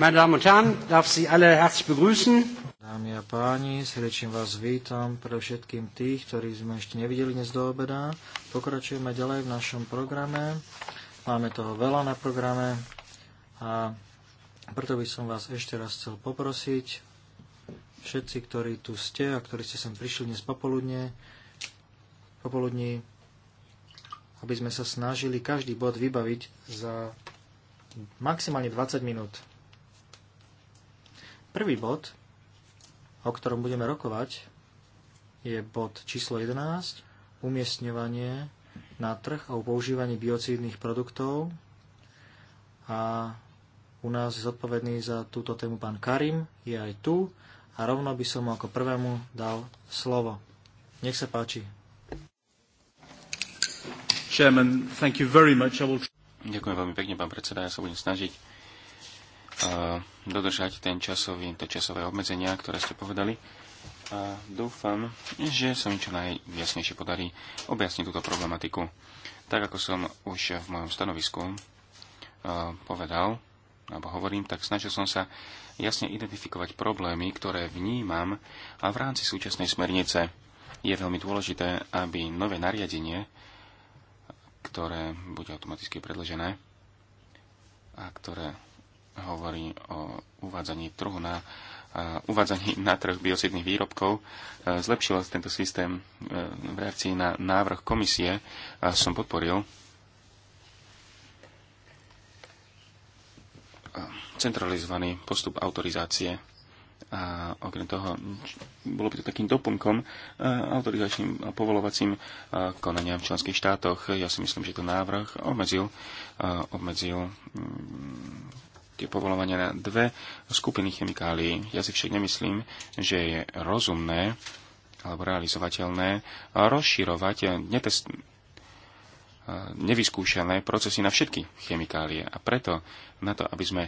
Meine Damen und Herren, darf Sie alle herzlich begrüßen. Dámy a páni, srdečne vás vítam pre všetkým tých, ktorí sme ešte nevideli dnes do obeda. Pokračujeme ďalej v našom programe. Máme toho veľa na programe a preto by som vás ešte raz chcel poprosiť, všetci, ktorí tu ste a ktorí ste sem prišli dnes popoludne, popoludní, aby sme sa snažili každý bod vybaviť za maximálne 20 minút. Prvý bod, o ktorom budeme rokovať, je bod číslo 11, umiestňovanie na trh a používaní biocídnych produktov. A u nás je zodpovedný za túto tému pán Karim je aj tu a rovno by som mu ako prvému dal slovo. Nech sa páči. Chairman, thank you very much. I will... Ďakujem veľmi pekne, pán predseda. Ja sa budem snažiť dodržať ten časový, to časové obmedzenia, ktoré ste povedali. A dúfam, že sa mi čo najjasnejšie podarí objasniť túto problematiku. Tak ako som už v mojom stanovisku e, povedal, alebo hovorím, tak snažil som sa jasne identifikovať problémy, ktoré vnímam a v rámci súčasnej smernice je veľmi dôležité, aby nové nariadenie, ktoré bude automaticky predložené a ktoré hovorí o uvádzaní trhu na uvádzaní na trh biocidných výrobkov. E, zlepšil tento systém e, v reakcii na návrh komisie a som podporil. E, centralizovaný postup autorizácie a okrem toho bolo by to takým doplnkom autorizačným a povolovacím konaniam v členských štátoch. Ja si myslím, že to návrh obmedzil, obmedzil mm, je povolovanie na dve skupiny chemikálií. Ja si však nemyslím, že je rozumné alebo realizovateľné rozširovať netest, nevyskúšané procesy na všetky chemikálie. A preto, na to, aby sme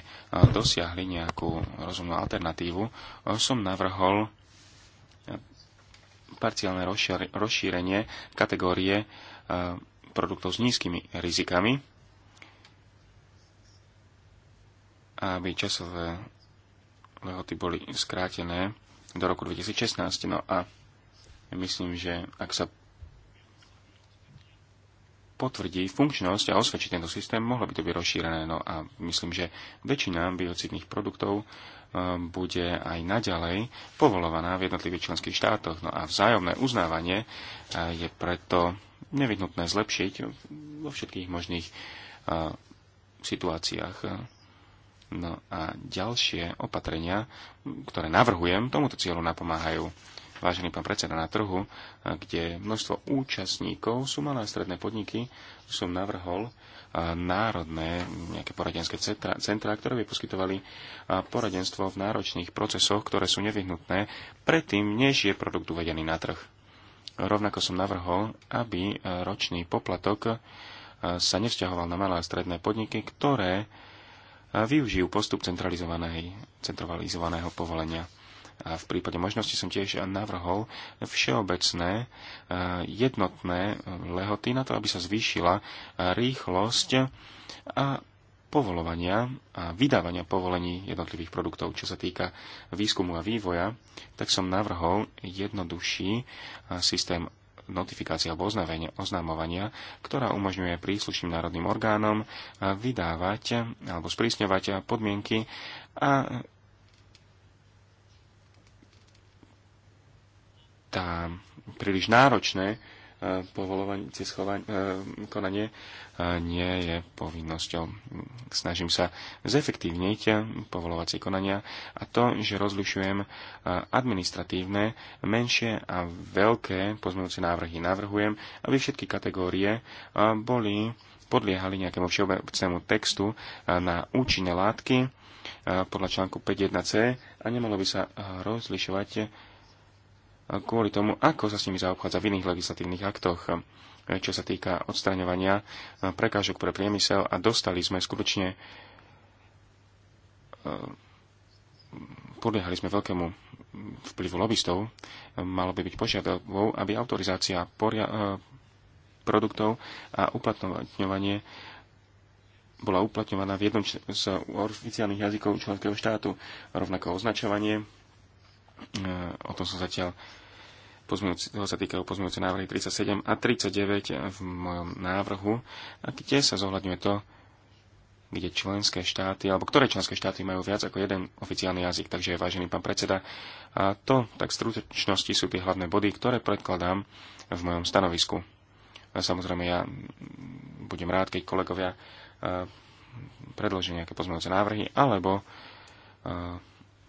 dosiahli nejakú rozumnú alternatívu, som navrhol parciálne rozšírenie kategórie eh, produktov s nízkymi rizikami aby časové lehoty boli skrátené do roku 2016. No a myslím, že ak sa potvrdí funkčnosť a osvedčí tento systém, mohlo by to byť rozšírené. No a myslím, že väčšina biocidných produktov e, bude aj naďalej povolovaná v jednotlivých členských štátoch. No a vzájomné uznávanie e, je preto nevyhnutné zlepšiť vo všetkých možných e, situáciách. No a ďalšie opatrenia, ktoré navrhujem, tomuto cieľu napomáhajú. Vážený pán predseda, na trhu, eh, kde množstvo účastníkov sú malé a stredné podniky, som navrhol eh, národné nejaké poradenské centra, centra, ktoré by poskytovali eh, poradenstvo v náročných procesoch, ktoré sú nevyhnutné predtým, než je produkt uvedený na trh. Rovnako som navrhol, aby ročný poplatok sa nevzťahoval na malé a stredné podniky, ktoré využijú postup centralizovaného povolenia. A v prípade možnosti som tiež navrhol všeobecné e, jednotné e, lehoty na to, aby sa zvýšila e, rýchlosť a povolovania a vydávania povolení jednotlivých produktov. Čo sa týka výskumu a vývoja, tak som navrhol jednoduchší systém notifikácia alebo oznámovania, ktorá umožňuje príslušným národným orgánom vydávať alebo sprísňovať podmienky a tá príliš náročné povolovanie, e, konanie e, nie je povinnosťou. Snažím sa zefektívniť povolovacie konania a to, že rozlišujem e, administratívne, menšie a veľké pozmeňujúce návrhy. Navrhujem, aby všetky kategórie boli podliehali nejakému všeobecnému textu na účinné látky podľa článku 5.1c a nemalo by sa rozlišovať kvôli tomu, ako sa s nimi zaobchádza v iných legislatívnych aktoch, e, čo sa týka odstraňovania e, prekážok pre priemysel a dostali sme skutočne e, podliehali sme veľkému vplyvu lobbystov. Malo by byť požiadavou, aby autorizácia poria- produktov a uplatňovanie bola uplatňovaná v jednom z oficiálnych jazykov členského štátu, rovnako označovanie o tom som zatiaľ toho sa týkajú pozmeňujúce návrhy 37 a 39 v mojom návrhu, a kde sa zohľadňuje to, kde členské štáty, alebo ktoré členské štáty majú viac ako jeden oficiálny jazyk. Takže, vážený pán predseda, a to tak v stručnosti sú tie hlavné body, ktoré predkladám v mojom stanovisku. A samozrejme, ja budem rád, keď kolegovia predložia nejaké pozmeňujúce návrhy, alebo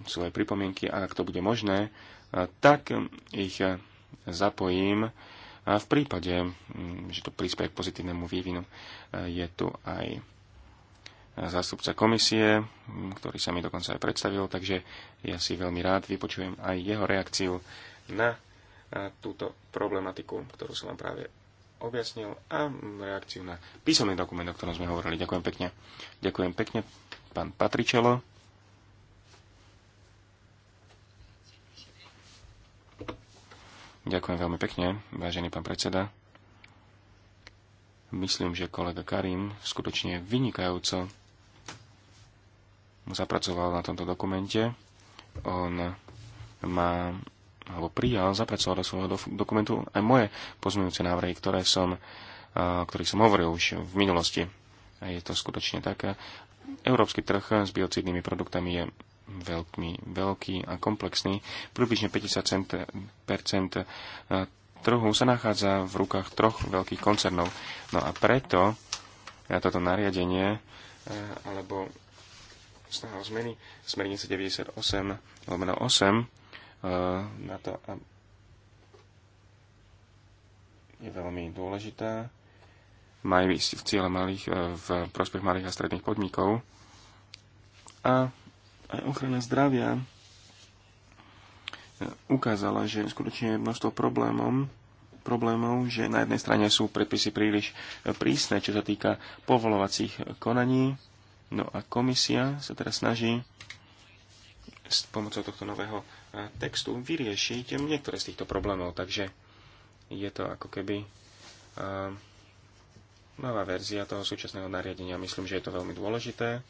svoje pripomienky a ak to bude možné, e, tak ich zapojím a v prípade, že to prispieje k pozitívnemu vývinu. E, je tu aj zástupca komisie, ktorý sa mi dokonca aj predstavil, takže ja si veľmi rád vypočujem aj jeho reakciu na e, túto problematiku, ktorú som vám práve objasnil a reakciu na písomný dokument, o ktorom sme hovorili. Ďakujem pekne. Ďakujem pekne, pán Patričelo. Ďakujem veľmi pekne, vážený pán predseda. Myslím, že kolega Karim skutočne vynikajúco zapracoval na tomto dokumente. On má alebo prijal, zapracoval do svojho dokumentu aj moje pozmeňujúce návrhy, ktoré som, o ktorých som hovoril už v minulosti. A je to skutočne tak. Európsky trh s biocidnými produktami je veľký, veľký a komplexný. Približne 50 e, trhu sa nachádza v rukách troch veľkých koncernov. No a preto e, toto nariadenie e, alebo snaha o zmeny smernice 98 lomeno 8 na to je veľmi dôležitá. Majú ísť v cieľe malých, v prospech malých a stredných podnikov. A aj ochrana zdravia ukázala, že skutočne je množstvo problémom, problémov, že na jednej strane sú predpisy príliš prísne, čo sa týka povolovacích konaní, no a komisia sa teraz snaží s pomocou tohto nového e, textu vyriešiť niektoré z týchto problémov, takže je to ako keby e, nová verzia toho súčasného nariadenia. Myslím, že je to veľmi dôležité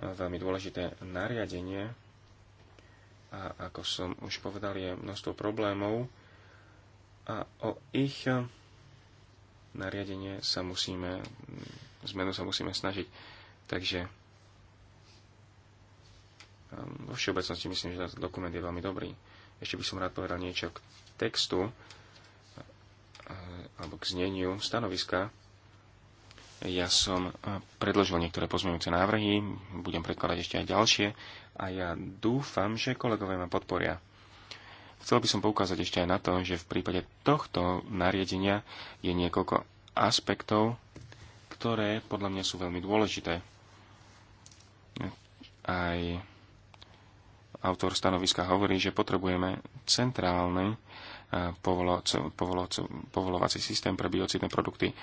veľmi dôležité nariadenie a ako som už povedal, je množstvo problémov a o ich nariadenie sa musíme, zmenu sa musíme snažiť. Takže um, vo všeobecnosti myslím, že ten dokument je veľmi dobrý. Ešte by som rád povedal niečo k textu alebo k zneniu stanoviska ja som eh, predložil niektoré pozmeňujúce návrhy, budem predkladať ešte aj ďalšie a ja dúfam, že kolegové ma podporia. Chcel by som poukázať ešte aj na to, že v prípade tohto nariadenia je niekoľko aspektov, ktoré podľa mňa sú veľmi dôležité. Aj autor stanoviska hovorí, že potrebujeme centrálny povolovací systém pre biocidné produkty. E,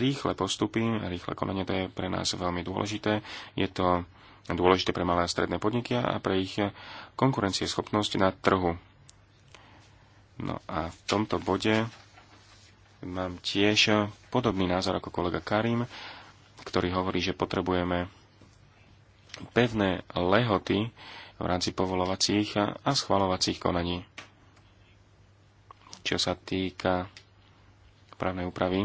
rýchle postupy, rýchle konanie, to je pre nás veľmi dôležité. Je to dôležité pre malé a stredné podniky a pre ich konkurencieschopnosť na trhu. No a v tomto bode mám tiež podobný názor ako kolega Karim, ktorý hovorí, že potrebujeme pevné lehoty v rámci povolovacích a schvalovacích konaní čo sa týka právnej úpravy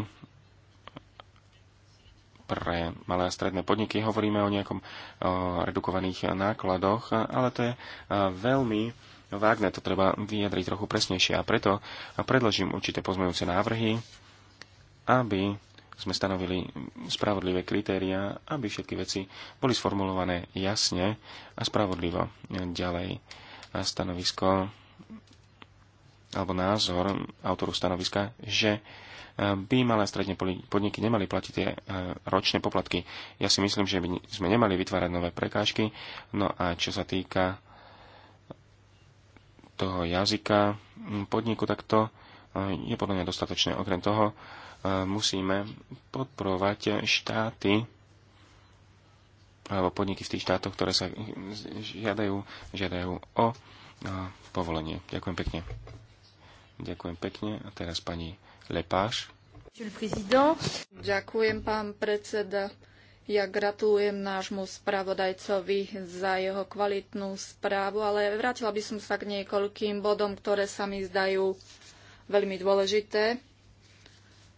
pre malé a stredné podniky. Hovoríme o nejakom o, redukovaných nákladoch, ale to je veľmi vágne, to treba vyjadriť trochu presnejšie a preto predložím určité pozmeňujúce návrhy, aby sme stanovili spravodlivé kritéria, aby všetky veci boli sformulované jasne a spravodlivo. Ďalej stanovisko alebo názor autoru stanoviska, že e, by malé a stredné podniky nemali platiť tie e, ročné poplatky. Ja si myslím, že by sme nemali vytvárať nové prekážky. No a čo sa týka toho jazyka podniku, tak to e, je podľa mňa dostatočné. Okrem toho musíme podporovať štáty alebo podniky v tých štátoch, ktoré sa žiadajú, žiadajú o povolenie. Ďakujem pekne. Ďakujem pekne. A teraz pani Lepáš. Ďakujem, pán predseda. Ja gratulujem nášmu spravodajcovi za jeho kvalitnú správu, ale vrátila by som sa k niekoľkým bodom, ktoré sa mi zdajú veľmi dôležité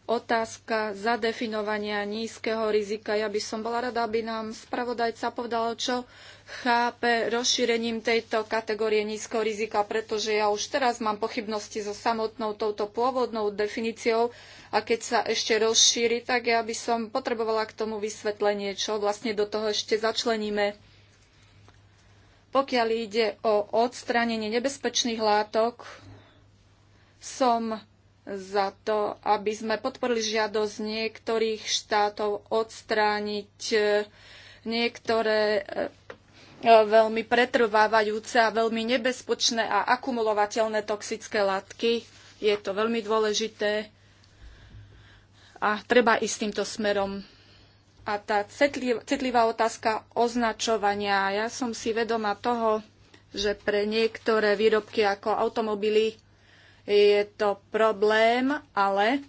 otázka zadefinovania nízkeho rizika. Ja by som bola rada, aby nám spravodajca povedal, čo chápe rozšírením tejto kategórie nízkeho rizika, pretože ja už teraz mám pochybnosti so samotnou touto pôvodnou definíciou a keď sa ešte rozšíri, tak ja by som potrebovala k tomu vysvetlenie, čo vlastne do toho ešte začleníme. Pokiaľ ide o odstránenie nebezpečných látok, som za to, aby sme podporili žiadosť niektorých štátov odstrániť e, niektoré e, e, veľmi pretrvávajúce a veľmi nebezpečné a akumulovateľné toxické látky. Je to veľmi dôležité a treba ísť týmto smerom. A tá citlivá otázka označovania. Ja som si vedoma toho, že pre niektoré výrobky ako automobily je to problém, ale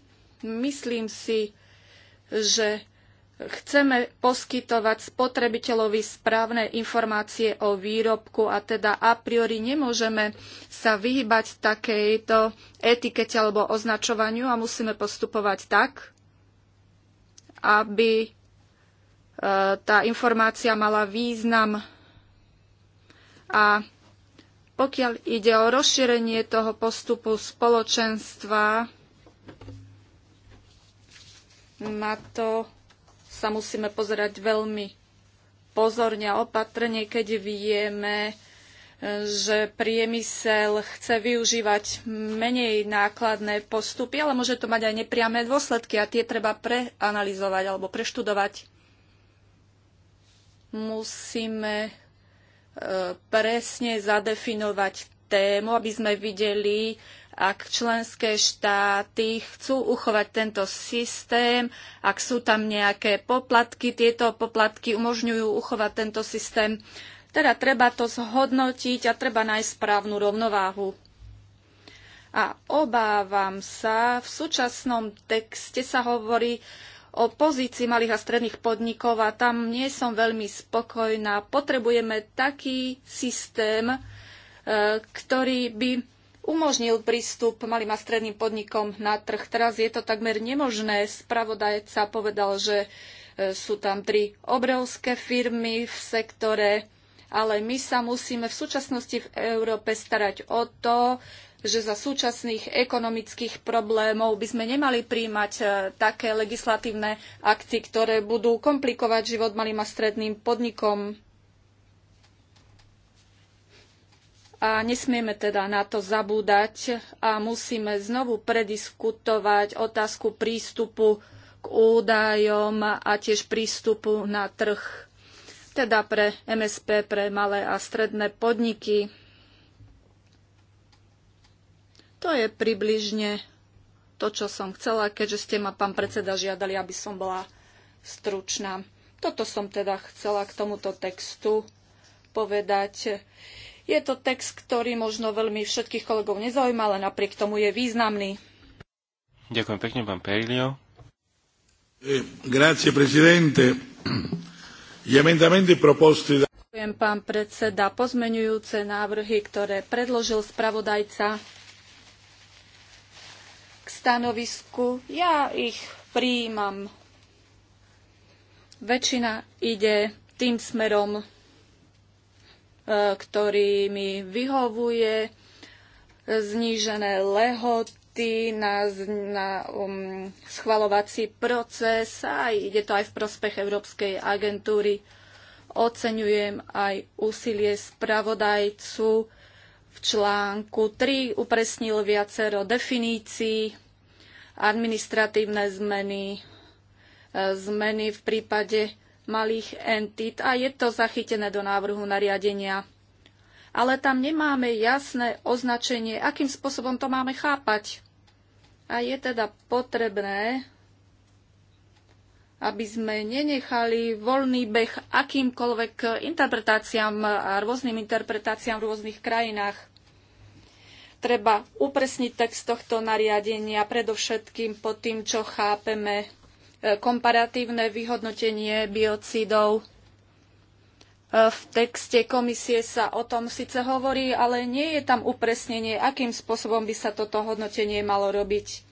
myslím si, že chceme poskytovať spotrebiteľovi správne informácie o výrobku a teda a priori nemôžeme sa vyhybať takejto etikete alebo označovaniu a musíme postupovať tak, aby e, tá informácia mala význam a pokiaľ ide o rozšírenie toho postupu spoločenstva, na to sa musíme pozerať veľmi pozorne a opatrne, keď vieme, že priemysel chce využívať menej nákladné postupy, ale môže to mať aj nepriame dôsledky a tie treba preanalizovať alebo preštudovať. Musíme presne zadefinovať tému, aby sme videli, ak členské štáty chcú uchovať tento systém, ak sú tam nejaké poplatky, tieto poplatky umožňujú uchovať tento systém. Teda treba to zhodnotiť a treba nájsť správnu rovnováhu. A obávam sa, v súčasnom texte sa hovorí o pozícii malých a stredných podnikov a tam nie som veľmi spokojná. Potrebujeme taký systém, e, ktorý by umožnil prístup malým a stredným podnikom na trh. Teraz je to takmer nemožné. Spravodajca povedal, že e, sú tam tri obrovské firmy v sektore ale my sa musíme v súčasnosti v Európe starať o to, že za súčasných ekonomických problémov by sme nemali príjmať e, také legislatívne akty, ktoré budú komplikovať život malým a stredným podnikom. A nesmieme teda na to zabúdať a musíme znovu prediskutovať otázku prístupu k údajom a tiež prístupu na trh, teda pre MSP, pre malé a stredné podniky. To je približne to, čo som chcela, keďže ste ma, pán predseda, žiadali, aby som bola stručná. Toto som teda chcela k tomuto textu povedať. Je to text, ktorý možno veľmi všetkých kolegov nezaujíma, ale napriek tomu je významný. Ďakujem pekne, pán Perilio. Eh, grazie, presidente. Gli proposti da... Ďakujem, pán predseda. Pozmenujúce návrhy, ktoré predložil spravodajca, stanovisku. Ja ich prijímam. Väčšina ide tým smerom, e, ktorý mi vyhovuje. Znížené lehoty na, na um, schvalovací proces a ide to aj v prospech Európskej agentúry. Oceňujem aj úsilie spravodajcu v článku 3 upresnil viacero definícií, administratívne zmeny, e, zmeny v prípade malých entít a je to zachytené do návrhu nariadenia. Ale tam nemáme jasné označenie, akým spôsobom to máme chápať. A je teda potrebné aby sme nenechali voľný beh akýmkoľvek interpretáciám a rôznym interpretáciám v rôznych krajinách. Treba upresniť text tohto nariadenia predovšetkým pod tým, čo chápeme e, komparatívne vyhodnotenie biocidov. E, v texte komisie sa o tom síce hovorí, ale nie je tam upresnenie, akým spôsobom by sa toto hodnotenie malo robiť.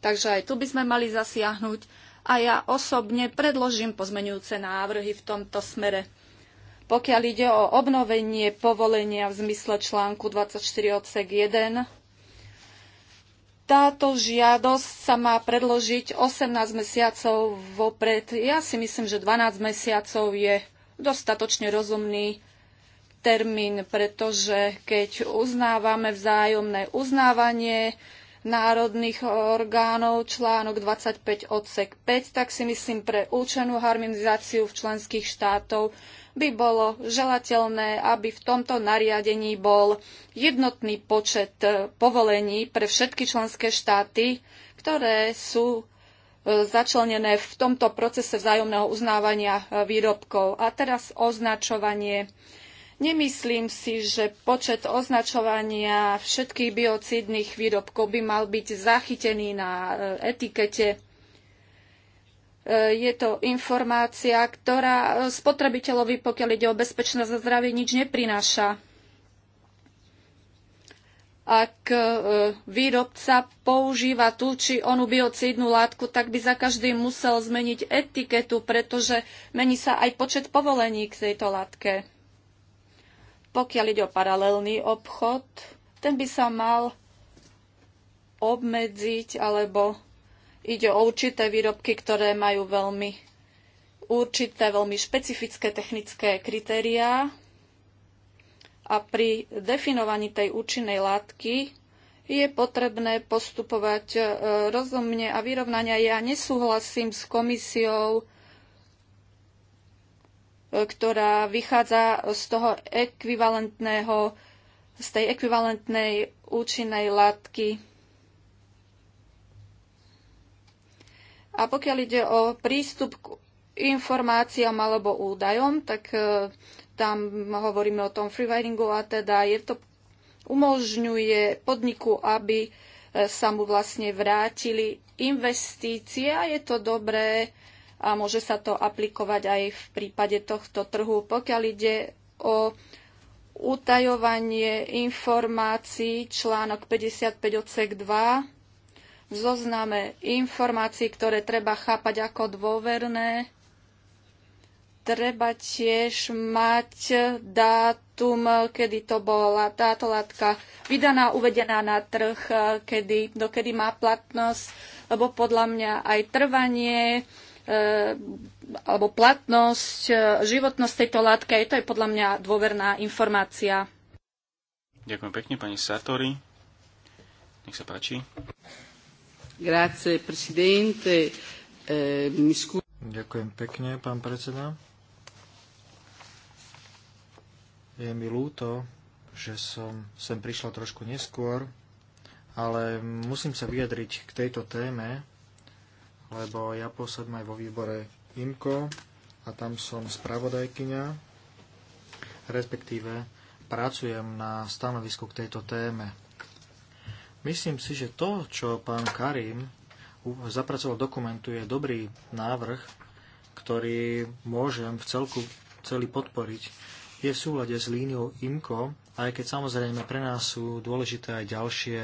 Takže aj tu by sme mali zasiahnuť a ja osobne predložím pozmenujúce návrhy v tomto smere. Pokiaľ ide o obnovenie povolenia v zmysle článku 24 odsek 1, táto žiadosť sa má predložiť 18 mesiacov vopred. Ja si myslím, že 12 mesiacov je dostatočne rozumný termín, pretože keď uznávame vzájomné uznávanie, národných orgánov, článok 25 odsek 5, tak si myslím, pre účenú harmonizáciu v členských štátov by bolo želateľné, aby v tomto nariadení bol jednotný počet e, povolení pre všetky členské štáty, ktoré sú e, začlenené v tomto procese vzájomného uznávania e, výrobkov. A teraz označovanie. Nemyslím si, že počet označovania všetkých biocídnych výrobkov by mal byť zachytený na e, etikete. E, je to informácia, ktorá spotrebiteľovi, pokiaľ ide o bezpečnosť a zdravie, nič neprináša ak e, výrobca používa tú či onú biocídnu látku, tak by za každým musel zmeniť etiketu, pretože mení sa aj počet povolení k tejto látke. Pokiaľ ide o paralelný obchod, ten by sa mal obmedziť, alebo ide o určité výrobky, ktoré majú veľmi určité, veľmi špecifické technické kritériá a pri definovaní tej účinnej látky je potrebné postupovať e, rozumne a vyrovnania. Ja nesúhlasím s komisiou, ktorá vychádza z toho ekvivalentného, z tej ekvivalentnej účinnej látky. A pokiaľ ide o prístup k informáciám alebo údajom, tak e, tam hovoríme o tom freewritingu a teda je to umožňuje podniku, aby e, sa mu vlastne vrátili investície a je to dobré a môže sa to aplikovať aj v prípade tohto trhu. Pokiaľ ide o utajovanie informácií, článok 55 odsek 2, v zozname informácií, ktoré treba chápať ako dôverné, treba tiež mať dátum, kedy to bola táto látka vydaná, uvedená na trh, kedy, dokedy má platnosť, lebo podľa mňa aj trvanie Eh, alebo platnosť, eh, životnosť tejto látky. Je to je podľa mňa dôverná informácia. Ďakujem pekne, pani Satori. Nech sa páči. Eh, Ďakujem pekne, pán predseda. Je mi ľúto, že som sem prišla trošku neskôr, ale musím sa vyjadriť k tejto téme, lebo ja pôsobím aj vo výbore IMKO a tam som spravodajkyňa, respektíve pracujem na stanovisku k tejto téme. Myslím si, že to, čo pán Karim zapracoval dokumentu, je dobrý návrh, ktorý môžem v celku celý podporiť. Je v súlade s líniou IMCO, aj keď samozrejme pre nás sú dôležité aj ďalšie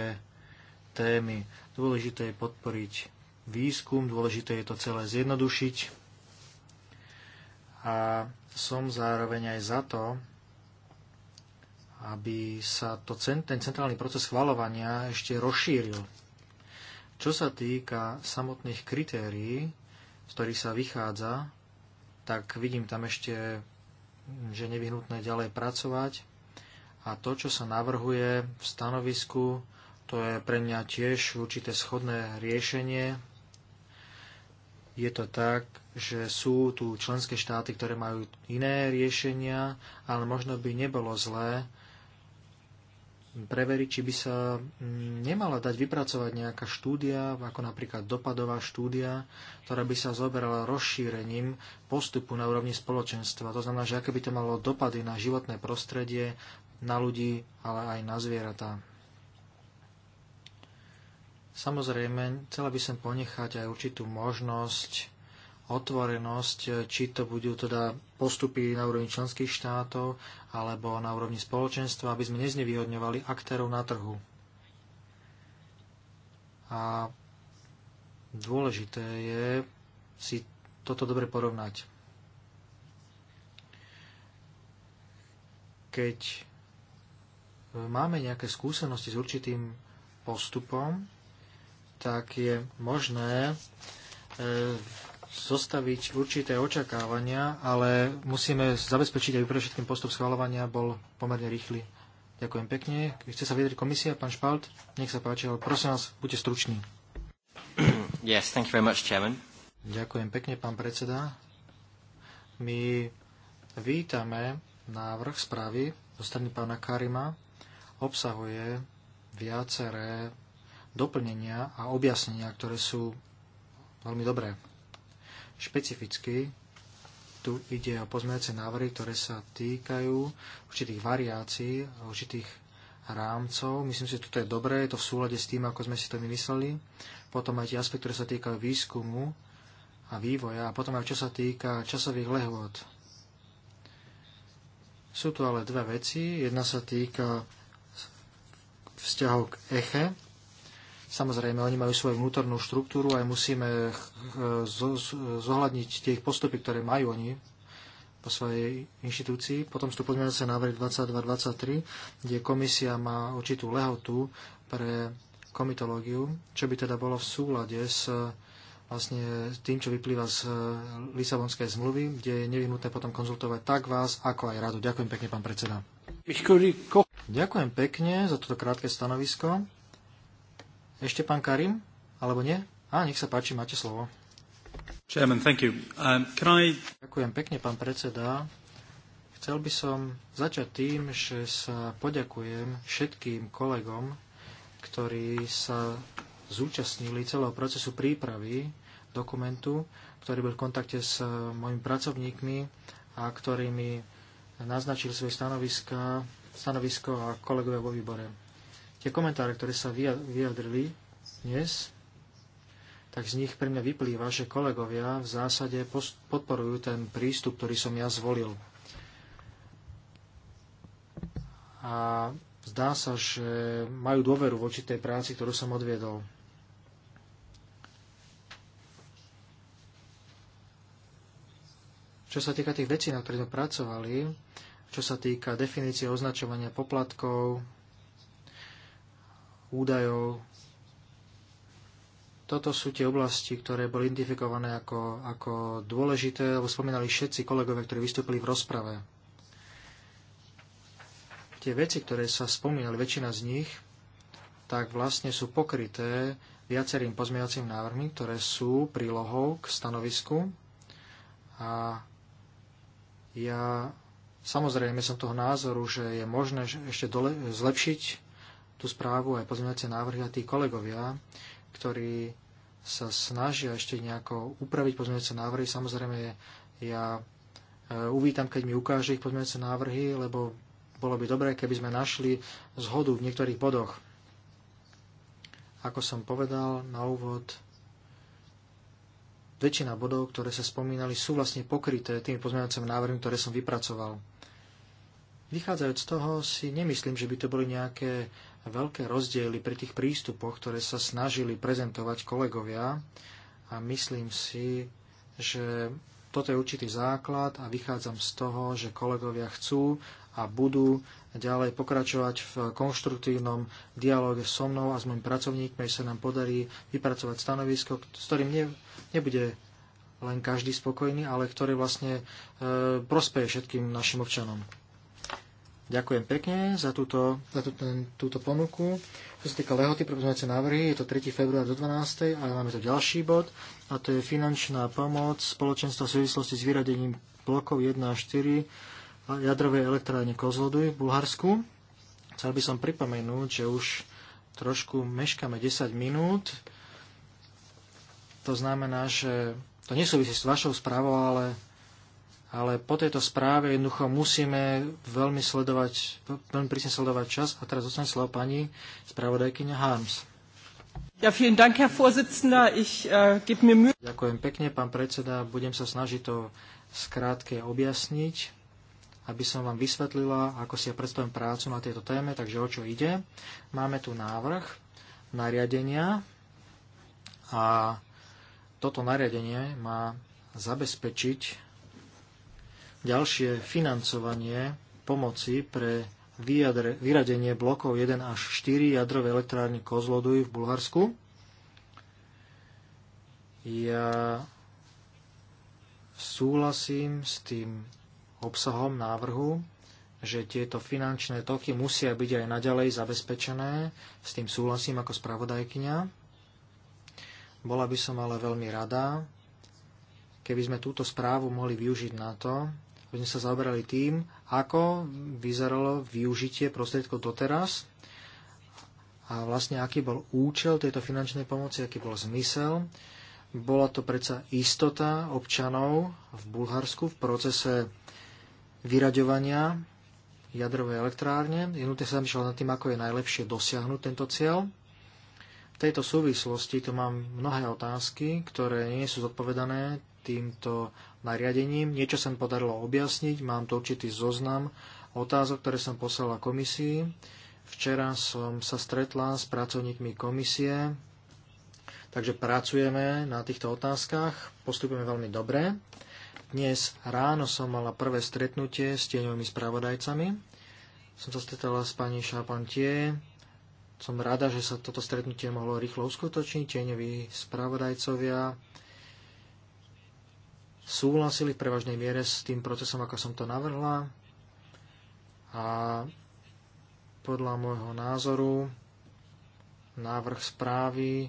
témy. Dôležité je podporiť výskum, dôležité je to celé zjednodušiť. A som zároveň aj za to, aby sa to, ten centrálny proces schvalovania ešte rozšíril. Čo sa týka samotných kritérií, z ktorých sa vychádza, tak vidím tam ešte, že nevyhnutné ďalej pracovať. A to, čo sa navrhuje v stanovisku, to je pre mňa tiež určité schodné riešenie je to tak, že sú tu členské štáty, ktoré majú iné riešenia, ale možno by nebolo zlé preveriť, či by sa mm, nemala dať vypracovať nejaká štúdia, ako napríklad dopadová štúdia, ktorá by sa zoberala rozšírením postupu na úrovni spoločenstva. To znamená, že aké by to malo dopady na životné prostredie, na ľudí, ale aj na zvieratá. Samozrejme, chcela by som ponechať aj určitú možnosť, otvorenosť, či to budú teda postupy na úrovni členských štátov alebo na úrovni spoločenstva, aby sme neznevýhodňovali aktérov na trhu. A dôležité je si toto dobre porovnať. Keď máme nejaké skúsenosti s určitým postupom, tak je možné e, zostaviť určité očakávania, ale musíme zabezpečiť, aby pre všetkým postup schvalovania bol pomerne rýchly. Ďakujem pekne. Chce sa vyjadriť komisia, pán Špalt? Nech sa páči, ale prosím vás, buďte struční. Yes, thank you very much, chairman. Ďakujem pekne, pán predseda. My vítame návrh správy zo strany pána Karima. Obsahuje viaceré doplnenia a objasnenia, ktoré sú veľmi dobré. Špecificky tu ide o pozmeňujúce návrhy, ktoré sa týkajú určitých variácií, určitých rámcov. Myslím si, že toto je dobré, je to v súlade s tým, ako sme si to vymysleli. Potom aj tie aspekty, ktoré sa týkajú výskumu a vývoja. A potom aj čo sa týka časových lehôd. Sú tu ale dve veci. Jedna sa týka vzťahov k eche, Samozrejme, oni majú svoju vnútornú štruktúru a musíme zohľadniť tie ich postupy, ktoré majú oni po svojej inštitúcii. Potom sú tu pozmeňovacie návrhy 22-23, kde komisia má určitú lehotu pre komitológiu, čo by teda bolo v súlade s vlastne tým, čo vyplýva z Lisabonskej zmluvy, kde je nevyhnutné potom konzultovať tak vás, ako aj radu. Ďakujem pekne, pán predseda. Ďakujem pekne za toto krátke stanovisko. Ešte pán Karim? Alebo nie? Á, nech sa páči, máte slovo. Chairman, thank you. Um, can I... Ďakujem pekne, pán predseda. Chcel by som začať tým, že sa poďakujem všetkým kolegom, ktorí sa zúčastnili celého procesu prípravy dokumentu, ktorý bol v kontakte s mojimi pracovníkmi a ktorými naznačil svoje stanoviska, stanovisko a kolegovia vo výbore. Tie komentáre, ktoré sa vyjadrili dnes, tak z nich pre mňa vyplýva, že kolegovia v zásade podporujú ten prístup, ktorý som ja zvolil. A zdá sa, že majú dôveru voči tej práci, ktorú som odviedol. Čo sa týka tých vecí, na ktorých sme pracovali, čo sa týka definície označovania poplatkov, údajov. Toto sú tie oblasti, ktoré boli identifikované ako, ako dôležité, lebo spomínali všetci kolegovia, ktorí vystúpili v rozprave. Tie veci, ktoré sa spomínali, väčšina z nich, tak vlastne sú pokryté viacerým pozmeňovacím návrhmi, ktoré sú prílohou k stanovisku. A ja samozrejme som toho názoru, že je možné ešte dole, zlepšiť tú správu aj pozmeňujúce návrhy a tí kolegovia, ktorí sa snažia ešte nejako upraviť pozmeňujúce návrhy. Samozrejme, ja e, uvítam, keď mi ukáže ich pozmeňujúce návrhy, lebo bolo by dobré, keby sme našli zhodu v niektorých bodoch. Ako som povedal na úvod, väčšina bodov, ktoré sa spomínali, sú vlastne pokryté tými pozmeňovacími návrhmi, ktoré som vypracoval. Vychádzajúc z toho si nemyslím, že by to boli nejaké veľké rozdiely pri tých prístupoch, ktoré sa snažili prezentovať kolegovia a myslím si, že toto je určitý základ a vychádzam z toho, že kolegovia chcú a budú ďalej pokračovať v konštruktívnom dialóge so mnou a s mojim pracovníkmi, sa nám podarí vypracovať stanovisko, s ktorým ne, nebude len každý spokojný, ale ktoré vlastne e, prospeje všetkým našim občanom. Ďakujem pekne za túto, za ten, túto ponuku. Čo sa týka lehoty pre pozmeňujúce návrhy, je to 3. február do 12. a máme tu ďalší bod a to je finančná pomoc spoločenstva v súvislosti s vyradením blokov 1 a 4 jadrovej elektrárne Kozloduj v Bulharsku. Chcel by som pripomenúť, že už trošku meškame 10 minút. To znamená, že to nesúvisí s vašou správou, ale ale po tejto správe jednoducho musíme veľmi, sledovať, veľmi prísne sledovať čas. A teraz zostane slovo pani spravodajkyňa Harms. Ja, vielen Dank, Herr Vorsitzender. Ich, uh, äh, gib mir Mühe. Ďakujem pekne, pán predseda. Budem sa snažiť to skrátke objasniť, aby som vám vysvetlila, ako si ja predstavujem prácu na tejto téme, takže o čo ide. Máme tu návrh nariadenia a toto nariadenie má zabezpečiť ďalšie financovanie pomoci pre vyjadre, vyradenie blokov 1 až 4 jadrové elektrárny Kozloduj v Bulharsku. Ja súhlasím s tým obsahom návrhu, že tieto finančné toky musia byť aj naďalej zabezpečené. S tým súhlasím ako spravodajkynia. Bola by som ale veľmi rada, keby sme túto správu mohli využiť na to, sme sa zaoberali tým, ako vyzeralo využitie prostriedkov doteraz a vlastne aký bol účel tejto finančnej pomoci, aký bol zmysel. Bola to predsa istota občanov v Bulharsku v procese vyraďovania jadrovej elektrárne. Jednoduché sa zamýšľať nad tým, ako je najlepšie dosiahnuť tento cieľ. V tejto súvislosti tu mám mnohé otázky, ktoré nie sú zodpovedané týmto nariadením. Niečo sa mi podarilo objasniť, mám tu určitý zoznam otázok, ktoré som poslala komisii. Včera som sa stretla s pracovníkmi komisie, takže pracujeme na týchto otázkach, postupujeme veľmi dobre. Dnes ráno som mala prvé stretnutie s tieňovými spravodajcami. Som sa stretala s pani Šapantie. Som rada, že sa toto stretnutie mohlo rýchlo uskutočniť. Tieňoví spravodajcovia súhlasili v prevažnej miere s tým procesom, ako som to navrhla. A podľa môjho názoru návrh správy e,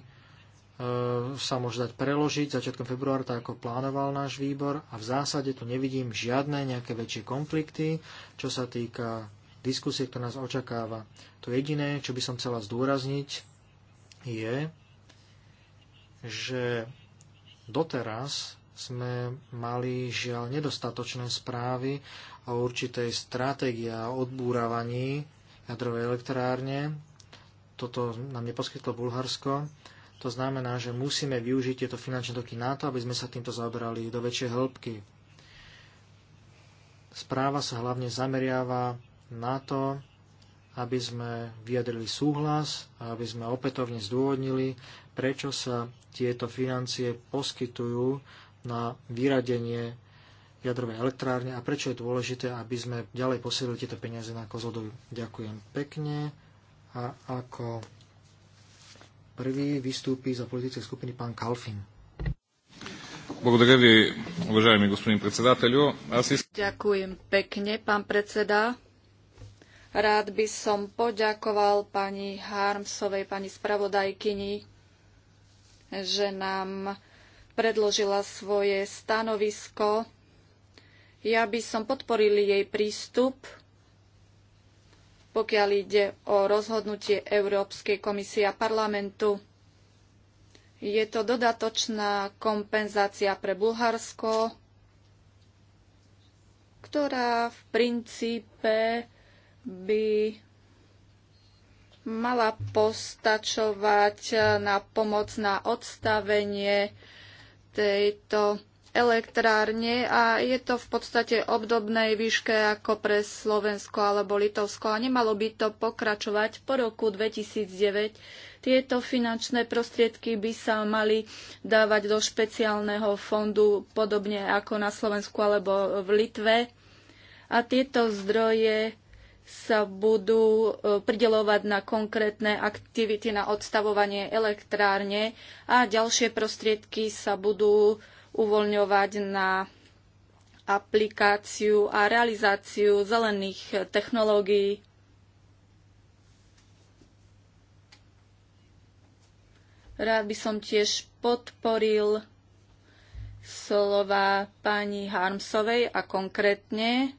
sa môže dať preložiť začiatkom februára, tak ako plánoval náš výbor a v zásade tu nevidím žiadne nejaké väčšie konflikty, čo sa týka diskusie, ktorá nás očakáva. To jediné, čo by som chcela zdôrazniť, je, že doteraz sme mali žiaľ nedostatočné správy o určitej stratégii a odbúravaní jadrovej elektrárne. Toto nám neposkytlo Bulharsko. To znamená, že musíme využiť tieto finančné toky na to, aby sme sa týmto zaoberali do väčšej hĺbky. Správa sa hlavne zameriava na to, aby sme vyjadrili súhlas a aby sme opätovne zdôvodnili, prečo sa tieto financie poskytujú na vyradenie jadrovej elektrárne a prečo je dôležité, aby sme ďalej posielili tieto peniaze na Kozloduj. Ďakujem pekne a ako prvý vystúpi za politické skupiny pán Kalfin. Ďakujem pekne, pán predseda. Rád by som poďakoval pani Harmsovej, pani spravodajkyni, že nám predložila svoje stanovisko. Ja by som podporil jej prístup, pokiaľ ide o rozhodnutie Európskej komisie a parlamentu. Je to dodatočná kompenzácia pre Bulharsko, ktorá v princípe by mala postačovať na pomoc na odstavenie tejto elektrárne a je to v podstate obdobnej výške ako pre Slovensko alebo Litovsko a nemalo by to pokračovať po roku 2009. Tieto finančné prostriedky by sa mali dávať do špeciálneho fondu podobne ako na Slovensku alebo v Litve a tieto zdroje sa budú e, pridelovať na konkrétne aktivity na odstavovanie elektrárne a ďalšie prostriedky sa budú uvoľňovať na aplikáciu a realizáciu zelených technológií. Rád by som tiež podporil slova pani Harmsovej a konkrétne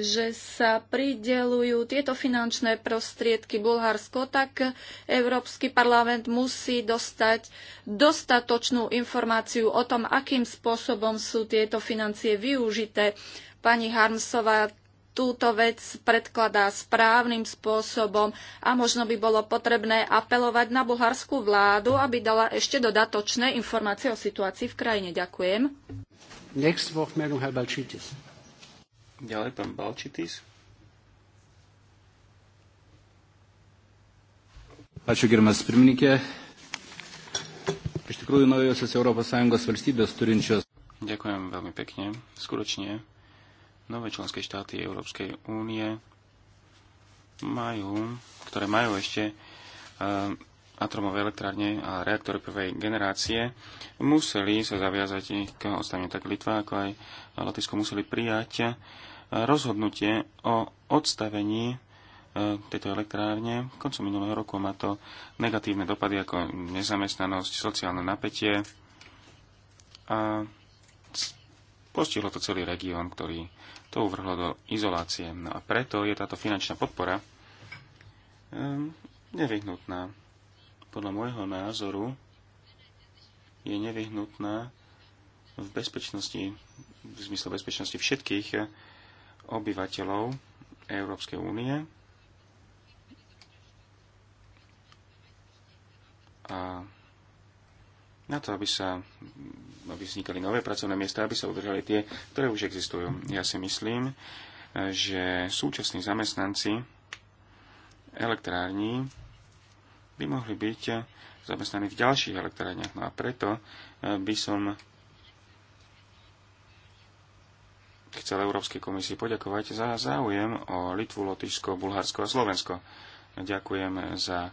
že sa pridelujú tieto finančné prostriedky Bulharsko, tak Európsky parlament musí dostať dostatočnú informáciu o tom, akým spôsobom sú tieto financie využité. Pani Harmsová túto vec predkladá správnym spôsobom a možno by bolo potrebné apelovať na bulharskú vládu, aby dala ešte dodatočné informácie o situácii v krajine. Ďakujem. Next, Ďalej pán Balčitis. Ačiū gerbiamas pirmininkė. Iš tikrųjų, naujosios ES valstybės turinčios. Ďakujem veľmi pekne. Skutočne, nové členské štáty Európskej únie majú, ktoré majú ešte eh, atomové elektrárne a reaktory prvej generácie museli sa zaviazať k odstaveniu tak Litva, ako aj Latisko museli prijať rozhodnutie o odstavení e, tejto elektrárne. Koncom minulého roku má to negatívne dopady ako nezamestnanosť, sociálne napätie a postihlo to celý región, ktorý to uvrhlo do izolácie. No a preto je táto finančná podpora e, nevyhnutná podľa môjho názoru je nevyhnutná v bezpečnosti, v zmysle bezpečnosti všetkých obyvateľov Európskej únie a na to, aby, sa, aby vznikali nové pracovné miesta, aby sa udržali tie, ktoré už existujú. Ja si myslím, že súčasní zamestnanci elektrární by mohli byť eh, zamestnaní v ďalších elektrárniach. No a preto eh, by som chcel Európskej komisii poďakovať za záujem o Litvu, Lotyšsko, Bulharsko a Slovensko. Ďakujem za,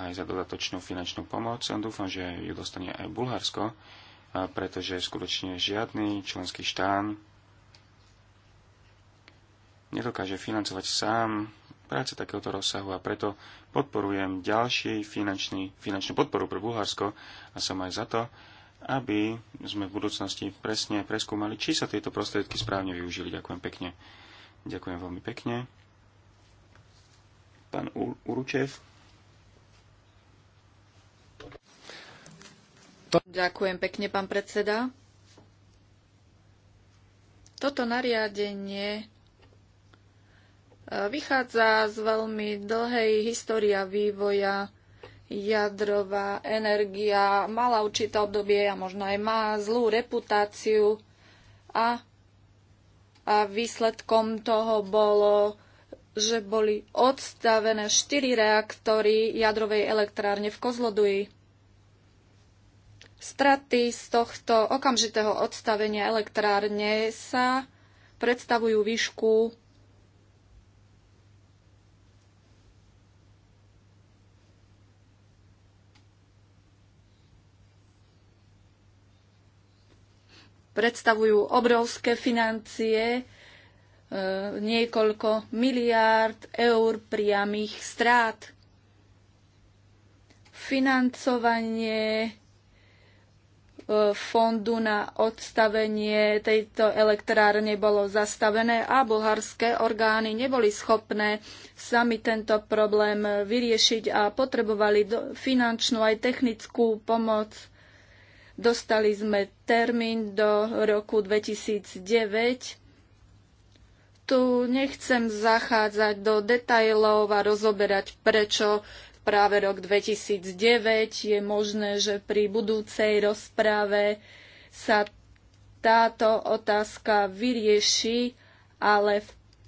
aj za dodatočnú finančnú pomoc. Dúfam, že ju dostane aj Bulharsko, eh, pretože skutočne žiadny členský štán nedokáže financovať sám práce takéhoto rozsahu a preto podporujem ďalší finančný, finančnú podporu pre Bulharsko a som aj za to, aby sme v budúcnosti presne preskúmali, či sa tieto prostriedky správne využili. Ďakujem pekne. Ďakujem veľmi pekne. Pán Uručev. Ďakujem pekne, pán predseda. Toto nariadenie vychádza z veľmi dlhej história vývoja jadrová energia mala určité obdobie a možno aj má zlú reputáciu a, a výsledkom toho bolo, že boli odstavené štyri reaktory jadrovej elektrárne v Kozloduji. Straty z tohto okamžitého odstavenia elektrárne sa predstavujú výšku predstavujú obrovské financie, e, niekoľko miliárd eur priamých strát. Financovanie e, fondu na odstavenie tejto elektrárne bolo zastavené a bulharské orgány neboli schopné sami tento problém vyriešiť a potrebovali finančnú aj technickú pomoc Dostali sme termín do roku 2009. Tu nechcem zachádzať do detajlov a rozoberať, prečo práve rok 2009 je možné, že pri budúcej rozprave sa táto otázka vyrieši, ale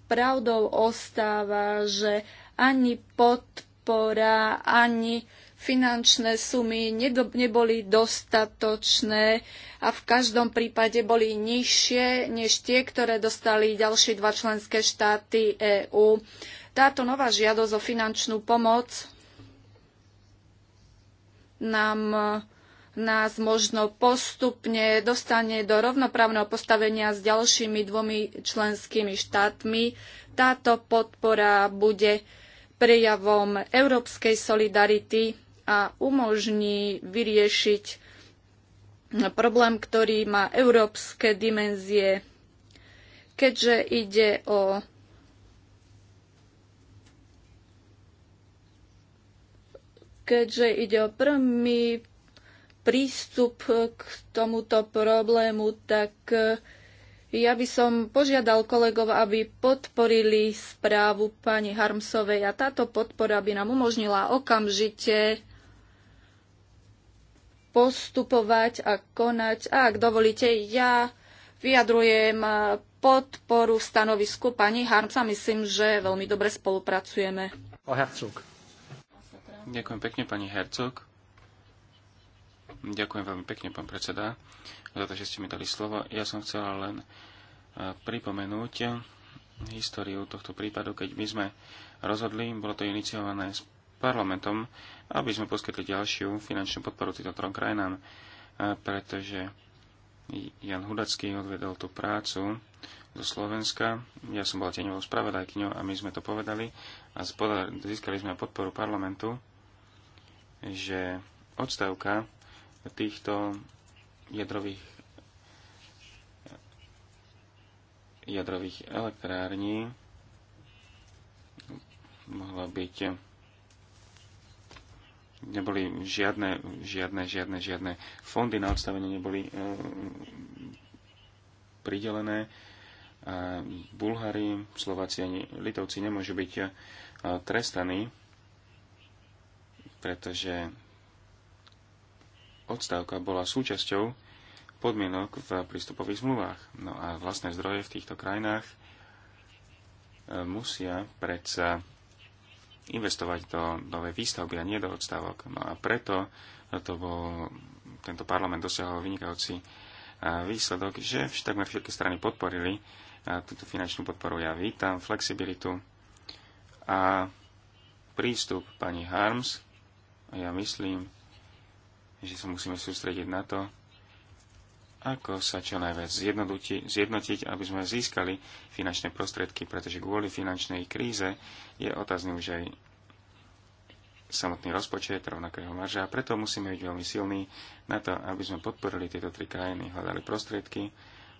pravdou ostáva, že ani podpora, ani finančné sumy neboli dostatočné a v každom prípade boli nižšie než tie, ktoré dostali ďalšie dva členské štáty EÚ. Táto nová žiadosť o finančnú pomoc nám nás možno postupne dostane do rovnoprávneho postavenia s ďalšími dvomi členskými štátmi. Táto podpora bude prejavom európskej solidarity a umožní vyriešiť problém, ktorý má európske dimenzie, keďže ide o keďže ide o prvý prístup k tomuto problému, tak eh, ja by som požiadal kolegov, aby podporili správu pani Harmsovej a táto podpora by nám umožnila okamžite postupovať a konať. A ak dovolíte, ja vyjadrujem podporu stanovisku pani Harmsa. Myslím, že veľmi dobre spolupracujeme. O Hercog. Ďakujem pekne, pani Hercog. Ďakujem veľmi pekne, pán predseda, za to, že ste mi dali slovo. Ja som chcela len e, pripomenúť históriu tohto prípadu, keď my sme rozhodli, bolo to iniciované s parlamentom aby sme poskytli ďalšiu finančnú podporu týmto trom krajinám, e, pretože Jan Hudacký odvedol tú prácu zo Slovenska. Ja som bol teňovou spravodajkyňou a my sme to povedali a získali sme podporu parlamentu, že odstavka týchto jadrových jadrových elektrární mohla byť neboli žiadne, žiadne, žiadne, žiadne fondy na odstavenie neboli e, pridelené. E, Bulhári, Slováci ani Litovci nemôžu byť e, trestaní, pretože odstávka bola súčasťou podmienok v prístupových zmluvách. No a vlastné zdroje v týchto krajinách e, musia predsa investovať do novej výstavby a nie do odstávok. No a preto to bol, tento parlament dosiahol vynikajúci e, výsledok, že sme všetky strany podporili e, túto finančnú podporu. Ja vítam flexibilitu a prístup pani Harms. Ja myslím, že sa musíme sústrediť na to, ako sa čo najviac zjednotiť, aby sme získali finančné prostriedky, pretože kvôli finančnej kríze je otázny už aj samotný rozpočet, rovnakého marža a preto musíme byť veľmi silní na to, aby sme podporili tieto tri krajiny, hľadali prostriedky,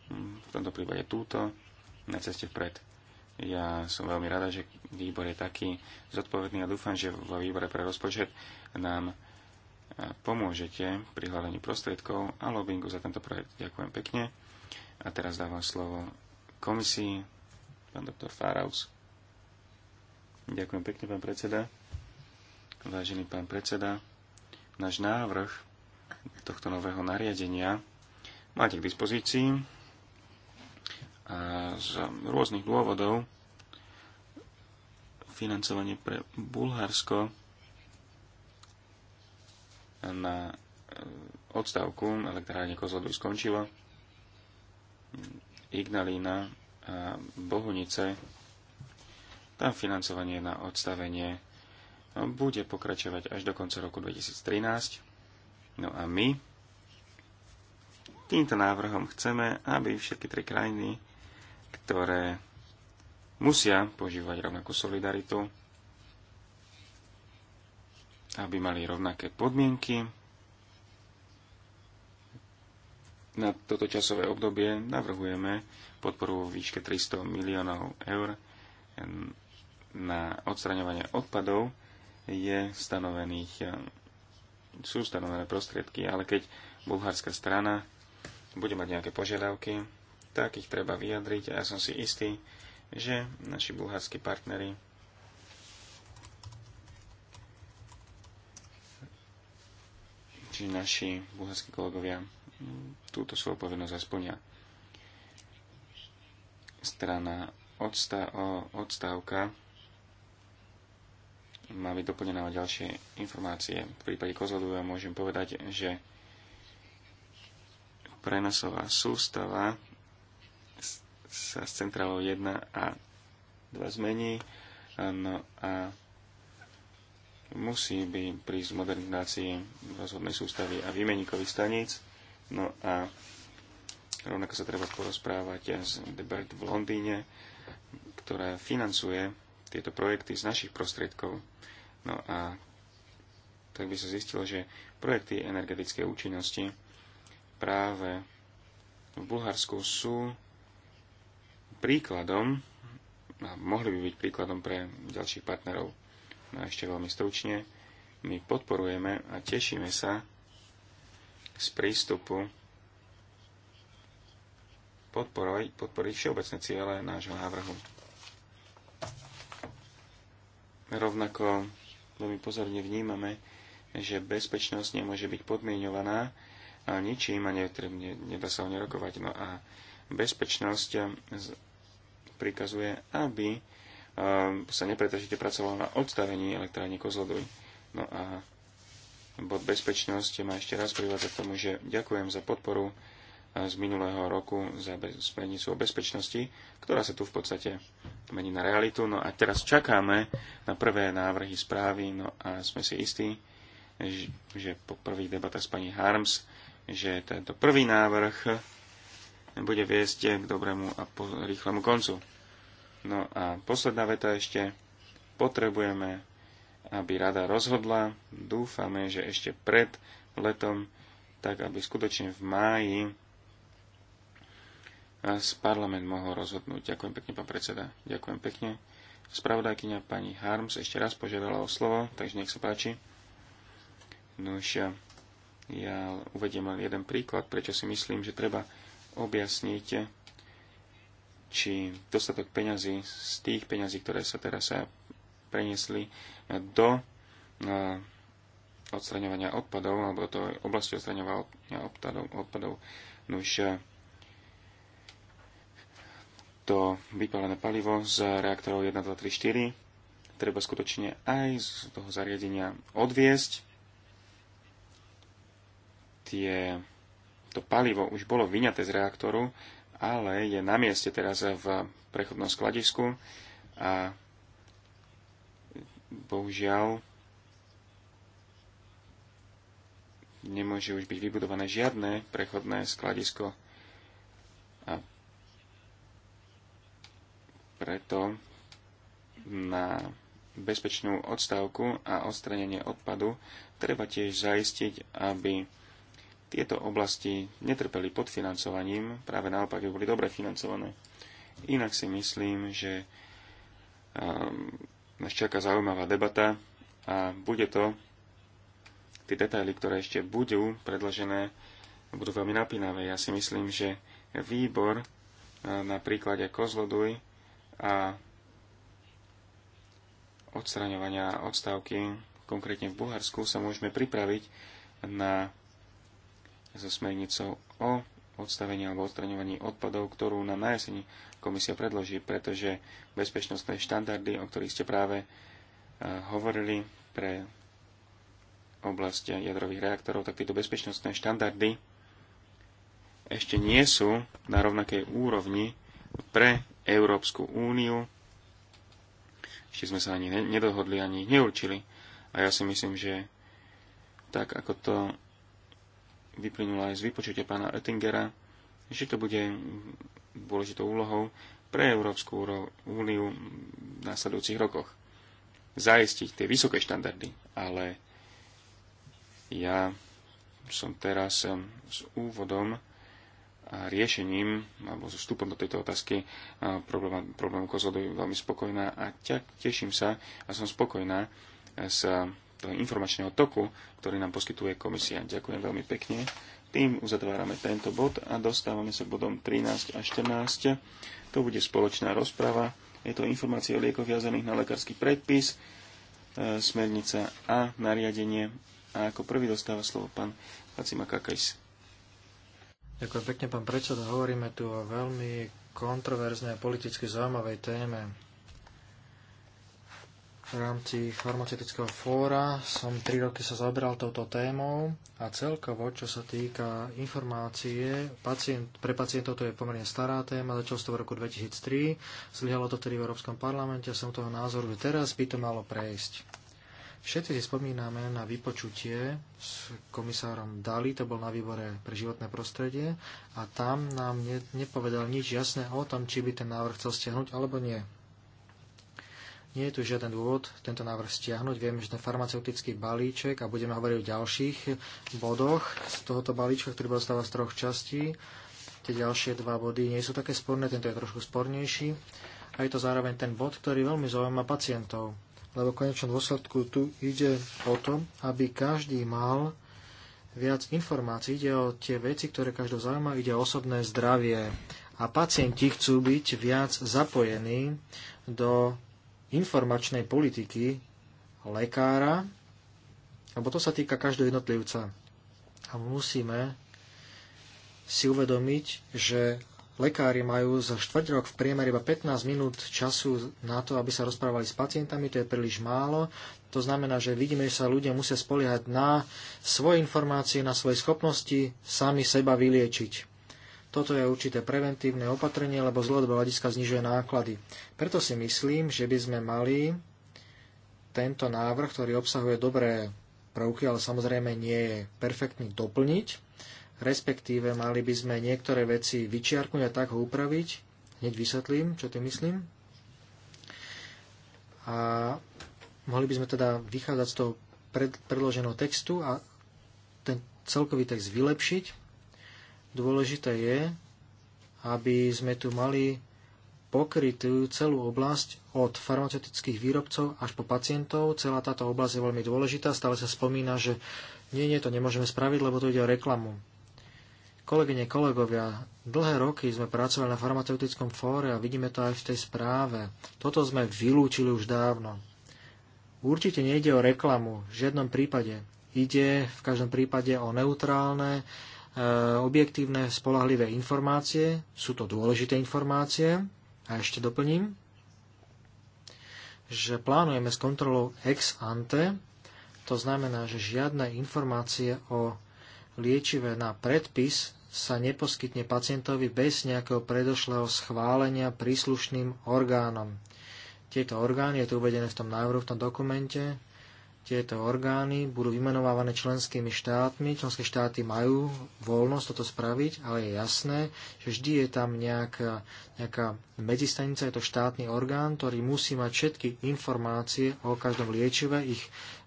v tomto prípade túto, na ceste vpred. Ja som veľmi rada, že výbor je taký zodpovedný a dúfam, že vo výbore pre rozpočet nám pomôžete pri hľadaní prostriedkov a lobbyingu za tento projekt. Ďakujem pekne. A teraz dávam slovo komisii, pán doktor Fáraus. Ďakujem pekne, pán predseda. Vážený pán predseda, náš návrh tohto nového nariadenia máte k dispozícii a z rôznych dôvodov financovanie pre Bulharsko na e, odstavku elektrárne Kozloduj skončilo. Ignalína a Bohunice. Tam financovanie na odstavenie no, bude pokračovať až do konca roku 2013. No a my týmto návrhom chceme, aby všetky tri krajiny, ktoré musia požívať rovnakú solidaritu, aby mali rovnaké podmienky na toto časové obdobie navrhujeme podporu vo výške 300 miliónov eur na odstraňovanie odpadov je stanovených, sú stanovené prostriedky, ale keď bulharská strana bude mať nejaké požiadavky, tak ich treba vyjadriť a ja som si istý, že naši bulharskí partnery Čiže naši bulharskí kolegovia túto svoju povinnosť zasplnia. Strana odsta- odstávka má byť doplnená o ďalšie informácie. V prípade ja môžem povedať, že prenosová sústava sa s centrálou 1 a 2 zmení. No a musí byť prísť modernizácii rozhodnej sústavy a výmeníkových staníc. No a rovnako sa treba porozprávať aj s Debert v Londýne, ktorá financuje tieto projekty z našich prostriedkov. No a tak by sa zistilo, že projekty energetickej účinnosti práve v Bulharsku sú príkladom, a mohli by byť príkladom pre ďalších partnerov No a ešte veľmi stručne, my podporujeme a tešíme sa z prístupu podporoj, podporiť všeobecné ciele nášho návrhu. Rovnako veľmi pozorne vnímame, že bezpečnosť nemôže byť podmienovaná a ničím a netrebne, nedá sa ho nerokovať. No a bezpečnosť prikazuje, aby sa nepretržite pracovalo na odstavení elektrárne Kozlodoj. No a bod bezpečnosť ma ešte raz privádza k tomu, že ďakujem za podporu e, z minulého roku za smernicu o bezpečnosti, ktorá sa tu v podstate mení na realitu. No a teraz čakáme na prvé návrhy správy, no a sme si istí, že po prvých debatách s pani Harms, že tento prvý návrh bude viesť k dobrému a rýchlemu koncu. No a posledná veta ešte. Potrebujeme, aby rada rozhodla. Dúfame, že ešte pred letom, tak aby skutočne v máji z parlament mohol rozhodnúť. Ďakujem pekne, pán predseda. Ďakujem pekne. Spravodajkyňa pani Harms ešte raz požiadala o slovo, takže nech sa páči. No už ja uvediem len jeden príklad, prečo si myslím, že treba objasniť či dostatok peňazí z tých peňazí, ktoré sa teraz preniesli do odstraňovania odpadov, alebo do oblasti odstraňovania odpadov, odpadov už eh, to vypálené palivo z reaktorov 1, 2, 3, 4 treba skutočne aj z toho zariadenia odviesť. Tie, to palivo už bolo vyňaté z reaktoru, ale je na mieste teraz v prechodnom skladisku a bohužiaľ nemôže už byť vybudované žiadne prechodné skladisko. A preto na bezpečnú odstávku a odstranenie odpadu treba tiež zaistiť, aby tieto oblasti netrpeli pod financovaním, práve naopak boli dobre financované. Inak si myslím, že ehm, nás čaká zaujímavá debata a bude to, tie detaily, ktoré ešte budú predložené, budú veľmi napínavé. Ja si myslím, že výbor e, na príklade Kozloduj a odstraňovania odstávky, konkrétne v Bulharsku, sa môžeme pripraviť na so smernicou o odstavení alebo odstraňovaní odpadov, ktorú nám na jeseni komisia predloží, pretože bezpečnostné štandardy, o ktorých ste práve e, hovorili pre oblasť jadrových reaktorov, tak tieto bezpečnostné štandardy ešte nie sú na rovnakej úrovni pre Európsku úniu. Ešte sme sa ani nedohodli, ani ich neurčili. A ja si myslím, že tak ako to vyplynula aj z vypočutia pána Oettingera, že to bude dôležitou úlohou pre Európsku úniu v následujúcich rokoch. zaistiť tie vysoké štandardy, ale ja som teraz um, s úvodom a riešením, alebo so vstupom do tejto otázky uh, problém, problému veľmi spokojná a teším sa a som spokojná s toho informačného toku, ktorý nám poskytuje komisia. Ďakujem veľmi pekne. Tým uzatvárame tento bod a dostávame sa k bodom 13 a 14. To bude spoločná rozprava. Je to informácie o liekoch viazaných na lekársky predpis, e, smernica a nariadenie. A ako prvý dostáva slovo pán Hacima Kakajs. Ďakujem pekne, pán predseda. Hovoríme tu o veľmi kontroverznej a politicky zaujímavej téme v rámci farmaceutického fóra som 3 roky sa zaoberal touto témou a celkovo, čo sa týka informácie, pacient, pre pacientov to je pomerne stará téma, začalo to v roku 2003, zlyhalo to tedy v Európskom parlamente, a som toho názoru, že teraz by to malo prejsť. Všetci si spomíname na vypočutie s komisárom Dali, to bol na výbore pre životné prostredie a tam nám ne, nepovedal nič jasné o tom, či by ten návrh chcel stiahnuť alebo nie. Nie je tu žiaden dôvod tento návrh stiahnuť. Vieme, že ten farmaceutický balíček, a budeme hovoriť o ďalších bodoch z tohoto balíčka, ktorý stáva z troch častí. Tie ďalšie dva body nie sú také sporné, tento je trošku spornejší. A je to zároveň ten bod, ktorý veľmi zaujíma pacientov. Lebo v konečnom dôsledku tu ide o to, aby každý mal viac informácií. Ide o tie veci, ktoré každého zaujíma. Ide o osobné zdravie. A pacienti chcú byť viac zapojení do informačnej politiky lekára, lebo to sa týka každého jednotlivca. A musíme si uvedomiť, že lekári majú za štvrť rok v priemere iba 15 minút času na to, aby sa rozprávali s pacientami, to je príliš málo. To znamená, že vidíme, že sa ľudia musia spoliehať na svoje informácie, na svoje schopnosti sami seba vyliečiť. Toto je určité preventívne opatrenie, lebo z dlhodobého hľadiska znižuje náklady. Preto si myslím, že by sme mali tento návrh, ktorý obsahuje dobré prvky, ale samozrejme nie je perfektný, doplniť. Respektíve mali by sme niektoré veci vyčiarknúť a tak ho upraviť. Hneď vysvetlím, čo tým myslím. A mohli by sme teda vychádzať z toho predloženého textu a ten celkový text vylepšiť Dôležité je, aby sme tu mali pokrytú celú oblasť od farmaceutických výrobcov až po pacientov. Celá táto oblasť je veľmi dôležitá. Stále sa spomína, že nie, nie, to nemôžeme spraviť, lebo to ide o reklamu. Kolegyne, kolegovia, dlhé roky sme pracovali na farmaceutickom fóre a vidíme to aj v tej správe. Toto sme vylúčili už dávno. Určite nejde o reklamu, v žiadnom prípade. Ide v každom prípade o neutrálne E, objektívne, spolahlivé informácie, sú to dôležité informácie. A ešte doplním, že plánujeme s kontrolou ex ante, to znamená, že žiadne informácie o liečive na predpis sa neposkytne pacientovi bez nejakého predošlého schválenia príslušným orgánom. Tieto orgány, je to uvedené v tom návrhu, v tom dokumente, tieto orgány budú vymenovávané členskými štátmi. Členské štáty majú voľnosť toto spraviť, ale je jasné, že vždy je tam nejaká, nejaká medzistanica, je to štátny orgán, ktorý musí mať všetky informácie o každom liečive, ich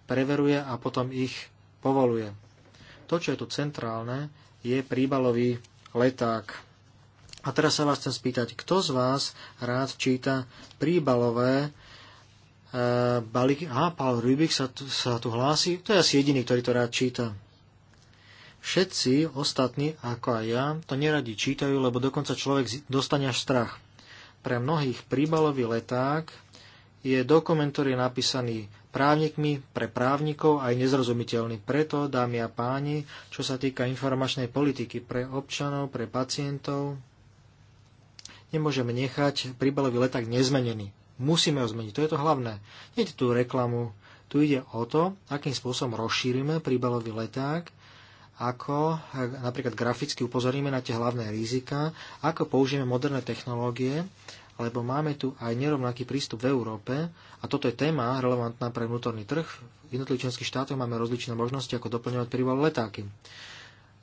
preveruje a potom ich povoluje. To, čo je tu centrálne, je príbalový leták. A teraz sa vás chcem spýtať, kto z vás rád číta príbalové Eh, balíky. Aha, Paul Rubik sa tu, sa tu hlási. To je asi jediný, ktorý to rád číta. Všetci ostatní, ako aj ja, to neradi čítajú, lebo dokonca človek dostane až strach. Pre mnohých príbalový leták je dokument, ktorý je napísaný právnikmi pre právnikov aj nezrozumiteľný. Preto, dámy a páni, čo sa týka informačnej politiky pre občanov, pre pacientov, nemôžeme nechať príbalový leták nezmenený. Musíme ho zmeniť, to je to hlavné. Nejde tu reklamu, tu ide o to, akým spôsobom rozšírime príbalový leták, ako eh, napríklad graficky upozoríme na tie hlavné rizika, ako použijeme moderné technológie, lebo máme tu aj nerovnaký prístup v Európe a toto je téma relevantná pre vnútorný trh. V jednotlivých členských štátoch máme rozličné možnosti, ako doplňovať príval letáky.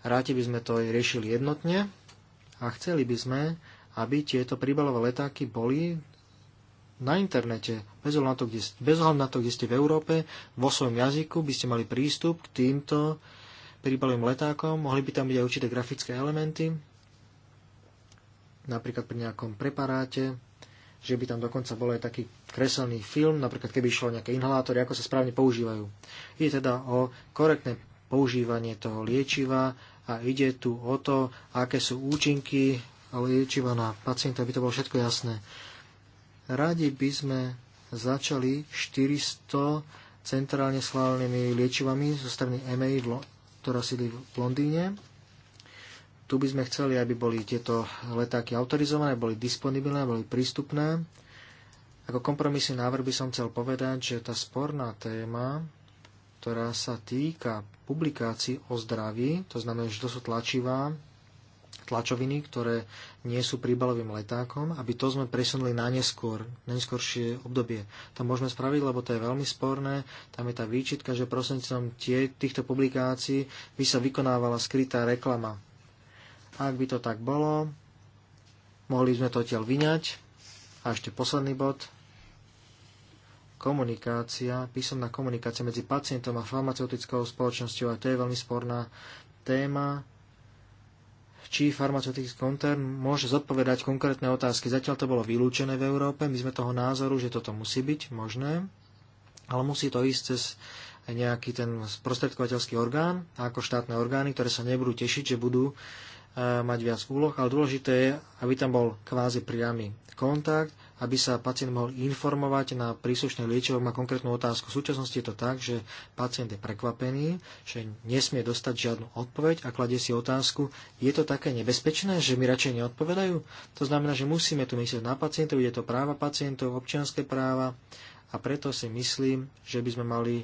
Ráti by sme to aj riešili jednotne a chceli by sme, aby tieto príbalové letáky boli na internete, bez ohľadu, na to, kde, bez ohľadu na to, kde ste v Európe, vo svojom jazyku by ste mali prístup k týmto príbalovým letákom, mohli by tam byť aj určité grafické elementy, napríklad pri nejakom preparáte, že by tam dokonca bol aj taký kreselný film, napríklad keby išlo nejaké inhalátory, ako sa správne používajú. Ide teda o korektné používanie toho liečiva a ide tu o to, aké sú účinky liečiva na pacienta, aby to bolo všetko jasné. Radi by sme začali 400 centrálne schválenými liečivami zo strany EMEI, ktorá sídli v Londýne. Tu by sme chceli, aby boli tieto letáky autorizované, boli disponibilné, boli prístupné. Ako kompromisný návrh by som chcel povedať, že tá sporná téma, ktorá sa týka publikácií o zdraví, to znamená, že to sú tlačivá, tlačoviny, ktoré nie sú príbalovým letákom, aby to sme presunuli na neskôr, na obdobie. To môžeme spraviť, lebo to je veľmi sporné. Tam je tá výčitka, že prostredníctvom tie, týchto publikácií by sa vykonávala skrytá reklama. Ak by to tak bolo, mohli sme to odtiaľ vyňať. A ešte posledný bod. Komunikácia, písomná komunikácia medzi pacientom a farmaceutickou spoločnosťou, a to je veľmi sporná téma či farmaceutický koncern môže zodpovedať konkrétne otázky. Zatiaľ to bolo vylúčené v Európe, my sme toho názoru, že toto musí byť možné, ale musí to ísť cez nejaký ten sprostredkovateľský orgán, ako štátne orgány, ktoré sa nebudú tešiť, že budú e, mať viac úloh, ale dôležité je, aby tam bol kvázi priamy kontakt, aby sa pacient mohol informovať na príslušnej liečivo. Má konkrétnu otázku. V súčasnosti je to tak, že pacient je prekvapený, že nesmie dostať žiadnu odpoveď a kladie si otázku, je to také nebezpečné, že mi radšej neodpovedajú? To znamená, že musíme tu myslieť na pacientov, je to práva pacientov, občianské práva a preto si myslím, že by sme mali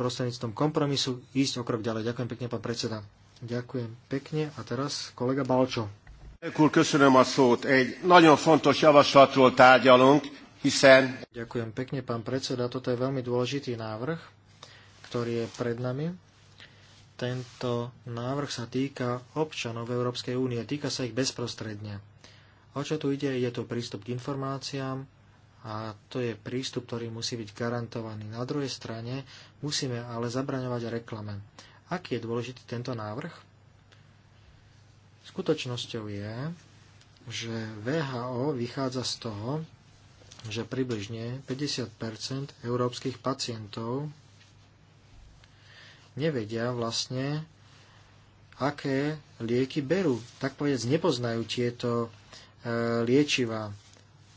prostredníctvom kompromisu ísť o krok ďalej. Ďakujem pekne, pán predseda. Ďakujem pekne. A teraz kolega Balčo. Ďakujem pekne, pán predseda. Toto je veľmi dôležitý návrh, ktorý je pred nami. Tento návrh sa týka občanov Európskej únie, týka sa ich bezprostredne. O čo tu ide? Je to prístup k informáciám a to je prístup, ktorý musí byť garantovaný. Na druhej strane musíme ale zabraňovať reklame. Aký je dôležitý tento návrh? Skutočnosťou je, že VHO vychádza z toho, že približne 50 európskych pacientov nevedia vlastne, aké lieky berú. Tak povedz, nepoznajú tieto e, liečiva.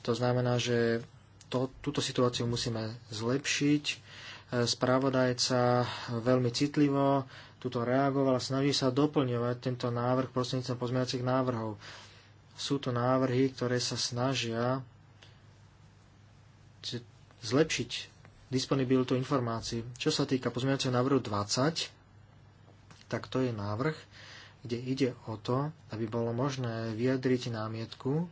To znamená, že to, túto situáciu musíme zlepšiť. E, Spravodajca veľmi citlivo tuto reagoval a snaží sa doplňovať tento návrh prostredníctvom pozmeňacích návrhov. Sú to návrhy, ktoré sa snažia zlepšiť disponibilitu informácií. Čo sa týka pozmeňacieho návrhu 20, tak to je návrh, kde ide o to, aby bolo možné vyjadriť námietku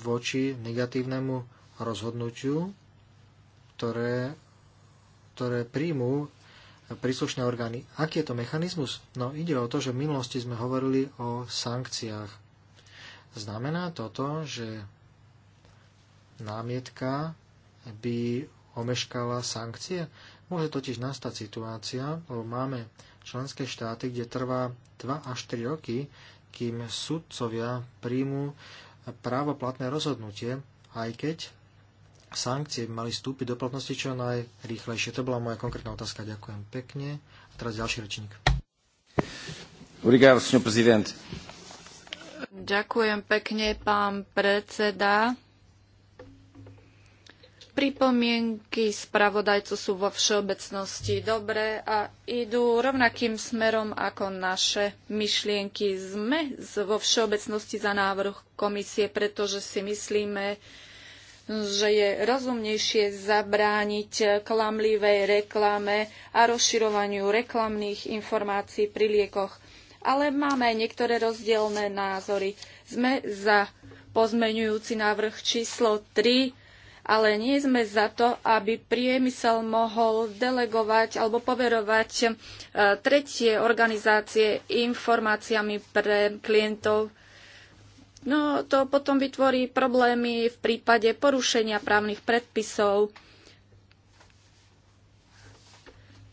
voči negatívnemu rozhodnutiu, ktoré, ktoré príjmu príslušné orgány. Aký je to mechanizmus? No ide o to, že v minulosti sme hovorili o sankciách. Znamená toto, že námietka by omeškala sankcie? Môže totiž nastať situácia, lebo máme členské štáty, kde trvá 2 až 3 roky, kým sudcovia príjmu právoplatné rozhodnutie, aj keď sankcie by mali vstúpiť do platnosti čo najrýchlejšie. To bola moja konkrétna otázka. Ďakujem pekne. A teraz ďalší rečník. Ďakujem pekne, pán predseda. Pripomienky spravodajcu sú vo všeobecnosti dobré a idú rovnakým smerom ako naše myšlienky. Sme vo všeobecnosti za návrh komisie, pretože si myslíme, že je rozumnejšie zabrániť klamlivej reklame a rozširovaniu reklamných informácií pri liekoch. Ale máme aj niektoré rozdielne názory. Sme za pozmenujúci návrh číslo 3, ale nie sme za to, aby priemysel mohol delegovať alebo poverovať e, tretie organizácie informáciami pre klientov No to potom vytvorí problémy v prípade porušenia právnych predpisov.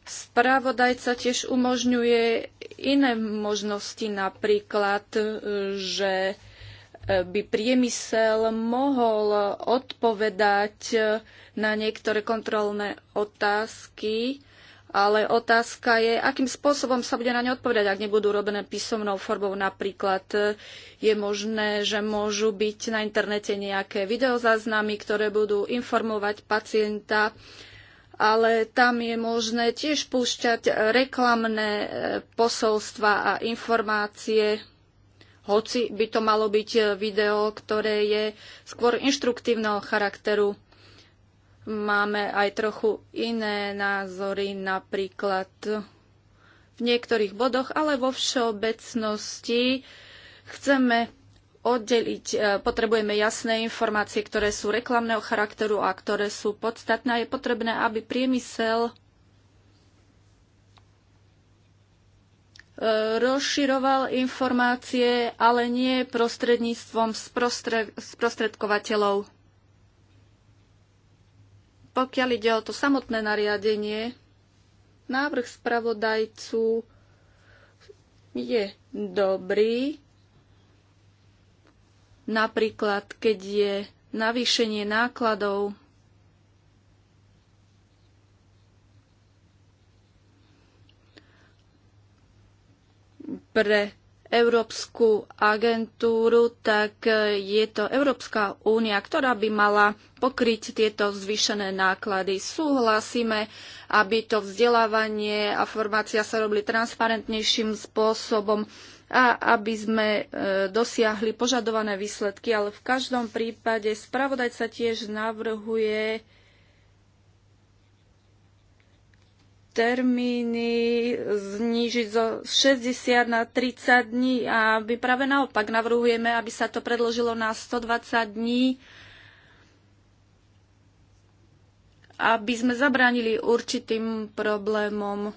Spravodajca tiež umožňuje iné možnosti, napríklad, e, že e, by priemysel mohol odpovedať e, na niektoré kontrolné otázky ale otázka je, akým spôsobom sa bude na ne odpovedať, ak nebudú robené písomnou formou. Napríklad e, je možné, že môžu byť na internete nejaké videozáznamy, ktoré budú informovať pacienta, ale tam je možné tiež púšťať reklamné e, posolstva a informácie, hoci by to malo byť e, video, ktoré je skôr inštruktívneho charakteru máme aj trochu iné názory, napríklad v niektorých bodoch, ale vo všeobecnosti chceme oddeliť, e, potrebujeme jasné informácie, ktoré sú reklamného charakteru a ktoré sú podstatné. je potrebné, aby priemysel e, rozširoval informácie, ale nie prostredníctvom sprostredkovateľov. Pokiaľ ide o to samotné nariadenie, návrh spravodajcu je dobrý. Napríklad, keď je navýšenie nákladov pre Európsku agentúru, tak e, je to Európska únia, ktorá by mala pokryť tieto zvýšené náklady. Súhlasíme, aby to vzdelávanie a formácia sa robili transparentnejším spôsobom a aby sme e, dosiahli požadované výsledky, ale v každom prípade spravodajca tiež navrhuje termíny znížiť zo 60 na 30 dní a my práve naopak navrhujeme, aby sa to predložilo na 120 dní, aby sme zabránili určitým problémom.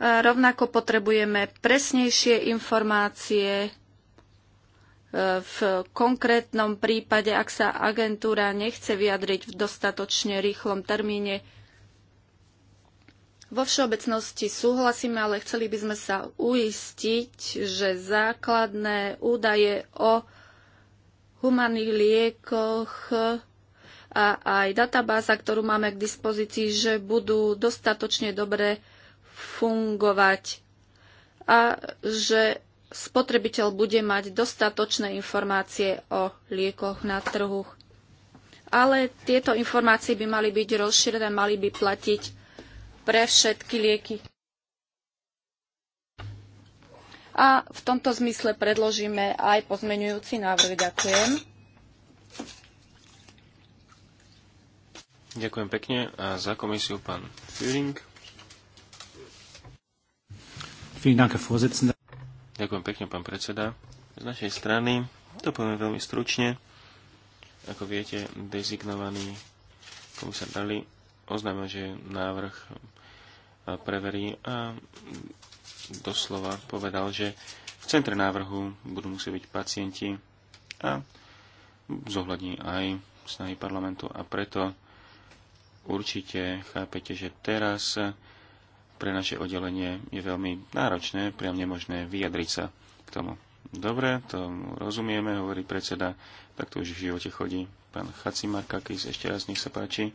A rovnako potrebujeme presnejšie informácie, v konkrétnom prípade, ak sa agentúra nechce vyjadriť v dostatočne rýchlom termíne. Vo všeobecnosti súhlasíme, ale chceli by sme sa uistiť, že základné údaje o humaných liekoch a aj databáza, ktorú máme k dispozícii, že budú dostatočne dobre fungovať a že spotrebiteľ bude mať dostatočné informácie o liekoch na trhu. Ale tieto informácie by mali byť rozšírené, mali by platiť pre všetky lieky. A v tomto zmysle predložíme aj pozmenujúci návrh. Ďakujem. Ďakujem pekne. A za komisiu pán Führing. Vielen Dank, Herr Vorsitzender. Ďakujem pekne, pán predseda. Z našej strany, to poviem veľmi stručne, ako viete, dezignovaný komisár Dali oznámil, že návrh preverí a doslova povedal, že v centre návrhu budú musieť byť pacienti a zohľadní aj snahy parlamentu a preto určite chápete, že teraz pre naše oddelenie je veľmi náročné, priam nemožné vyjadriť sa k tomu. Dobre, to rozumieme, hovorí predseda, tak to už v živote chodí. Pán Kakis, ešte raz nech sa páči,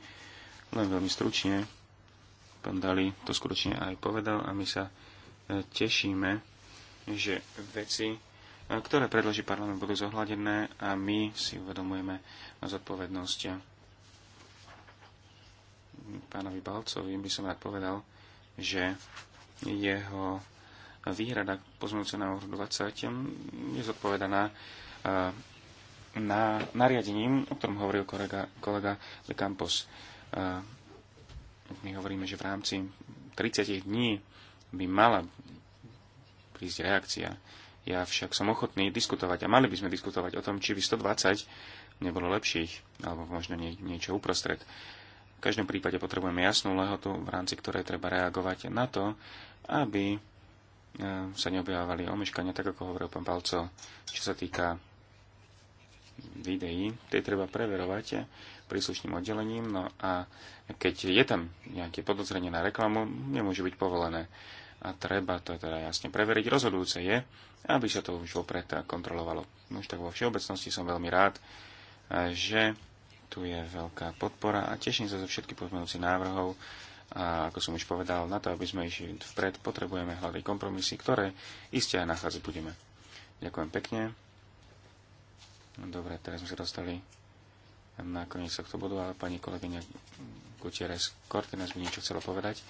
len veľmi stručne. Pán Dali to skutočne aj povedal a my sa e, tešíme, že veci, e, ktoré predloží parlament, budú zohľadené a my si uvedomujeme na zodpovednosť pánovi Balcovi, by som rád povedal, že jeho výhrada k pozmeňujúcemu návrhu 20 je zodpovedaná eh, na nariadením, o ktorom hovoril kolega, kolega Le Campos. Eh, my hovoríme, že v rámci 30 dní by mala prísť reakcia. Ja však som ochotný diskutovať a mali by sme diskutovať o tom, či by 120 nebolo lepších, alebo možno nie, niečo uprostred. V každom prípade potrebujeme jasnú lehotu, v rámci ktorej treba reagovať na to, aby e, sa neobjavovali omeškania, tak ako hovoril pán Palco, čo sa týka videí, tie treba preverovať príslušným oddelením, no a keď je tam nejaké podozrenie na reklamu, nemôže byť povolené. A treba to teda jasne preveriť. Rozhodujúce je, aby sa to už vopred kontrolovalo. No už tak vo všeobecnosti som veľmi rád, e, že tu je veľká podpora a teším sa zo všetky pozmenúci návrhov. A ako som už povedal, na to, aby sme išli vpred, potrebujeme hľadať kompromisy, ktoré iste aj nachádzať budeme. Ďakujem pekne. No dobre, teraz sme sa dostali na koniec tohto bodu, ale pani kolegyňa Gutierrez Cortines by niečo chcela povedať,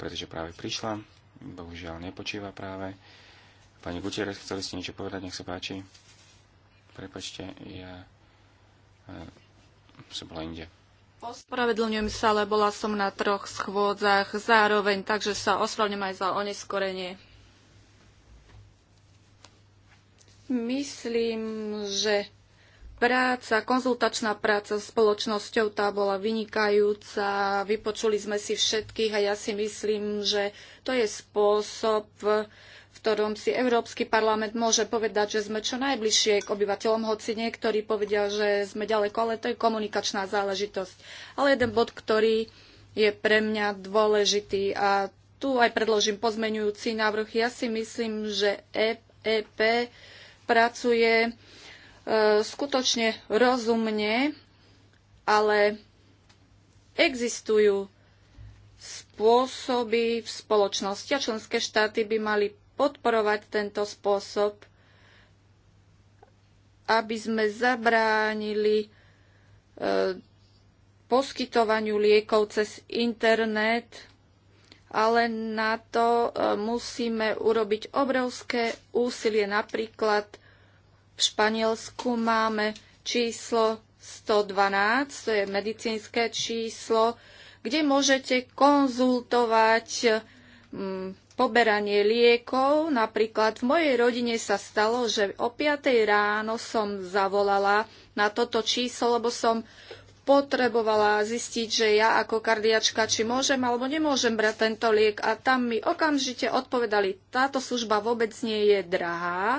pretože práve prišla. Bohužiaľ nepočíva práve. Pani Gutierrez, chceli ste niečo povedať, nech sa páči. Prepačte, ja som bola inde. Ospravedlňujem sa, ale bola som na troch schôdzach zároveň, takže sa ospravedlňujem aj za oneskorenie. Myslím, že práca, konzultačná práca s spoločnosťou tá bola vynikajúca. Vypočuli sme si všetkých a ja si myslím, že to je spôsob, v ktorom si Európsky parlament môže povedať, že sme čo najbližšie k obyvateľom, hoci niektorí povedia, že sme ďaleko, ale to je komunikačná záležitosť. Ale jeden bod, ktorý je pre mňa dôležitý a tu aj predložím pozmenujúci návrh. Ja si myslím, že EP pracuje e, skutočne rozumne, ale existujú spôsoby v spoločnosti a členské štáty by mali podporovať tento spôsob, aby sme zabránili e, poskytovaniu liekov cez internet, ale na to e, musíme urobiť obrovské úsilie. Napríklad v Španielsku máme číslo 112, to je medicínske číslo, kde môžete konzultovať mm, poberanie liekov. Napríklad v mojej rodine sa stalo, že o 5 ráno som zavolala na toto číslo, lebo som potrebovala zistiť, že ja ako kardiačka, či môžem alebo nemôžem brať tento liek. A tam mi okamžite odpovedali, táto služba vôbec nie je drahá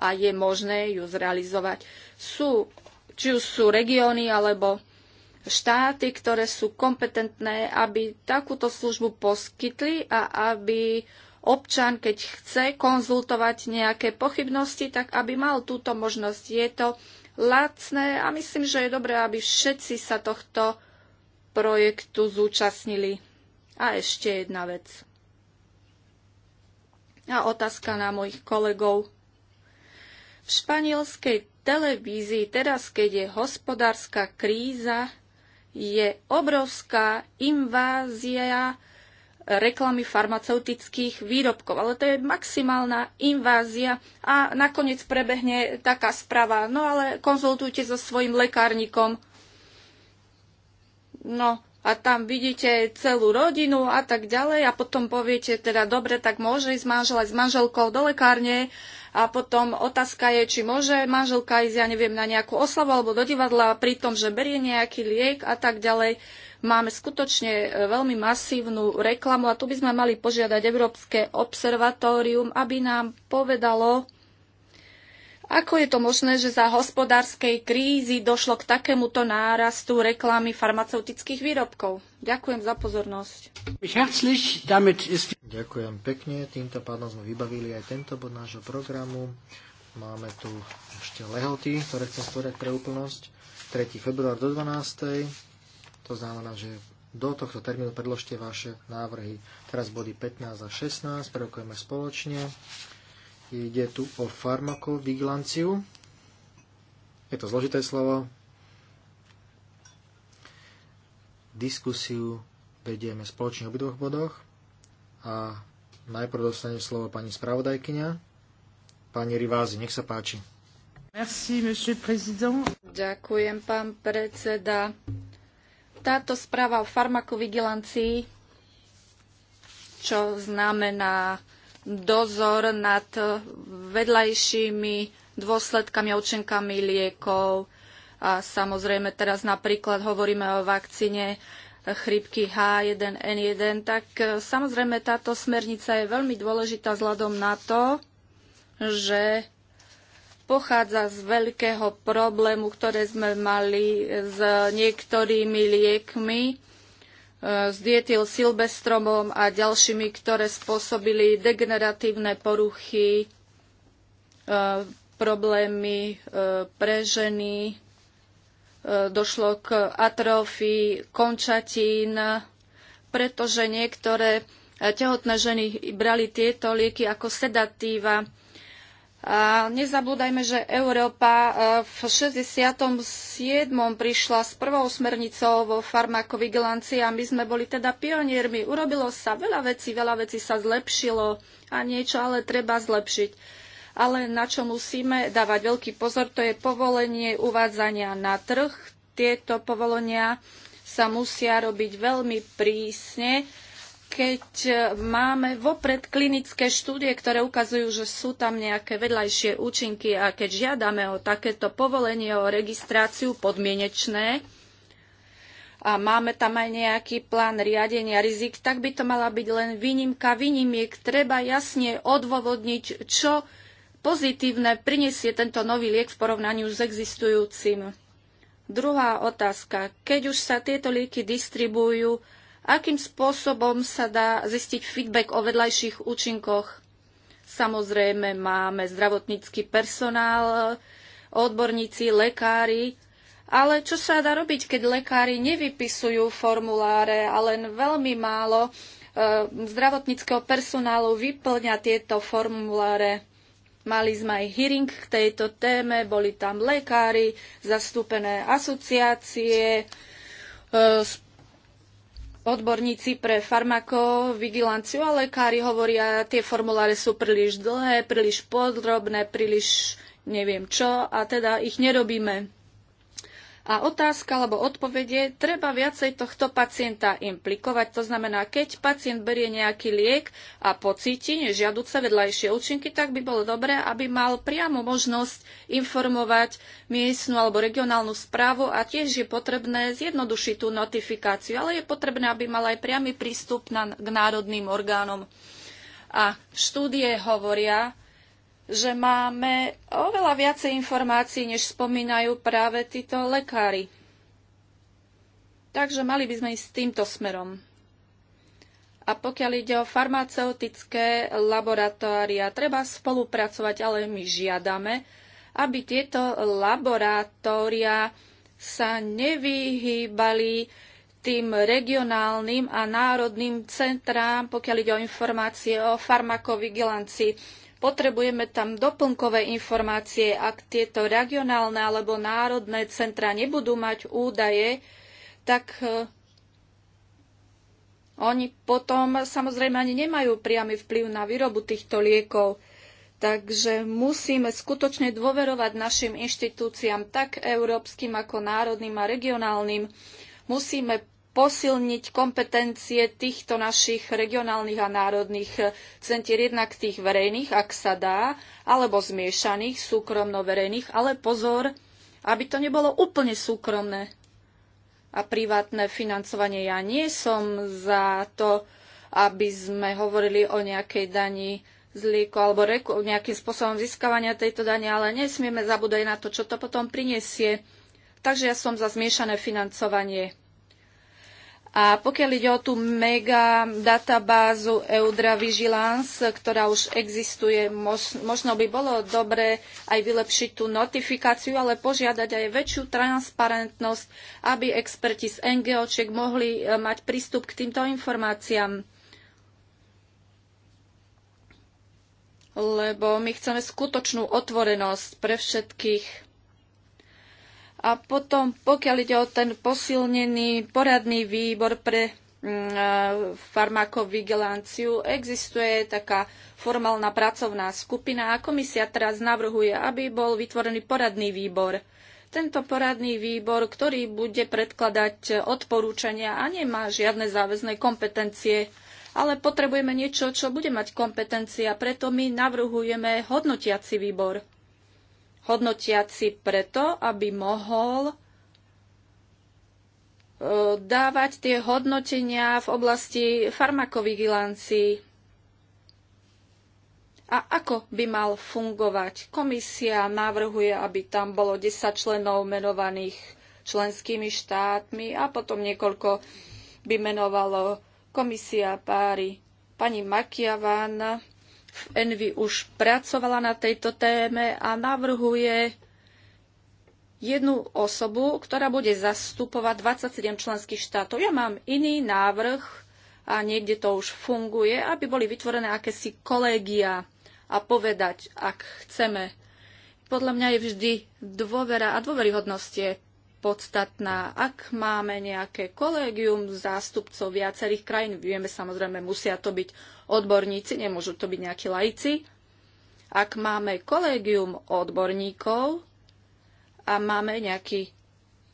a je možné ju zrealizovať. Sú, či už sú regióny alebo štáty, ktoré sú kompetentné, aby takúto službu poskytli a aby občan, keď chce konzultovať nejaké pochybnosti, tak aby mal túto možnosť. Je to lacné a myslím, že je dobré, aby všetci sa tohto projektu zúčastnili. A ešte jedna vec. A otázka na mojich kolegov. V španielskej televízii teraz, keď je hospodárska kríza, je obrovská invázia reklamy farmaceutických výrobkov. Ale to je maximálna invázia a nakoniec prebehne taká správa. No ale konzultujte so svojim lekárnikom. No a tam vidíte celú rodinu a tak ďalej a potom poviete teda dobre, tak môže ísť manžel aj s manželkou do lekárne a potom otázka je, či môže manželka ísť, ja neviem, na nejakú oslavu alebo do divadla, pri tom, že berie nejaký liek a tak ďalej. Máme skutočne e, veľmi masívnu reklamu a tu by sme mali požiadať Európske observatórium, aby nám povedalo, ako je to možné, že za hospodárskej krízy došlo k takémuto nárastu reklamy farmaceutických výrobkov? Ďakujem za pozornosť. Ďakujem pekne. Týmto pádom sme vybavili aj tento bod nášho programu. Máme tu ešte lehoty, ktoré chcem stvoriť pre úplnosť. 3. február do 12. To znamená, že do tohto termínu predložte vaše návrhy. Teraz body 15 a 16 prerokujeme spoločne. Ide tu o farmakovigilanciu. Je to zložité slovo. Diskusiu vedieme spoločne v obidvoch bodoch. A najprv dostane slovo pani spravodajkyňa. Pani Rivázi, nech sa páči. Merci, Ďakujem, pán predseda. Táto správa o farmakovigilancii, čo znamená dozor nad vedľajšími dôsledkami a účinkami liekov. A samozrejme teraz napríklad hovoríme o vakcíne chrypky H1N1, tak e, samozrejme táto smernica je veľmi dôležitá vzhľadom na to, že pochádza z veľkého problému, ktoré sme mali s niektorými liekmi, s e, dietil silbestromom a ďalšími, ktoré spôsobili degeneratívne poruchy, e, problémy e, pre ženy, došlo k atrofii končatín, pretože niektoré tehotné ženy brali tieto lieky ako sedatíva a nezabúdajme, že Európa e, v 67. prišla s prvou smernicou vo farmakovigilancii a my sme boli teda pioniermi. Urobilo sa veľa vecí, veľa vecí sa zlepšilo a niečo ale treba zlepšiť. Ale na čo musíme dávať veľký pozor, to je povolenie uvádzania na trh. Tieto povolenia sa musia robiť veľmi prísne keď e, máme vopred klinické štúdie, ktoré ukazujú, že sú tam nejaké vedľajšie účinky a keď žiadame o takéto povolenie, o registráciu podmienečné a máme tam aj nejaký plán riadenia rizik, tak by to mala byť len výnimka výnimiek. Treba jasne odôvodniť, čo pozitívne prinesie tento nový liek v porovnaní s existujúcim. Druhá otázka. Keď už sa tieto lieky distribujú, Akým spôsobom sa dá zistiť feedback o vedľajších účinkoch? Samozrejme máme zdravotnícky personál, odborníci, lekári, ale čo sa dá robiť, keď lekári nevypisujú formuláre a len veľmi málo e, zdravotníckého personálu vyplňa tieto formuláre? Mali sme aj hearing k tejto téme, boli tam lekári, zastúpené asociácie, e, Odborníci pre farmakovigilanciu a lekári hovoria, tie formuláre sú príliš dlhé, príliš podrobné, príliš neviem čo a teda ich nerobíme. A otázka alebo odpovede, treba viacej tohto pacienta implikovať. To znamená, keď pacient berie nejaký liek a pocíti nežiaduce vedľajšie účinky, tak by bolo dobré, aby mal priamo možnosť informovať miestnu alebo regionálnu správu a tiež je potrebné zjednodušiť tú notifikáciu, ale je potrebné, aby mal aj priamy prístup na, k národným orgánom. A štúdie hovoria, že máme oveľa viacej informácií, než spomínajú práve títo lekári. Takže mali by sme ísť týmto smerom. A pokiaľ ide o farmaceutické laboratória, treba spolupracovať, ale my žiadame, aby tieto laboratória sa nevyhýbali tým regionálnym a národným centrám, pokiaľ ide o informácie o farmakovigilancii. Potrebujeme tam doplnkové informácie, ak tieto regionálne alebo národné centra nebudú mať údaje, tak eh, oni potom samozrejme ani nemajú priamy vplyv na výrobu týchto liekov. Takže musíme skutočne dôverovať našim inštitúciám, tak európskym ako národným a regionálnym. Musíme posilniť kompetencie týchto našich regionálnych a národných centier, jednak tých verejných, ak sa dá, alebo zmiešaných, súkromno-verejných, ale pozor, aby to nebolo úplne súkromné a privátne financovanie. Ja nie som za to, aby sme hovorili o nejakej dani z lieku alebo reku, nejakým spôsobom získavania tejto dane, ale nesmieme zabúdať na to, čo to potom prinesie. Takže ja som za zmiešané financovanie. A pokiaľ ide o tú mega databázu Eudra Vigilance, ktorá už existuje, možno by bolo dobre aj vylepšiť tú notifikáciu, ale požiadať aj väčšiu transparentnosť, aby experti z NGOček mohli e, mať prístup k týmto informáciám. Lebo my chceme skutočnú otvorenosť pre všetkých a potom, pokiaľ ide o ten posilnený poradný výbor pre mm, e, farmakovigilanciu, existuje taká formálna pracovná skupina a komisia teraz navrhuje, aby bol vytvorený poradný výbor. Tento poradný výbor, ktorý bude predkladať odporúčania a nemá žiadne záväzné kompetencie, ale potrebujeme niečo, čo bude mať kompetencia, preto my navrhujeme hodnotiaci výbor hodnotiaci preto, aby mohol e, dávať tie hodnotenia v oblasti farmakovigilancii. A ako by mal fungovať? Komisia navrhuje, aby tam bolo 10 členov menovaných členskými štátmi a potom niekoľko by menovalo komisia páry. Pani Makiaván Envy už pracovala na tejto téme a navrhuje jednu osobu, ktorá bude zastupovať 27 členských štátov. Ja mám iný návrh a niekde to už funguje, aby boli vytvorené akési kolégia a povedať, ak chceme. Podľa mňa je vždy dôvera a dôveryhodnosť je podstatná. Ak máme nejaké kolegium zástupcov viacerých krajín, vieme samozrejme, musia to byť odborníci, nemôžu to byť nejakí laici. Ak máme kolegium odborníkov a máme nejaký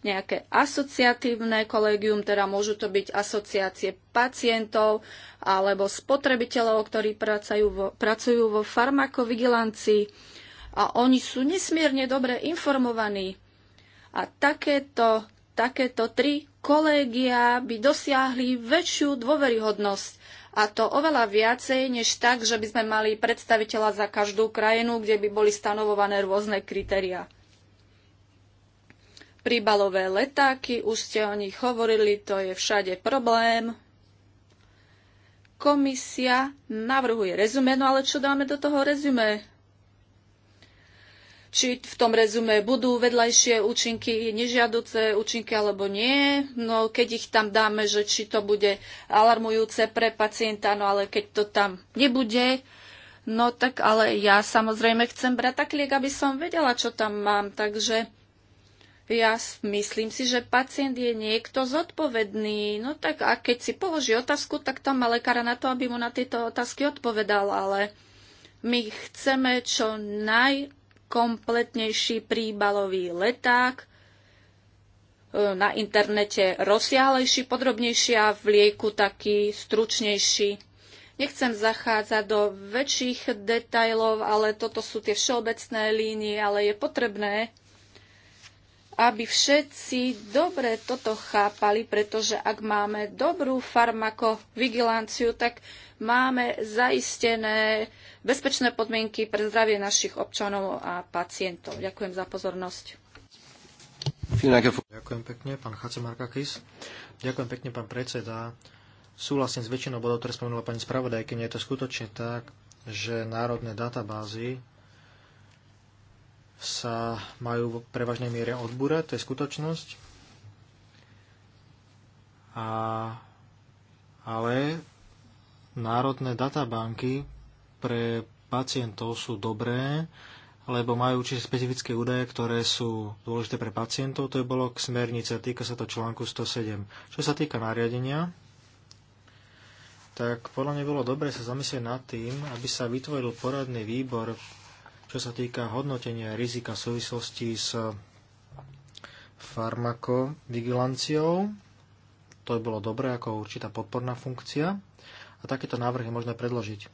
nejaké asociatívne kolegium, teda môžu to byť asociácie pacientov alebo spotrebiteľov, ktorí pracujú vo, pracujú vo farmakovigilancii a oni sú nesmierne dobre informovaní. A takéto, takéto tri kolégia by dosiahli väčšiu dôveryhodnosť. A to oveľa viacej, než tak, že by sme mali predstaviteľa za každú krajinu, kde by boli stanovované rôzne kritéria. Príbalové letáky, už ste o nich hovorili, to je všade problém. Komisia navrhuje rezume, no ale čo dáme do toho rezume? či v tom rezume budú vedľajšie účinky, nežiaduce účinky alebo nie. No keď ich tam dáme, že či to bude alarmujúce pre pacienta, no ale keď to tam nebude, no tak ale ja samozrejme chcem brať tak liek, aby som vedela, čo tam mám. Takže ja myslím si, že pacient je niekto zodpovedný. No tak a keď si položí otázku, tak tam má lekára na to, aby mu na tieto otázky odpovedal, ale my chceme čo naj kompletnejší príbalový leták, e, na internete rozsiahlejší, podrobnejší a v lieku taký stručnejší. Nechcem zachádzať do väčších detajlov, ale toto sú tie všeobecné línie, ale je potrebné aby všetci dobre toto chápali, pretože ak máme dobrú farmakovigilanciu, tak máme zaistené bezpečné podmienky pre zdravie našich občanov a pacientov. Ďakujem za pozornosť. Ďakujem pekne, pán Chacemarkakis. Ďakujem pekne, pán predseda. Súhlasím s väčšinou bodov, ktoré spomenula pani spravodajkyňa. Je to skutočne tak, že národné databázy sa majú v prevažnej miere odbúrať, to je skutočnosť. A, ale národné databanky pre pacientov sú dobré, lebo majú určite špecifické údaje, ktoré sú dôležité pre pacientov. To je bolo k smernice, týka sa to článku 107. Čo sa týka nariadenia, tak podľa mňa bolo dobre sa zamyslieť nad tým, aby sa vytvoril poradný výbor čo sa týka hodnotenia rizika v súvislosti s farmakovigilanciou, to je bolo dobré ako určitá podporná funkcia a takéto návrhy možno predložiť.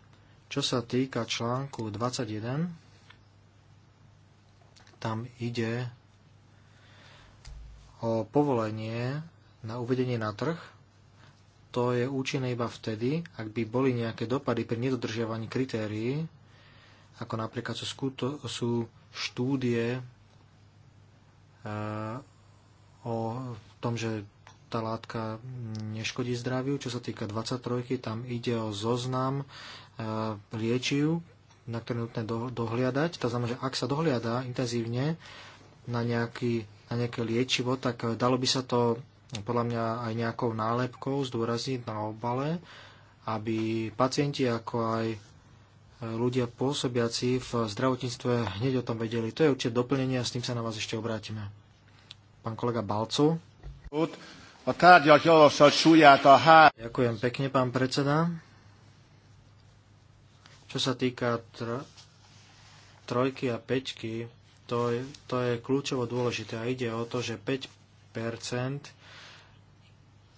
Čo sa týka článku 21, tam ide o povolenie na uvedenie na trh. To je účinné iba vtedy, ak by boli nejaké dopady pri nedodržiavaní kritérií ako napríklad sú, skuto, sú štúdie e, o tom, že tá látka neškodí zdraviu. Čo sa týka 23, tam ide o zoznam e, liečiv, na ktoré je nutné do, dohliadať. To znamená, že ak sa dohliada intenzívne na, nejaký, na nejaké liečivo, tak e, dalo by sa to podľa mňa aj nejakou nálepkou zdôrazniť na obale, aby pacienti ako aj ľudia pôsobiaci v zdravotníctve hneď o tom vedeli. To je určite doplnenie a s tým sa na vás ešte obrátime. Pán kolega Balcu. Ďakujem pekne, pán predseda. Čo sa týka tr- trojky a peťky, to je, to je kľúčovo dôležité a ide o to, že 5%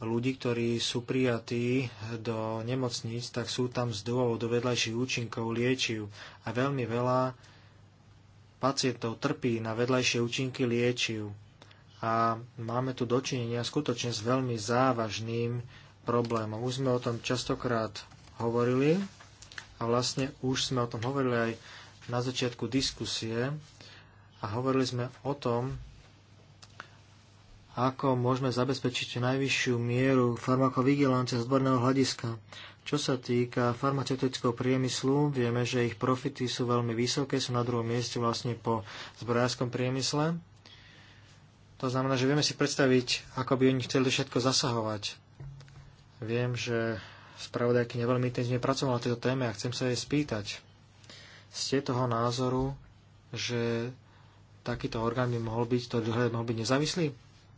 ľudí, ktorí sú prijatí do nemocníc, tak sú tam z dôvodu vedľajších účinkov liečiv a veľmi veľa pacientov trpí na vedľajšie účinky liečiv. A máme tu dočinenia skutočne s veľmi závažným problémom. Už sme o tom častokrát hovorili a vlastne už sme o tom hovorili aj na začiatku diskusie a hovorili sme o tom, ako môžeme zabezpečiť najvyššiu mieru farmakovigilancie z odborného hľadiska. Čo sa týka farmaceutického priemyslu, vieme, že ich profity sú veľmi vysoké, sú na druhom mieste vlastne po zbrojárskom priemysle. To znamená, že vieme si predstaviť, ako by oni chceli všetko zasahovať. Viem, že spravodajky veľmi intenzívne pracovala na tejto téme a chcem sa jej spýtať. Ste toho názoru, že takýto orgán by mohol byť, to dohľad mohol byť nezávislý?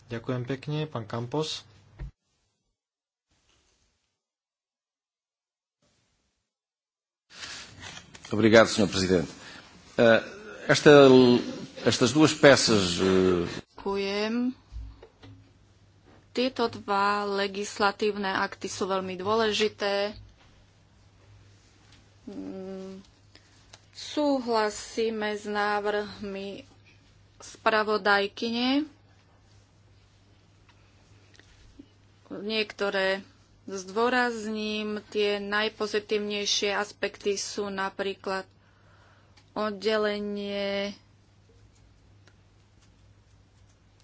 Ďakujem pekne, pán Kampos. Obrigado, senhor Presidente. Uh, esta, estas duas peças. Uh... Ďakujem. Tieto dva legislatívne akty sú veľmi dôležité. Mm, súhlasíme s návrhmi spravodajkyne niektoré zdôrazním. Tie najpozitívnejšie aspekty sú napríklad oddelenie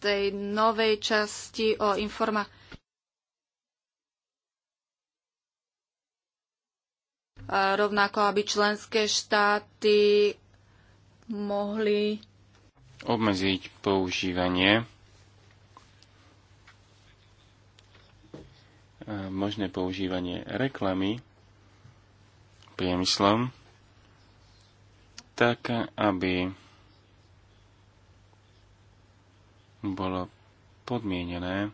tej novej časti o informa- A rovnako aby členské štáty mohli obmedziť používanie E, možné používanie reklamy priemyslom, tak aby bolo podmienené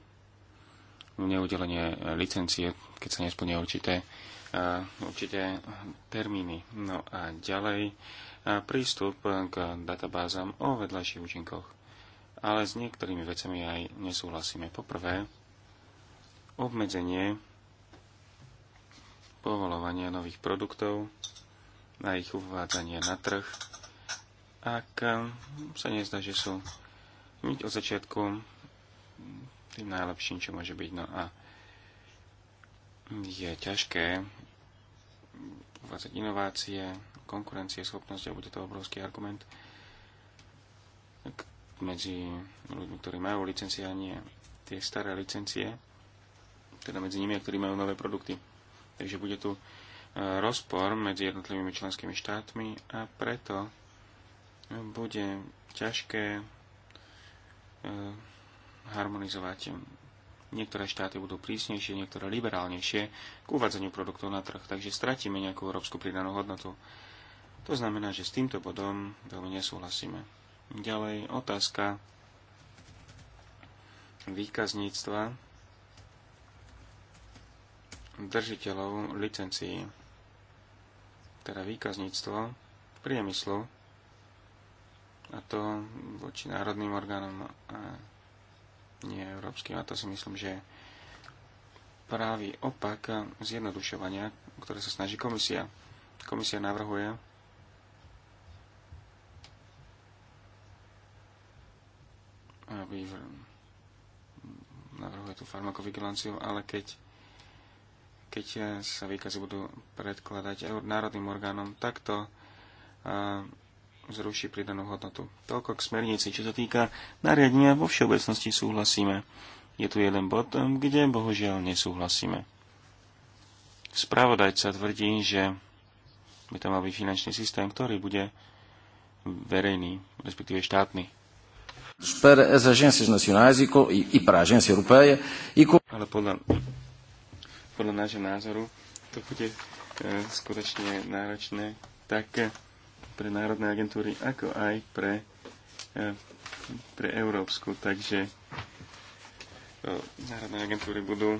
neudelenie licencie, keď sa nesplnia určité, e, určité termíny. No a ďalej e, prístup k databázam o vedľajších účinkoch. Ale s niektorými vecami aj nesúhlasíme. Poprvé, obmedzenie povolovania nových produktov na ich uvádzanie na trh, ak eh, sa nezdá, že sú hneď od začiatku tým najlepším, čo môže byť. No a je ťažké uvádzať inovácie, schopnosť a bude to obrovský argument medzi ľuďmi, ktorí majú licencie a nie tie staré licencie teda medzi nimi a ktorí majú nové produkty. Takže bude tu e, rozpor medzi jednotlivými členskými štátmi a preto bude ťažké e, harmonizovať. Niektoré štáty budú prísnejšie, niektoré liberálnejšie k uvádzaniu produktov na trh, takže stratíme nejakú európsku pridanú hodnotu. To znamená, že s týmto bodom veľmi nesúhlasíme. Ďalej otázka výkazníctva držiteľov licencií, teda výkazníctvo, priemyslu, a to voči národným orgánom a nie európskym. A to si myslím, že právý opak zjednodušovania, o ktoré sa snaží komisia. Komisia navrhuje aby navrhuje tú farmakovigilanciu, ale keď keď eh, sa výkazy budú predkladať národným orgánom, takto eh, zruší pridanú hodnotu. Toľko k smernici. Čo sa týka nariadenia, vo všeobecnosti súhlasíme. Je tu jeden bod, eh, kde bohužiaľ nesúhlasíme. Spravodajca tvrdí, že by tam mal byť finančný systém, ktorý bude verejný, respektíve štátny. E e, e Ale podľa podľa nášho názoru to bude e, skutočne náročné tak pre národné agentúry, ako aj pre, e, pre Európsku. Takže e, národné agentúry budú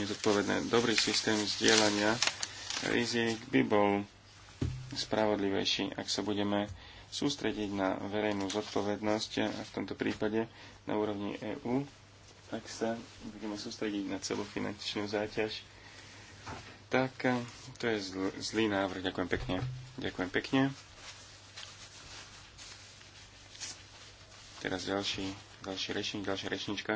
nezodpovedné. Dobrý systém vzdielania rizik by bol spravodlivejší, ak sa budeme sústrediť na verejnú zodpovednosť a v tomto prípade na úrovni EÚ ak sa budeme sústrediť na celú finančnú záťaž, tak eh, to je zl zlý návrh. Ďakujem pekne. Ďakujem pekne. Teraz ďalší, ďalší rečník, ďalšia rečníčka.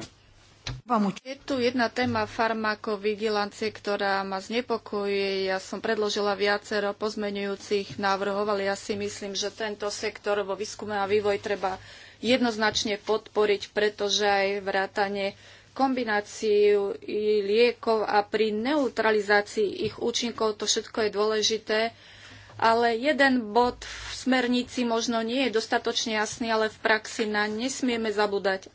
Je tu jedna téma farmakovigilancie, ktorá ma znepokojuje. Ja som predložila viacero pozmenujúcich návrhov, ale ja si myslím, že tento sektor vo výskume a vývoj treba jednoznačne podporiť, pretože aj vrátanie kombináciu liekov a pri neutralizácii ich účinkov, to všetko je dôležité. Ale jeden bod v smernici možno nie je dostatočne jasný, ale v praxi na nesmieme zabúdať.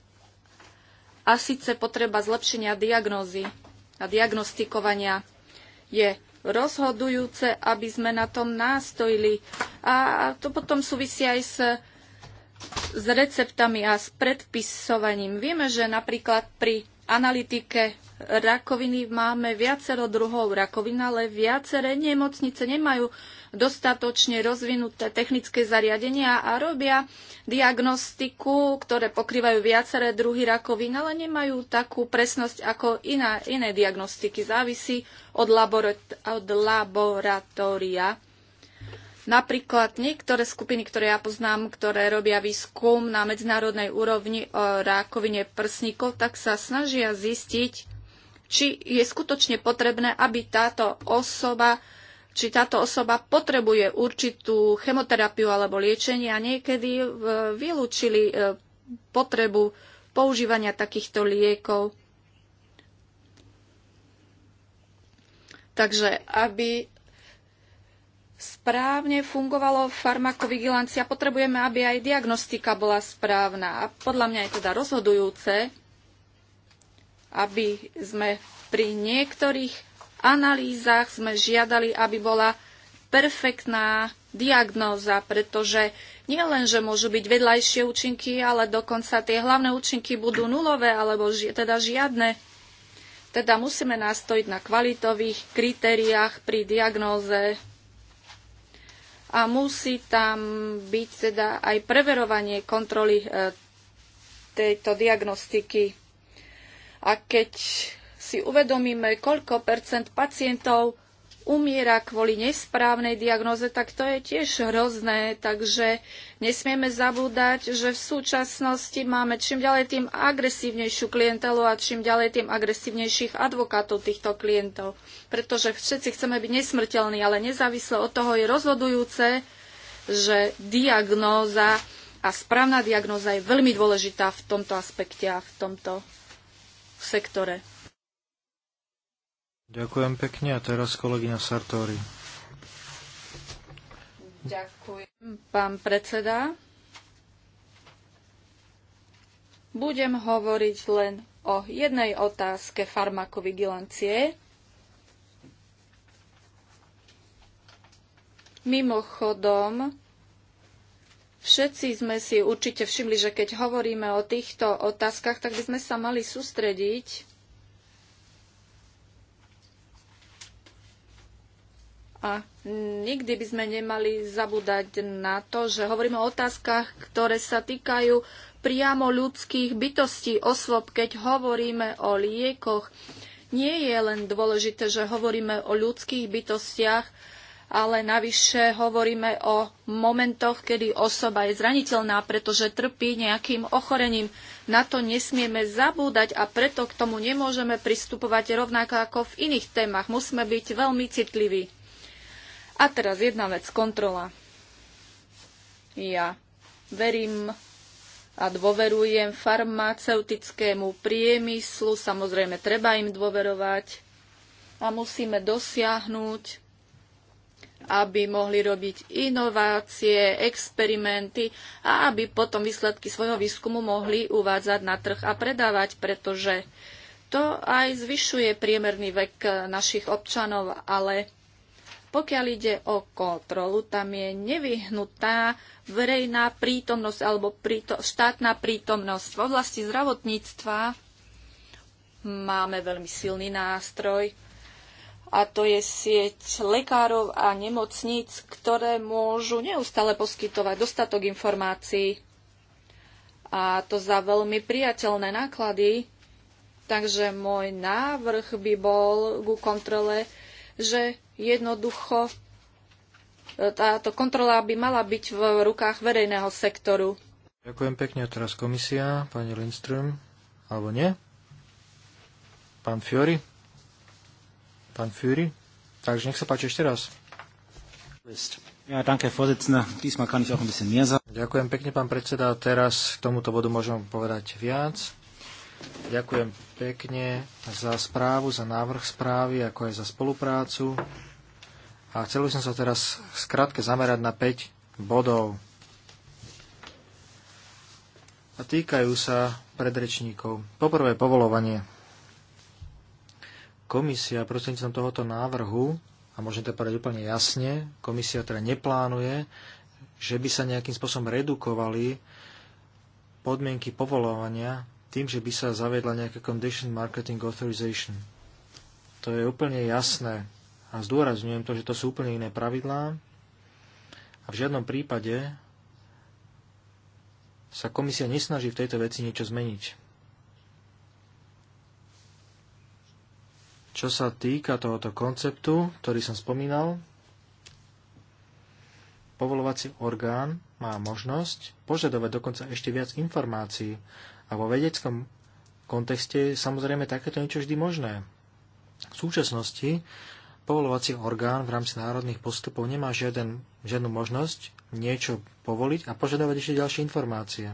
A síce potreba zlepšenia diagnózy a diagnostikovania je rozhodujúce, aby sme na tom nástojili. A to potom súvisí aj s s receptami a s predpisovaním. Vieme, že napríklad pri analytike rakoviny máme viacero druhov rakovina, ale viaceré nemocnice nemajú dostatočne rozvinuté technické zariadenia a robia diagnostiku, ktoré pokrývajú viaceré druhy rakovín, ale nemajú takú presnosť ako iná, iné diagnostiky. Závisí od, laborat- od laboratória Napríklad niektoré skupiny, ktoré ja poznám, ktoré robia výskum na medzinárodnej úrovni o rákovine prsníkov, tak sa snažia zistiť, či je skutočne potrebné, aby táto osoba či táto osoba potrebuje určitú chemoterapiu alebo liečenie a niekedy e, vylúčili e, potrebu používania takýchto liekov. Takže aby správne fungovalo farmakovigilancia, potrebujeme, aby aj diagnostika bola správna. A podľa mňa je teda rozhodujúce, aby sme pri niektorých analýzach sme žiadali, aby bola perfektná diagnóza, pretože nie len, že môžu byť vedľajšie účinky, ale dokonca tie hlavné účinky budú nulové alebo ži- teda žiadne. Teda musíme nastojiť na kvalitových kritériách pri diagnóze a musí tam byť teda aj preverovanie kontroly e, tejto diagnostiky. A keď si uvedomíme, koľko percent pacientov umiera kvôli nesprávnej diagnoze, tak to je tiež hrozné. Takže nesmieme zabúdať, že v súčasnosti máme čím ďalej tým agresívnejšiu klientelu a čím ďalej tým agresívnejších advokátov týchto klientov. Pretože všetci chceme byť nesmrteľní, ale nezávisle od toho je rozhodujúce, že diagnóza a správna diagnóza je veľmi dôležitá v tomto aspekte a v tomto sektore. Ďakujem pekne a teraz kolegyňa Sartori. Ďakujem, pán predseda. Budem hovoriť len o jednej otázke farmakovigilancie. Mimochodom, všetci sme si určite všimli, že keď hovoríme o týchto otázkach, tak by sme sa mali sústrediť A nikdy by sme nemali zabúdať na to, že hovoríme o otázkach, ktoré sa týkajú priamo ľudských bytostí osôb, keď hovoríme o liekoch. Nie je len dôležité, že hovoríme o ľudských bytostiach, ale navyše hovoríme o momentoch, kedy osoba je zraniteľná, pretože trpí nejakým ochorením. Na to nesmieme zabúdať a preto k tomu nemôžeme pristupovať rovnako ako v iných témach. Musíme byť veľmi citliví. A teraz jedna vec, kontrola. Ja verím a dôverujem farmaceutickému priemyslu, samozrejme treba im dôverovať a musíme dosiahnuť, aby mohli robiť inovácie, experimenty a aby potom výsledky svojho výskumu mohli uvádzať na trh a predávať, pretože to aj zvyšuje priemerný vek našich občanov, ale pokiaľ ide o kontrolu, tam je nevyhnutá verejná prítomnosť alebo príto, štátna prítomnosť. V oblasti zdravotníctva máme veľmi silný nástroj a to je sieť lekárov a nemocníc, ktoré môžu neustále poskytovať dostatok informácií a to za veľmi priateľné náklady. Takže môj návrh by bol ku kontrole, že Jednoducho e, táto kontrola by mala byť v rukách verejného sektoru. Ďakujem pekne. Teraz komisia, pani Lindström, alebo nie? Pán Fiori? Pán Fiori? Takže nech sa páči ešte raz. Ďakujem pekne, pán predseda. Teraz k tomuto bodu môžem povedať viac. Ďakujem pekne za správu, za návrh správy, ako aj za spoluprácu. A chcel by som sa teraz skrátke zamerať na 5 bodov. A týkajú sa predrečníkov. Poprvé povolovanie. Komisia prostredníctvom tohoto návrhu, a môžem to povedať úplne jasne, komisia teda neplánuje, že by sa nejakým spôsobom redukovali podmienky povolovania tým, že by sa zaviedla nejaká Condition Marketing Authorization. To je úplne jasné a zdôrazňujem to, že to sú úplne iné pravidlá a v žiadnom prípade sa komisia nesnaží v tejto veci niečo zmeniť. Čo sa týka tohoto konceptu, ktorý som spomínal, povolovací orgán má možnosť požadovať dokonca ešte viac informácií a vo vedeckom kontexte je samozrejme takéto niečo vždy možné. V súčasnosti povolovací orgán v rámci národných postupov nemá žiaden, žiadnu možnosť niečo povoliť a požadovať ešte ďalšie informácie.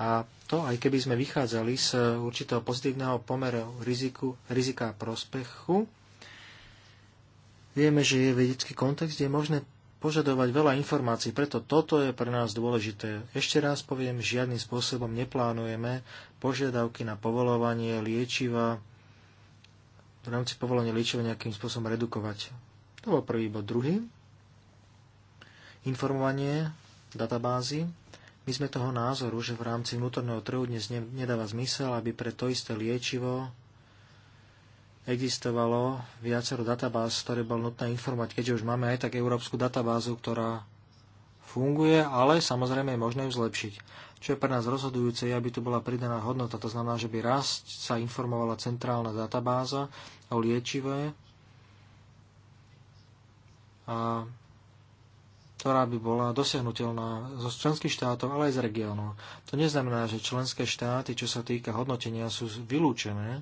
A to, aj keby sme vychádzali z určitého pozitívneho pomeru riziku, rizika a prospechu, vieme, že je vedecký kontext, je možné požadovať veľa informácií, preto toto je pre nás dôležité. Ešte raz poviem, žiadnym spôsobom neplánujeme požiadavky na povolovanie liečiva v rámci povolenia liečiva nejakým spôsobom redukovať. To bol prvý bod. Druhý, informovanie databázy. My sme toho názoru, že v rámci vnútorného trhu dnes nedáva zmysel, aby pre to isté liečivo existovalo viacero databáz, ktoré bol nutné informovať, keďže už máme aj tak európsku databázu, ktorá funguje, ale samozrejme je možné ju zlepšiť. Čo je pre nás rozhodujúce, je, aby tu bola pridaná hodnota. To znamená, že by raz sa informovala centrálna databáza o liečivé, a ktorá by bola dosiahnutelná zo členských štátov, ale aj z regiónov. To neznamená, že členské štáty, čo sa týka hodnotenia, sú vylúčené.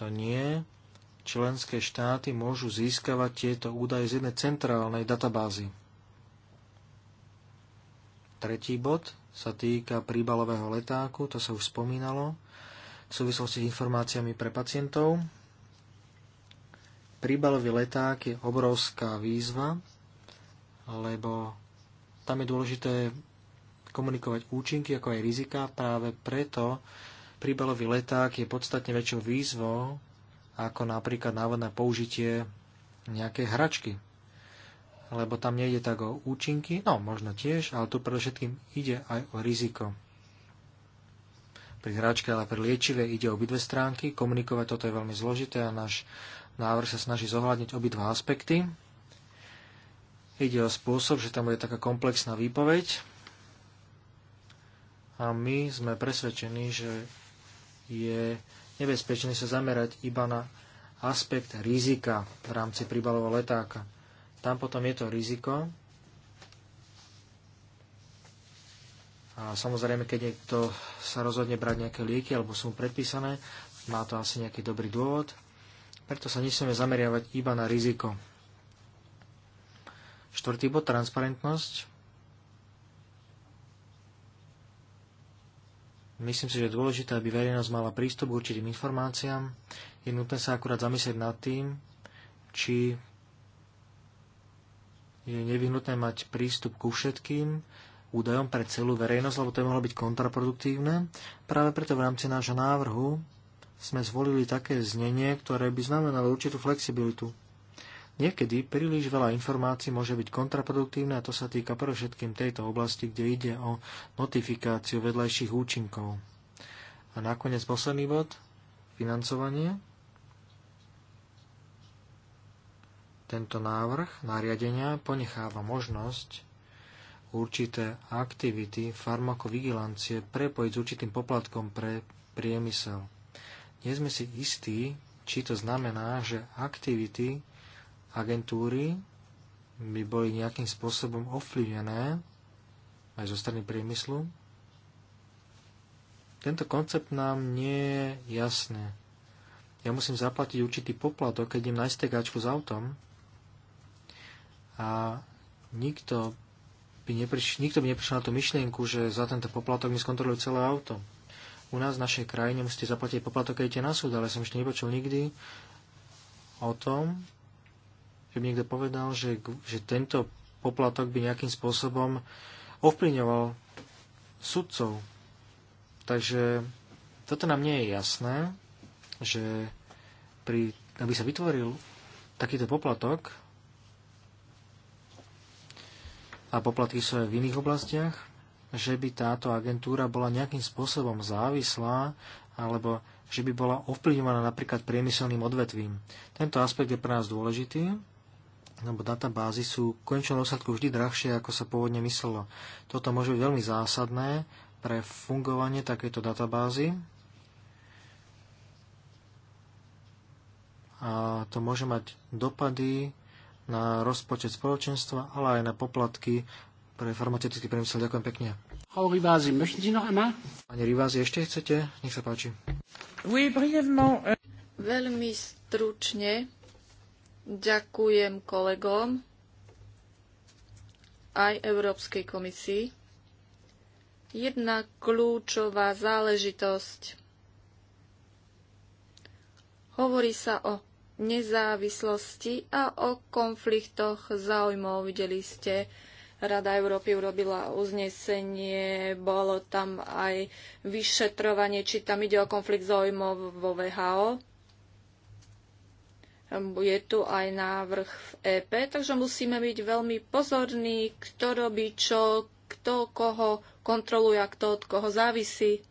To nie. Členské štáty môžu získavať tieto údaje z jednej centrálnej databázy. Tretí bod sa týka príbalového letáku, to sa už spomínalo, v súvislosti s informáciami pre pacientov. Príbalový leták je obrovská výzva, lebo tam je dôležité komunikovať účinky ako aj rizika. Práve preto príbalový leták je podstatne väčšou výzvou ako napríklad návod na použitie nejakej hračky lebo tam nejde tak o účinky, no možno tiež, ale tu predovšetkým ide aj o riziko. Pri hračke, ale pri liečive ide o obidve stránky, komunikovať toto je veľmi zložité a náš návrh sa snaží zohľadniť obidva aspekty. Ide o spôsob, že tam bude taká komplexná výpoveď a my sme presvedčení, že je nebezpečné sa zamerať iba na aspekt rizika v rámci príbalového letáka tam potom je to riziko. A samozrejme, keď niekto sa rozhodne brať nejaké lieky alebo sú mu predpísané, má to asi nejaký dobrý dôvod. Preto sa nesmieme zameriavať iba na riziko. Štvrtý bod, transparentnosť. Myslím si, že je dôležité, aby verejnosť mala prístup k určitým informáciám. Je nutné sa akurát zamyslieť nad tým, či je nevyhnutné mať prístup ku všetkým údajom pre celú verejnosť, lebo to je mohlo byť kontraproduktívne. Práve preto v rámci nášho návrhu sme zvolili také znenie, ktoré by znamenalo určitú flexibilitu. Niekedy príliš veľa informácií môže byť kontraproduktívne a to sa týka všetkým tejto oblasti, kde ide o notifikáciu vedľajších účinkov. A nakoniec posledný bod, financovanie. tento návrh nariadenia ponecháva možnosť určité aktivity farmakovigilancie prepojiť s určitým poplatkom pre priemysel. Nie sme si istí, či to znamená, že aktivity agentúry by boli nejakým spôsobom ovplyvnené aj zo strany priemyslu. Tento koncept nám nie je jasný. Ja musím zaplatiť určitý poplatok, keď idem na STK s autom, a nikto by, nepriš, nikto by neprišiel na tú myšlienku, že za tento poplatok mi skontrolujú celé auto. U nás v našej krajine musíte zaplatiť poplatok, keď idete na súd, ale som ešte nepočul nikdy o tom, že by niekto povedal, že, že tento poplatok by nejakým spôsobom ovplyvňoval sudcov. Takže toto nám nie je jasné, že pri, aby sa vytvoril takýto poplatok, a poplatky sú aj v iných oblastiach, že by táto agentúra bola nejakým spôsobom závislá alebo že by bola ovplyvňovaná napríklad priemyselným odvetvím. Tento aspekt je pre nás dôležitý, lebo databázy sú v končnom dôsledku vždy drahšie, ako sa pôvodne myslelo. Toto môže byť veľmi zásadné pre fungovanie takejto databázy. A to môže mať dopady na rozpočet spoločenstva, ale aj na poplatky pre farmaceutický priemysel. Ďakujem pekne. Pani Rivasi, ešte chcete? Nech sa páči. Euh, Veľmi stručne ďakujem kolegom aj Európskej komisii. Jedna kľúčová záležitosť. Hovorí sa o nezávislosti a o konfliktoch záujmov. Videli ste, Rada Európy urobila uznesenie, bolo tam aj vyšetrovanie, či tam ide o konflikt záujmov vo VHO. Je tu aj návrh v EP, takže musíme byť veľmi pozorní, kto robí čo, kto koho kontroluje a kto od koho závisí.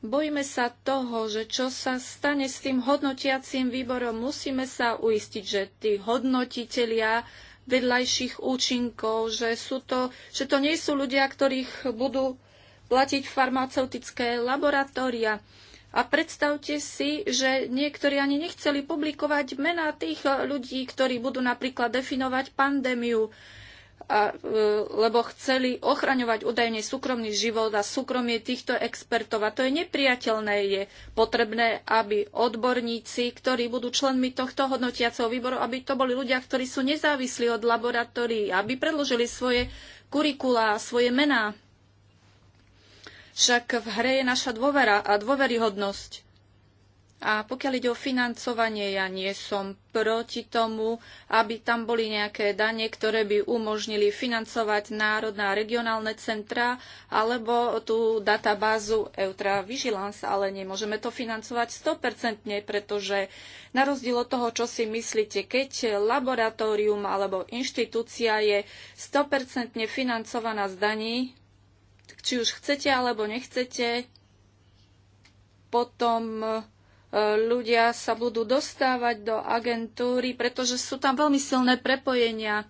Bojíme sa toho, že čo sa stane s tým hodnotiacím výborom, musíme sa uistiť, že tí hodnotitelia vedľajších účinkov, že, sú to, že to nie sú ľudia, ktorých budú platiť farmaceutické laboratória. A predstavte si, že niektorí ani nechceli publikovať mená tých ľudí, ktorí budú napríklad definovať pandémiu a, e, lebo chceli ochraňovať údajne súkromný život a súkromie týchto expertov. A to je nepriateľné. Je potrebné, aby odborníci, ktorí budú členmi tohto hodnotiaceho výboru, aby to boli ľudia, ktorí sú nezávislí od laboratórií, aby predložili svoje kurikulá, svoje mená. Však v hre je naša dôvera a dôveryhodnosť. A pokiaľ ide o financovanie, ja nie som proti tomu, aby tam boli nejaké dane, ktoré by umožnili financovať národné a regionálne centra alebo tú databázu Eutra Vigilance, ale nemôžeme to financovať 100%, pretože na rozdiel od toho, čo si myslíte, keď laboratórium alebo inštitúcia je 100% financovaná z daní, či už chcete alebo nechcete, potom ľudia sa budú dostávať do agentúry, pretože sú tam veľmi silné prepojenia.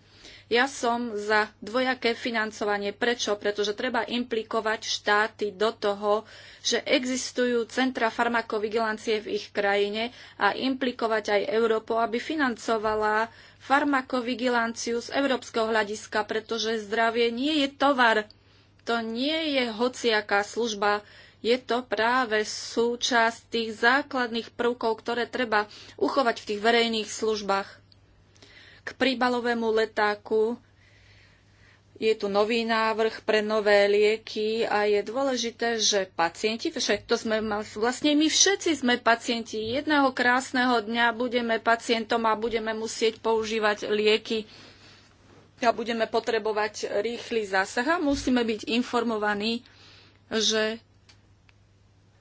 Ja som za dvojaké financovanie. Prečo? Pretože treba implikovať štáty do toho, že existujú centra farmakovigilancie v ich krajine a implikovať aj Európu, aby financovala farmakovigilanciu z európskeho hľadiska, pretože zdravie nie je tovar. To nie je hociaká služba je to práve súčasť tých základných prvkov, ktoré treba uchovať v tých verejných službách. K príbalovému letáku je tu nový návrh pre nové lieky a je dôležité, že pacienti, však to sme mali, vlastne my všetci sme pacienti, jedného krásneho dňa budeme pacientom a budeme musieť používať lieky a budeme potrebovať rýchly zásah a musíme byť informovaní, že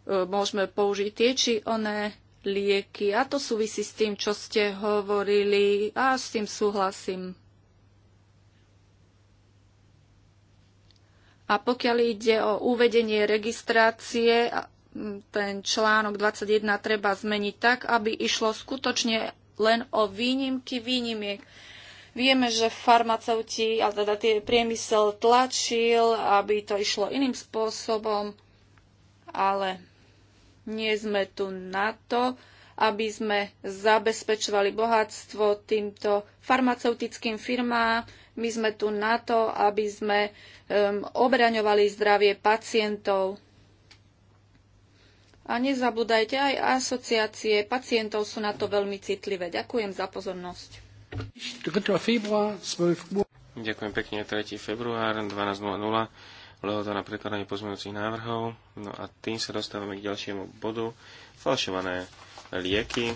E, môžeme použiť tie či oné lieky. A to súvisí s tým, čo ste hovorili a s tým súhlasím. A pokiaľ ide o uvedenie registrácie, ten článok 21 treba zmeniť tak, aby išlo skutočne len o výnimky výnimiek. Vieme, že farmaceuti, a teda tie priemysel tlačil, aby to išlo iným spôsobom, ale nie sme tu na to, aby sme zabezpečovali bohatstvo týmto farmaceutickým firmám. My sme tu na to, aby sme um, obraňovali zdravie pacientov. A nezabúdajte, aj asociácie pacientov sú na to veľmi citlivé. Ďakujem za pozornosť. Ďakujem pekne, 3. február, 12.00 lehota na prekladanie pozmeňujúcich návrhov. No a tým sa dostávame k ďalšiemu bodu. Falšované lieky.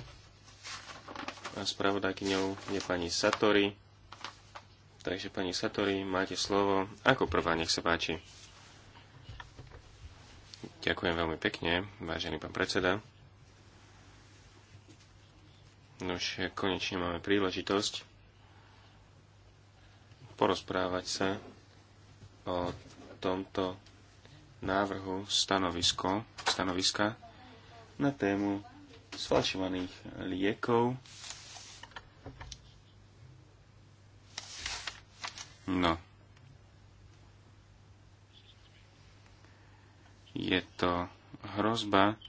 A spravodajkyňou je pani Satori. Takže pani Satori, máte slovo. Ako prvá, nech sa páči. Ďakujem veľmi pekne, vážený pán predseda. Nož, konečne máme príležitosť porozprávať sa o tomto návrhu stanovisko, stanoviska na tému sfalšovaných liekov. No. Je to hrozba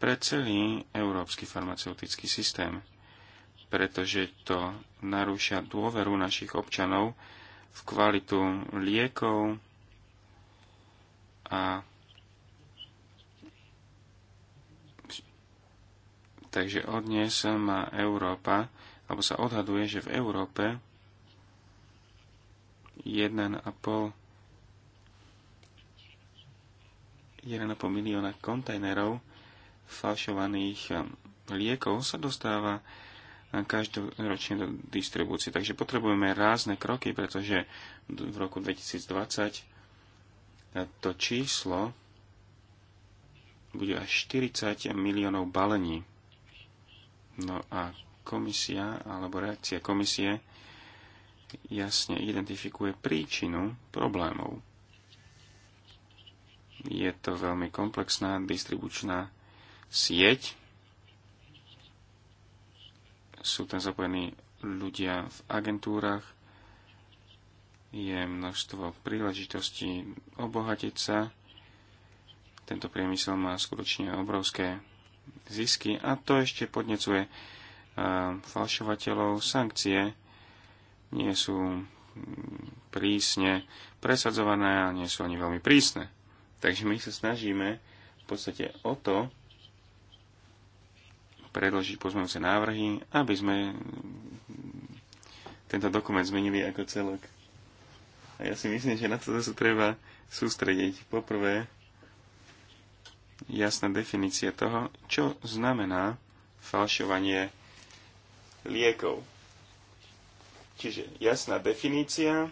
pre celý európsky farmaceutický systém, pretože to narúša dôveru našich občanov v kvalitu liekov, a Takže od má Európa, alebo sa odhaduje, že v Európe 1,5 1,5 milióna kontajnerov falšovaných um, liekov sa dostáva um, každoročne do distribúcie. Takže potrebujeme rázne kroky, pretože v roku 2020 to číslo bude až 40 miliónov balení. No a komisia, alebo reakcia komisie jasne identifikuje príčinu problémov. Je to veľmi komplexná distribučná sieť. Sú tam zapojení ľudia v agentúrach, je množstvo príležitostí obohatiť sa. Tento priemysel má skutočne obrovské zisky a to ešte podnecuje e, falšovateľov. Sankcie nie sú mm, prísne presadzované a nie sú ani veľmi prísne. Takže my sa snažíme v podstate o to predložiť pozmeňujúce návrhy, aby sme mm, tento dokument zmenili ako celok. A ja si myslím, že na to sa treba sústrediť. Poprvé, jasná definícia toho, čo znamená falšovanie liekov. Čiže jasná definícia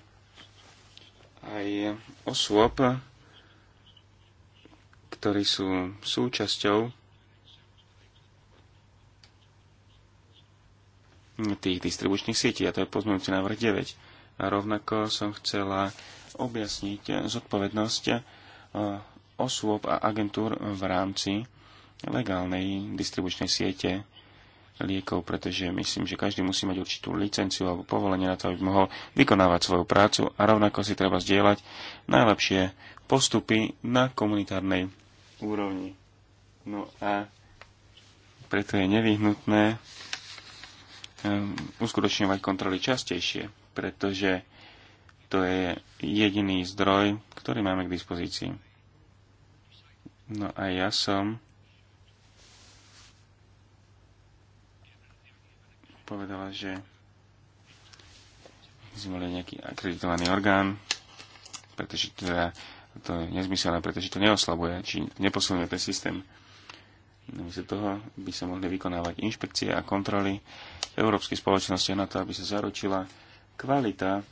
aj osôb, ktorí sú súčasťou tých distribučných sietí, a to je pozmeňujúci návrh 9. A rovnako som chcela objasniť zodpovednosť eh, osôb a agentúr v rámci legálnej distribučnej siete liekov, pretože myslím, že každý musí mať určitú licenciu alebo povolenie na to, aby mohol vykonávať svoju prácu a rovnako si treba zdieľať najlepšie postupy na komunitárnej úrovni. No a preto je nevyhnutné eh, uskutočňovať kontroly častejšie pretože to je jediný zdroj, ktorý máme k dispozícii. No a ja som povedala, že sme mali nejaký akreditovaný orgán, pretože teda to je nezmyselné, pretože to neoslabuje, či neposilňuje ten systém. Namiesto toho by sa mohli vykonávať inšpekcie a kontroly európskej spoločnosti na to, aby sa zaručila kvalita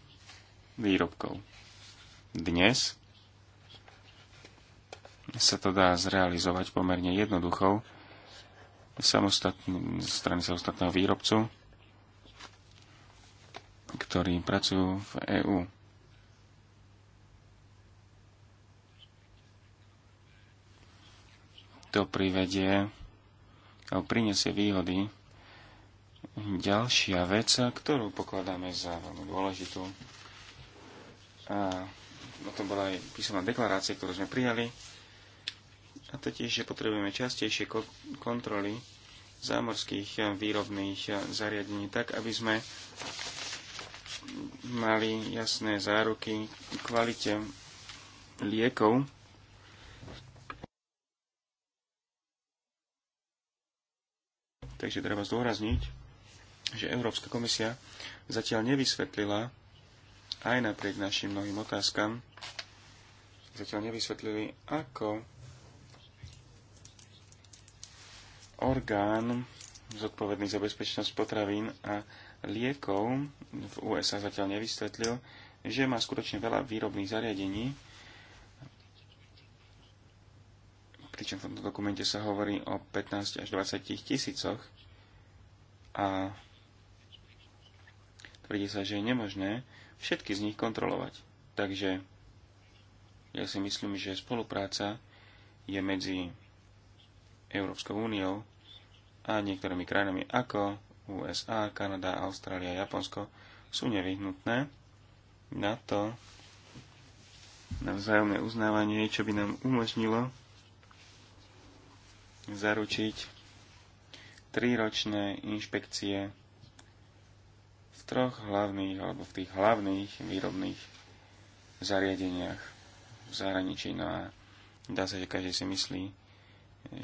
výrobkov. Dnes sa to dá zrealizovať pomerne jednoduchou z strany samostatného výrobcu, ktorí pracujú v EÚ. To privedie alebo prinesie výhody Ďalšia vec, ktorú pokladáme za veľmi dôležitú, a no to bola aj písomná deklarácia, ktorú sme prijali, a totiž, že potrebujeme častejšie kontroly zámorských výrobných zariadení, tak aby sme mali jasné záruky kvalite liekov, Takže treba zdôrazniť, že Európska komisia zatiaľ nevysvetlila, aj napriek našim mnohým otázkam, zatiaľ nevysvetlili, ako orgán zodpovedný za bezpečnosť potravín a liekov v USA zatiaľ nevysvetlil, že má skutočne veľa výrobných zariadení, pričom v tomto dokumente sa hovorí o 15 až 20 tisícoch a Tvrdí sa, že je nemožné všetky z nich kontrolovať. Takže ja si myslím, že spolupráca je medzi Európskou úniou a niektorými krajinami ako USA, Kanada, Austrália, Japonsko sú nevyhnutné na to, na vzájomné uznávanie, čo by nám umožnilo zaručiť 3 ročné inšpekcie troch hlavných alebo v tých hlavných výrobných zariadeniach v zahraničí. No a dá sa, že každý si myslí,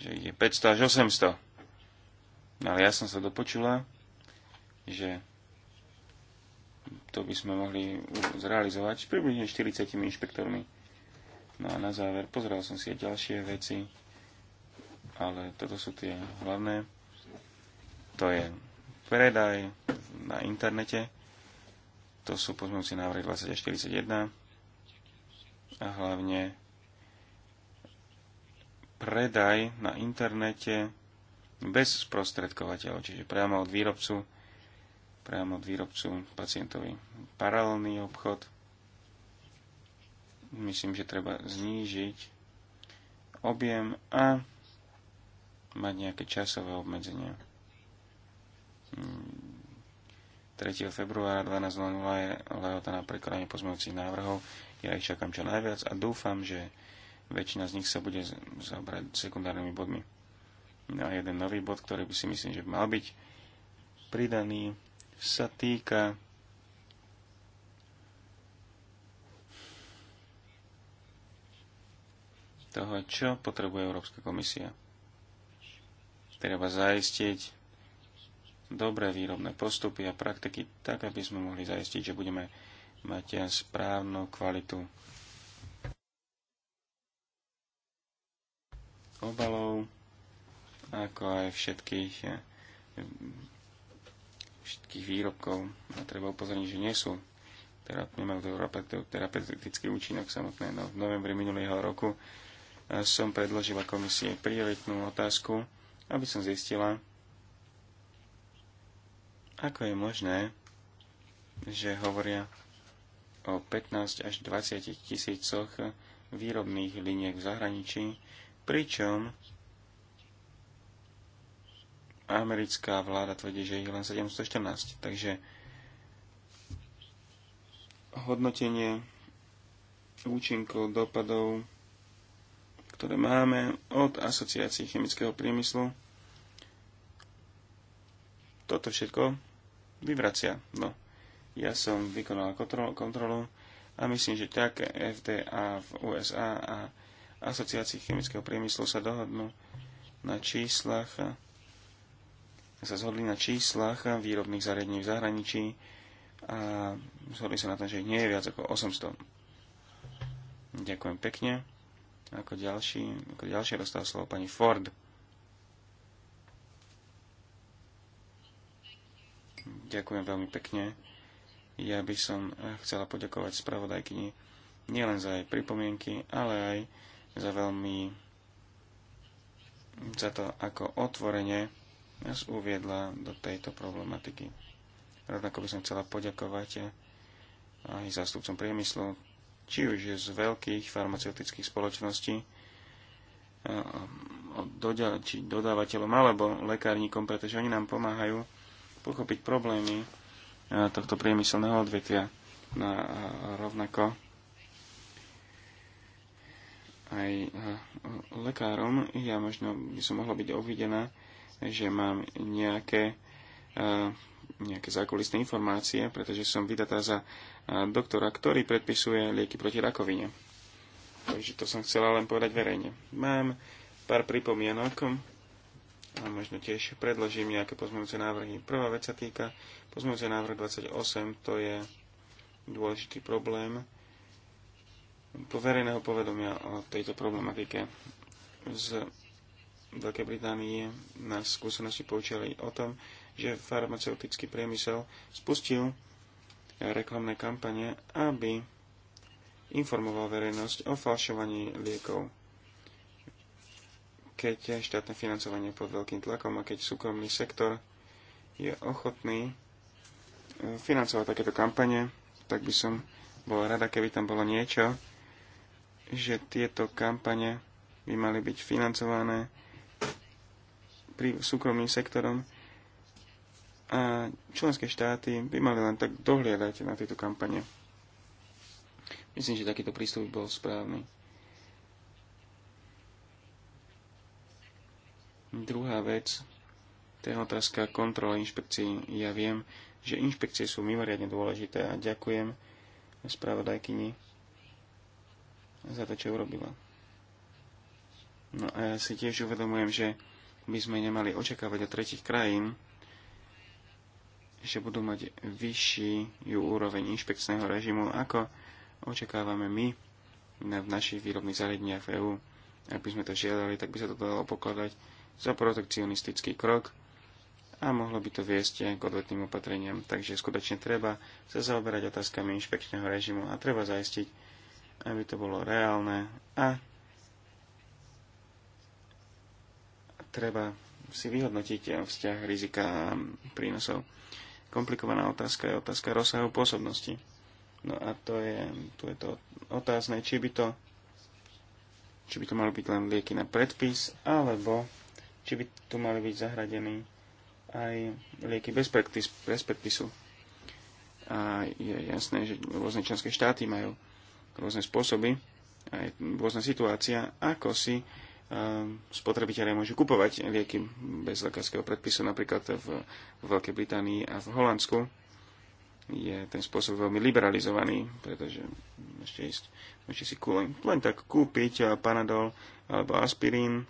že je 500 až 800. No ale ja som sa dopočula, že to by sme mohli zrealizovať s približne 40 inšpektormi. No a na záver, pozeral som si aj ďalšie veci, ale toto sú tie hlavné. To je predaj na internete. To sú pozmúci návrhy 20 až 41 a hlavne predaj na internete bez sprostredkovateľov, čiže priamo od výrobcu, priamo od výrobcu pacientovi. Paralelný obchod. Myslím, že treba znížiť objem a mať nejaké časové obmedzenia. 3. februára 12.00 je lehota na prekladanie pozmeňujúcich návrhov. Ja ich čakám čo najviac a dúfam, že väčšina z nich sa bude zabrať sekundárnymi bodmi. No a jeden nový bod, ktorý by si myslím, že mal byť pridaný, sa týka toho, čo potrebuje Európska komisia. Treba zaistiť dobré výrobné postupy a praktiky tak, aby sme mohli zaistiť, že budeme mať správnu kvalitu obalov, ako aj všetkých, všetkých výrobkov. A treba upozorniť, že nie sú nemajú terapeutický účinok samotné. No, v novembri minulého roku som predložila komisie prioritnú otázku, aby som zistila, ako je možné, že hovoria o 15 až 20 tisícoch výrobných liniek v zahraničí, pričom americká vláda tvrdí, že ich len 714. Takže hodnotenie účinkov, dopadov, ktoré máme od asociácií chemického priemyslu, toto všetko vyvracia. No, ja som vykonal kontrolu, kontrolu a myslím, že tak FDA v USA a asociácii chemického priemyslu sa dohodnú na číslach sa zhodli na číslach výrobných zariadení v zahraničí a zhodli sa na tom, že ich nie je viac ako 800. Ďakujem pekne. Ako ďalší, ako ďalšie dostal slovo pani Ford. Ďakujem veľmi pekne. Ja by som eh, chcela poďakovať spravodajkyni nielen za jej pripomienky, ale aj za veľmi za to, ako otvorenie nás uviedla do tejto problematiky. Rovnako by som chcela poďakovať eh, aj zástupcom priemyslu, či už je z veľkých farmaceutických spoločností, eh, dodávateľom alebo lekárnikom, pretože oni nám pomáhajú pochopiť problémy e, tohto priemyselného odvetvia. na no rovnako aj e, lekárom ja možno by som mohla byť uvidená, že mám nejaké, e, nejaké zákulisné informácie, pretože som vydatá za doktora, ktorý predpisuje lieky proti rakovine. Takže to som chcela len povedať verejne. Mám pár pripomienok a možno tiež predložím nejaké pozmeňujúce návrhy. Prvá vec sa týka pozmeňujúce návrh 28, to je dôležitý problém po verejného povedomia o tejto problematike. Z Veľkej Británie na skúsenosti poučili o tom, že farmaceutický priemysel spustil reklamné kampane, aby informoval verejnosť o falšovaní liekov keď štátne financovanie pod veľkým tlakom a keď súkromný sektor je ochotný e, financovať takéto kampane, tak by som bol rada, keby tam bolo niečo, že tieto kampane by mali byť financované pri súkromným sektorom a členské štáty by mali len tak dohliadať na tieto kampane. Myslím, že takýto prístup bol správny. Druhá vec, to je otázka kontroly inšpekcií. Ja viem, že inšpekcie sú mimoriadne dôležité a ďakujem spravodajkyni za to, čo urobila. No a ja si tiež uvedomujem, že by sme nemali očakávať od tretich krajín, že budú mať vyšší úroveň inšpekčného režimu, ako očakávame my v našich výrobných zariadeniach v EÚ. Ak by sme to žiadali, tak by sa to dalo pokladať za protekcionistický krok a mohlo by to viesť k odvetným opatreniam. Takže skutočne treba sa zaoberať otázkami inšpekčného režimu a treba zaistiť, aby to bolo reálne a treba si vyhodnotiť vzťah rizika a prínosov. Komplikovaná otázka je otázka rozsahu pôsobnosti. No a to je, tu je to otázne, či by to, či by to malo byť len lieky na predpis, alebo či by tu mali byť zahradení aj lieky bez, predpis, bez predpisu. A je jasné, že rôzne členské štáty majú rôzne spôsoby, aj rôzna situácia, ako si um, spotrebitelia môžu kupovať lieky bez lekárskeho predpisu. Napríklad v, Veľkej Británii a v Holandsku je ten spôsob veľmi liberalizovaný, pretože môžete, ísť, môžete si len, len tak kúpiť panadol alebo aspirín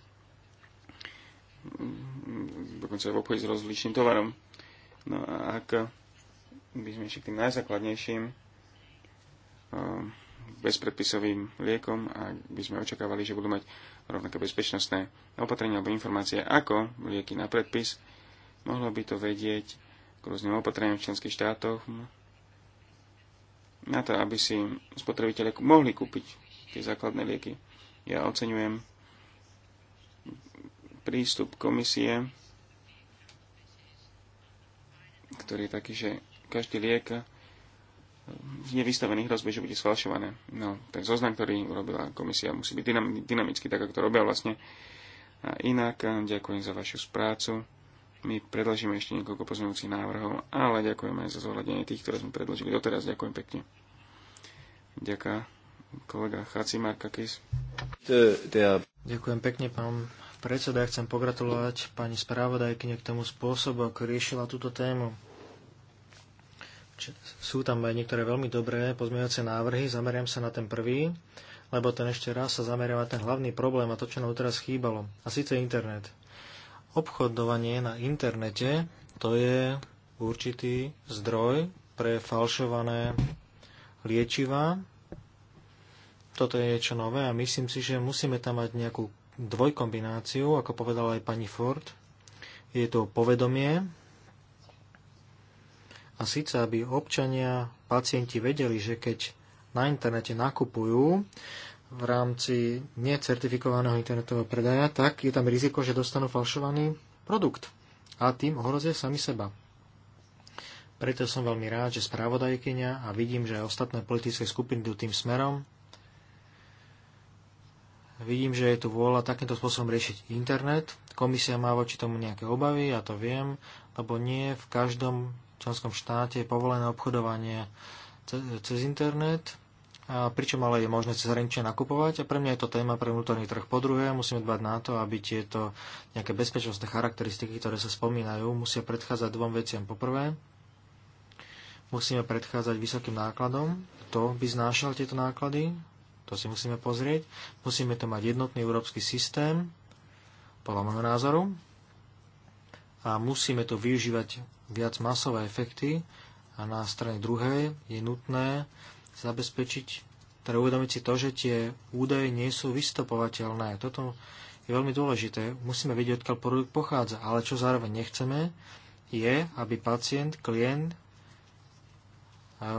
dokonca aj v obchode s rozličným tovarom. No a ak by sme ešte k tým najzákladnejším um, bezpredpisovým liekom a by sme očakávali, že budú mať rovnaké bezpečnostné opatrenia alebo informácie ako lieky na predpis, mohlo by to vedieť k rôznym opatreniam v členských štátoch na to, aby si spotrebitelia mohli kúpiť tie základné lieky. Ja oceňujem prístup komisie, ktorý je taký, že každý liek je nevystavených hrozbe, že bude sfalšované. No, ten zoznam, ktorý urobila komisia, musí byť dynamický, tak ako to robia vlastne. A inak ďakujem za vašu sprácu. My predložíme ešte niekoľko pozmeňujúcich návrhov, ale ďakujem aj za zohľadenie tých, ktoré sme predložili doteraz. Ďakujem pekne. Ďaká kolega Chacimarkakis. Ďakujem pekne, pán predseda, ja chcem pogratulovať pani správodajkyne k tomu spôsobu, ako riešila túto tému. Sú tam aj niektoré veľmi dobré pozmeňujúce návrhy, zameriam sa na ten prvý, lebo ten ešte raz sa zameria na ten hlavný problém a to, čo nám teraz chýbalo, a síce internet. Obchodovanie na internete to je určitý zdroj pre falšované liečiva. Toto je niečo nové a myslím si, že musíme tam mať nejakú dvojkombináciu, ako povedala aj pani Ford. Je to povedomie, a síce, aby občania, pacienti vedeli, že keď na internete nakupujú v rámci necertifikovaného internetového predaja, tak je tam riziko, že dostanú falšovaný produkt a tým ohrozia sami seba. Preto som veľmi rád, že spravodajkyňa a vidím, že aj ostatné politické skupiny idú tým smerom, Vidím, že je tu vôľa takýmto spôsobom riešiť internet. Komisia má voči tomu nejaké obavy, ja to viem, lebo nie v každom členskom štáte je povolené obchodovanie cez internet, a pričom ale je možné cez hraničie nakupovať a pre mňa je to téma pre vnútorný trh. Po druhé, musíme dbať na to, aby tieto nejaké bezpečnostné charakteristiky, ktoré sa spomínajú, musia predchádzať dvom veciam. Po prvé, musíme predchádzať vysokým nákladom. Kto by znášal tieto náklady? To si musíme pozrieť. Musíme to mať jednotný európsky systém, podľa môjho názoru. A musíme to využívať viac masové efekty. A na strane druhej je nutné zabezpečiť, teda uvedomiť si to, že tie údaje nie sú vystopovateľné. Toto je veľmi dôležité. Musíme vedieť, odkiaľ produkt pochádza. Ale čo zároveň nechceme, je, aby pacient, klient eh,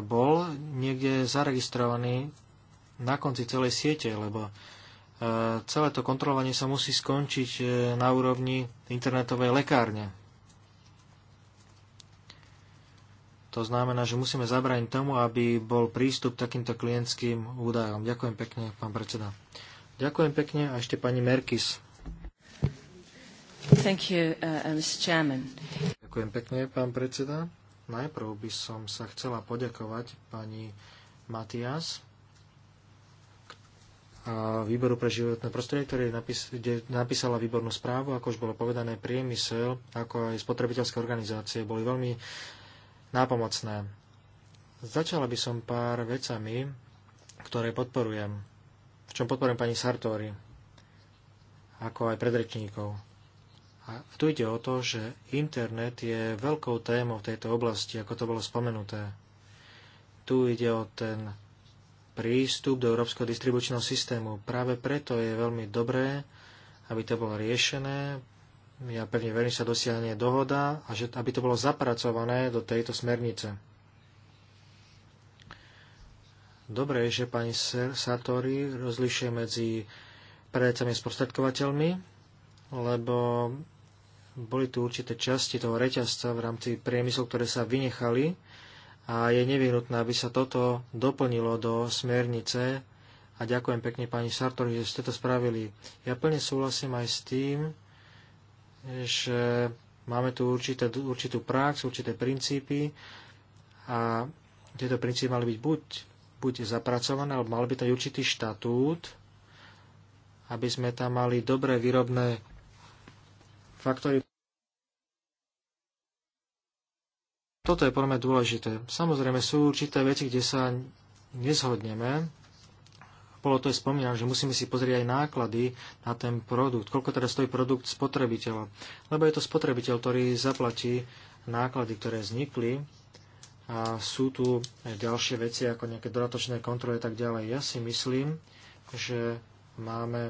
bol niekde zaregistrovaný na konci celej siete, lebo e, celé to kontrolovanie sa musí skončiť e, na úrovni internetovej lekárne. To znamená, že musíme zabrániť tomu, aby bol prístup takýmto klientským údajom. Ďakujem pekne, pán predseda. Ďakujem pekne a ešte pani Merkis. Thank you, uh, uh Mr. Chairman. Ďakujem pekne, pán predseda. Najprv by som sa chcela poďakovať pani Matias výboru pre životné prostredie, ktorý napis- kde napísala výbornú správu, ako už bolo povedané, priemysel, ako aj spotrebiteľské organizácie boli veľmi nápomocné. Začala by som pár vecami, ktoré podporujem, v čom podporujem pani Sartori, ako aj predrečníkov. A tu ide o to, že internet je veľkou témou v tejto oblasti, ako to bolo spomenuté. Tu ide o ten prístup do európskeho distribučného systému. Práve preto je veľmi dobré, aby to bolo riešené. Ja pevne verím, sa dosiahne dohoda a že, aby to bolo zapracované do tejto smernice. Dobre je, že pani Satori rozlišuje medzi predajcami a sprostredkovateľmi, lebo boli tu určité časti toho reťazca v rámci priemyslu, ktoré sa vynechali a je nevyhnutné, aby sa toto doplnilo do smernice a ďakujem pekne pani Sartori, že ste to spravili. Ja plne súhlasím aj s tým, že máme tu určité, určitú prax, určité princípy a tieto princípy mali byť buď, buď zapracované, alebo mal by to určitý štatút, aby sme tam mali dobré výrobné faktory Toto je podľa mňa dôležité. Samozrejme sú určité veci, kde sa nezhodneme. Bolo to aj spomínam, že musíme si pozrieť aj náklady na ten produkt. Koľko teda stojí produkt spotrebiteľa. Lebo je to spotrebiteľ, ktorý zaplatí náklady, ktoré vznikli a sú tu ďalšie veci ako nejaké dodatočné kontroly a tak ďalej. Ja si myslím, že máme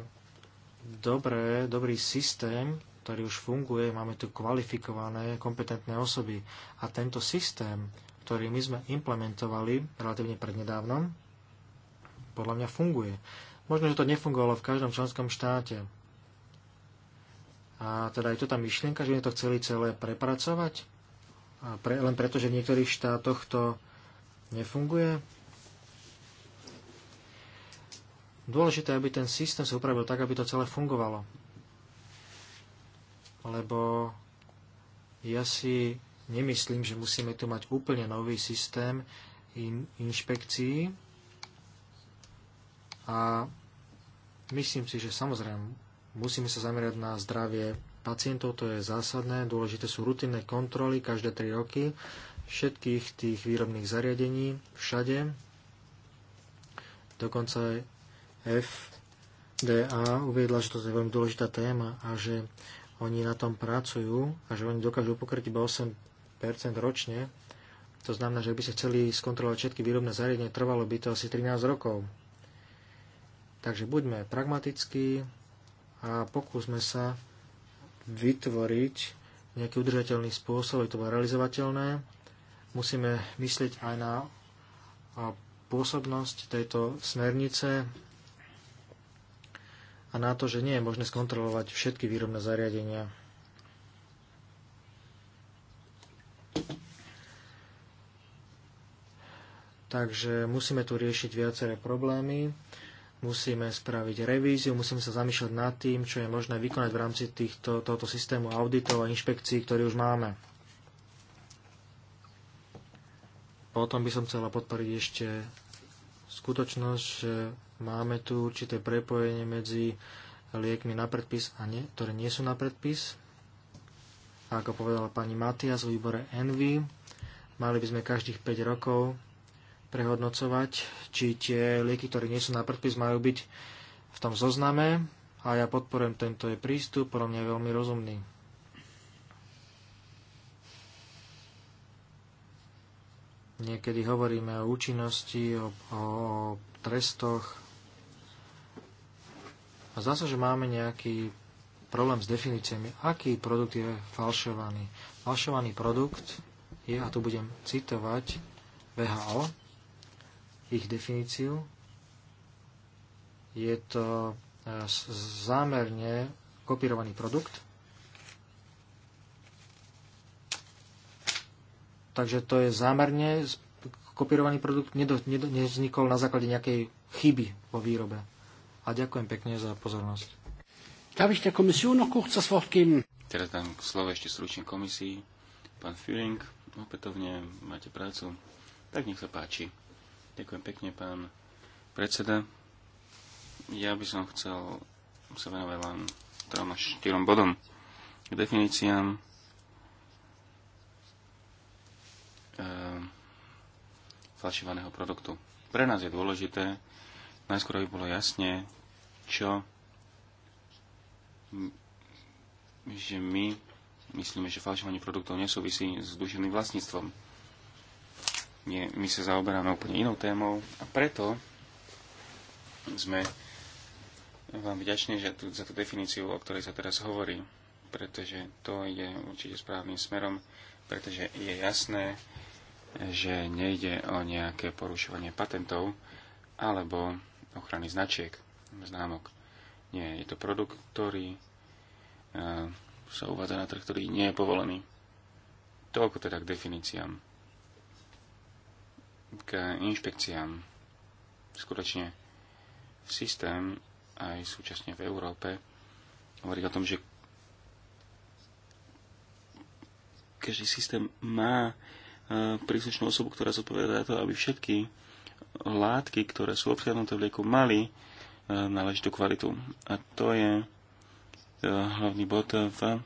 dobré, dobrý systém ktorý už funguje, máme tu kvalifikované, kompetentné osoby. A tento systém, ktorý my sme implementovali relatívne prednedávnom, podľa mňa funguje. Možno, že to nefungovalo v každom členskom štáte. A teda je to tá myšlienka, že by to chceli celé prepracovať? A pre, len preto, že v niektorých štátoch to nefunguje? Dôležité, aby ten systém sa upravil tak, aby to celé fungovalo lebo ja si nemyslím, že musíme tu mať úplne nový systém in, inšpekcií a myslím si, že samozrejme musíme sa zamerať na zdravie pacientov, to je zásadné, dôležité sú rutinné kontroly každé 3 roky všetkých tých výrobných zariadení všade, dokonca aj FDA uviedla, že to je veľmi dôležitá téma a že oni na tom pracujú a že oni dokážu pokryť iba 8% ročne. To znamená, že ak by ste chceli skontrolovať všetky výrobné zariadenia, trvalo by to asi 13 rokov. Takže buďme pragmatickí a pokúsme sa vytvoriť nejaký udržateľný spôsob, aby to bolo realizovateľné. Musíme myslieť aj na pôsobnosť tejto smernice, a na to, že nie je možné skontrolovať všetky výrobné zariadenia. Takže musíme tu riešiť viaceré problémy, musíme spraviť revíziu, musíme sa zamýšľať nad tým, čo je možné vykonať v rámci týchto, tohoto systému auditov a inšpekcií, ktorý už máme. Potom by som chcela podporiť ešte skutočnosť, že Máme tu určité prepojenie medzi liekmi na predpis a nie, ktoré nie sú na predpis. A ako povedala pani Matias v výbore Envy, mali by sme každých 5 rokov prehodnocovať, či tie lieky, ktoré nie sú na predpis, majú byť v tom zozname a ja podporujem tento je prístup, podľa mňa je veľmi rozumný. Niekedy hovoríme o účinnosti, o, o trestoch, a zdá sa, že máme nejaký problém s definíciami, aký produkt je falšovaný. Falšovaný produkt je, a tu budem citovať VHO, ich definíciu, je to e, zámerne kopírovaný produkt. Takže to je zámerne kopírovaný produkt, nevznikol na základe nejakej chyby vo výrobe a ďakujem pekne za pozornosť. Teraz dám slovo ešte slučne komisii. Pán Führing, opätovne máte prácu. Tak nech sa páči. Ďakujem pekne, pán predseda. Ja by som chcel sa venovať len trom až štyrom bodom. K definíciám e, falšovaného produktu. Pre nás je dôležité najskôr, aby bolo jasne čo že my myslíme, že falšovanie produktov nesúvisí s duševným vlastníctvom. Nie, my sa zaoberáme úplne inou témou a preto sme vám vďační že tu, za tú definíciu, o ktorej sa teraz hovorí, pretože to ide určite správnym smerom, pretože je jasné, že nejde o nejaké porušovanie patentov alebo ochrany značiek známok. Nie, je to produkt, ktorý eh, sa uvádza na trh, ktorý nie je povolený. Toľko teda k definíciám, k inšpekciám. Skutočne systém aj súčasne v Európe hovorí o tom, že každý systém má eh, príslušnú osobu, ktorá zodpovedá za to, aby všetky látky, ktoré sú obsiahnuté v lieku, mali náležitú kvalitu. A to je e, hlavný bod v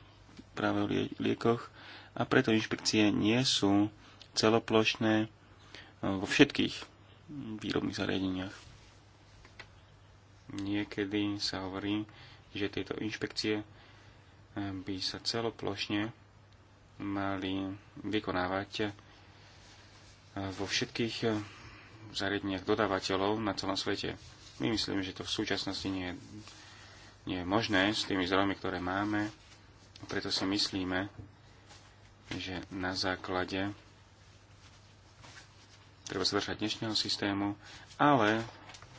práve o liekoch a preto inšpekcie nie sú celoplošné e, vo všetkých výrobných zariadeniach. Niekedy sa hovorí, že tieto inšpekcie e, by sa celoplošne mali vykonávať vo všetkých zariadeniach dodávateľov na celom svete. My myslíme, že to v súčasnosti nie je, nie je možné s tými zdrojmi, ktoré máme. Preto si myslíme, že na základe treba sa držať dnešného systému, ale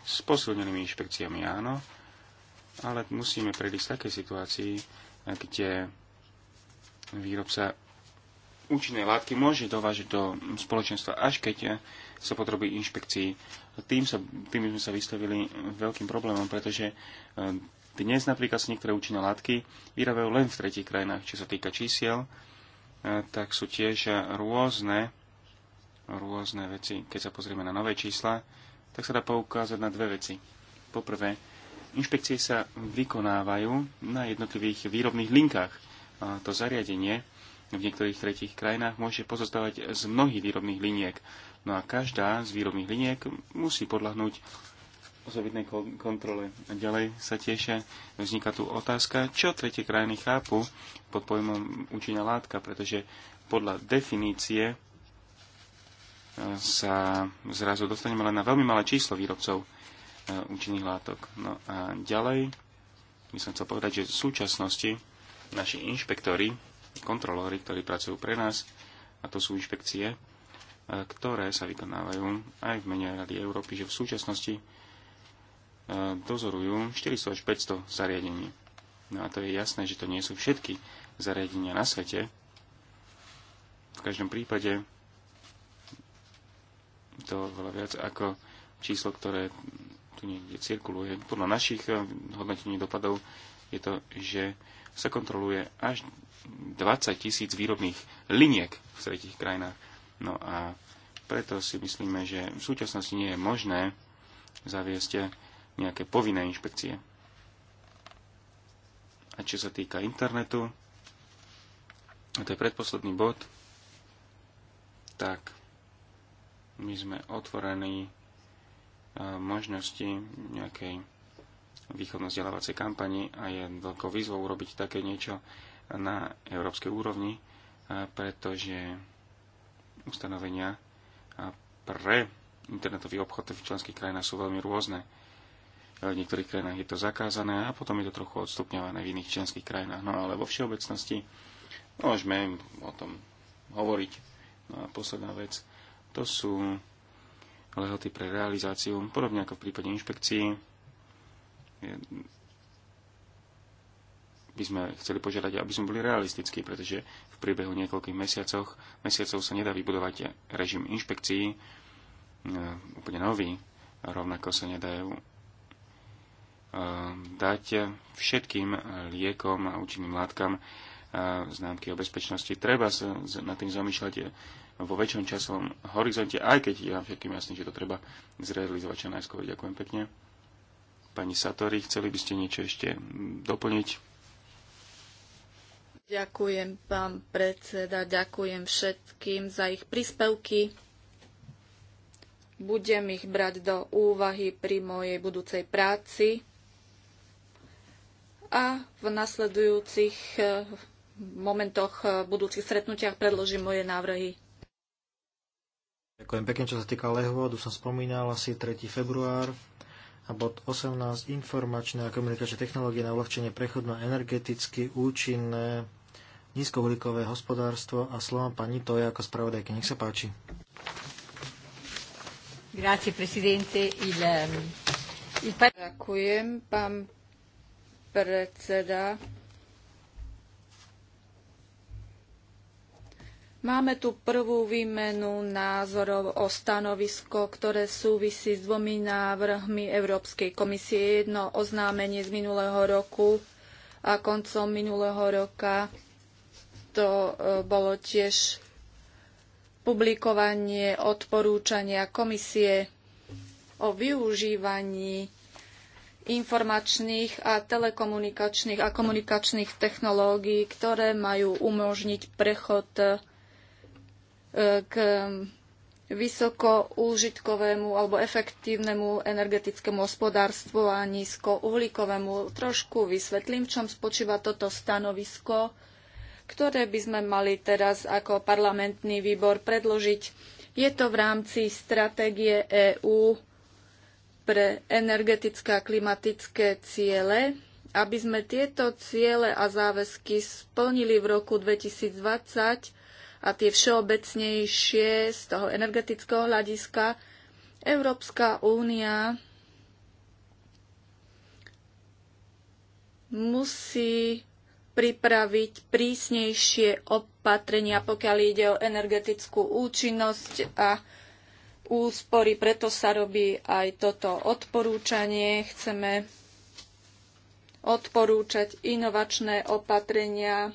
s posilnenými inšpekciami áno, ale musíme predísť takej situácii, kde výrobca účinnej látky môže dovážiť do spoločenstva, až keď sa podrobí inšpekcii. Tým, sa, tým sme sa vystavili veľkým problémom, pretože e, dnes napríklad sa niektoré účinné látky vyrábajú len v tretich krajinách, čo sa týka čísiel, e, tak sú tiež rôzne, rôzne veci. Keď sa pozrieme na nové čísla, tak sa dá poukázať na dve veci. Poprvé, inšpekcie sa vykonávajú na jednotlivých výrobných linkách. To zariadenie v niektorých tretich krajinách môže pozostávať z mnohých výrobných liniek. No a každá z výrobných liniek musí podľahnúť osobitnej kontrole. A ďalej sa tiež vzniká tu otázka, čo tretie krajiny chápu pod pojmom účinná látka, pretože podľa definície e, sa zrazu dostaneme len na veľmi malé číslo výrobcov e, účinných látok. No a ďalej by som chcel povedať, že v súčasnosti naši inšpektori, kontrolóri, ktorí pracujú pre nás, a to sú inšpekcie, ktoré sa vykonávajú aj v mene Rady Európy, že v súčasnosti e, dozorujú 400 až 500 zariadení. No a to je jasné, že to nie sú všetky zariadenia na svete. V každom prípade to veľa viac ako číslo, ktoré tu niekde cirkuluje. Podľa našich e, hodnotení dopadov je to, že sa kontroluje až 20 tisíc výrobných liniek v tretich krajinách. No a preto si myslíme, že v súčasnosti nie je možné zaviesť nejaké povinné inšpekcie. A čo sa týka internetu, a to je predposledný bod, tak my sme otvorení e, možnosti nejakej východno vzdelávacej kampani a je veľkou výzvou urobiť také niečo na európskej úrovni, e, pretože ustanovenia pre internetový obchod v členských krajinách sú veľmi rôzne. V niektorých krajinách je to zakázané a potom je to trochu odstupňované v iných členských krajinách. No ale vo všeobecnosti môžeme o tom hovoriť. No a posledná vec, to sú lehoty pre realizáciu, podobne ako v prípade inšpekcií. By sme chceli požiadať, aby sme boli realistickí, pretože priebehu niekoľkých mesiacov. mesiacov sa nedá vybudovať režim inšpekcií, e, úplne nový, rovnako sa nedajú e, dať všetkým liekom a účinným látkam e, známky o bezpečnosti. Treba sa nad tým zamýšľať vo väčšom časovom horizonte, aj keď ja všetkým jasný, že to treba zrealizovať čo najskôr. Ďakujem pekne. Pani Satori, chceli by ste niečo ešte doplniť? Ďakujem, pán predseda, ďakujem všetkým za ich príspevky. Budem ich brať do úvahy pri mojej budúcej práci a v nasledujúcich eh, momentoch, eh, budúcich stretnutiach predložím moje návrhy. Ďakujem pekne, čo sa týka lehôdu, som spomínal asi 3. február a bod 18 informačné a komunikačné technológie na uľahčenie prechodu na energeticky účinné nízkouhlíkové hospodárstvo a slova pani Toja ako spravodajky. Nech sa páči. Grazie, presidente. Il, ehm, il... Ďakujem, pán predseda. Máme tu prvú výmenu názorov o stanovisko, ktoré súvisí s dvomi návrhmi Európskej komisie. Jedno oznámenie z minulého roku a koncom minulého roka to e, bolo tiež publikovanie odporúčania komisie o využívaní informačných a telekomunikačných a komunikačných technológií, ktoré majú umožniť prechod e, k vysoko úžitkovému alebo efektívnemu energetickému hospodárstvu a nízko uhlíkovému. Trošku vysvetlím, v čom spočíva toto stanovisko ktoré by sme mali teraz ako parlamentný výbor predložiť. Je to v rámci stratégie EÚ pre energetické a klimatické ciele, aby sme tieto ciele a záväzky splnili v roku 2020 a tie všeobecnejšie z toho energetického hľadiska. Európska únia musí pripraviť prísnejšie opatrenia, pokiaľ ide o energetickú účinnosť a úspory. Preto sa robí aj toto odporúčanie. Chceme odporúčať inovačné opatrenia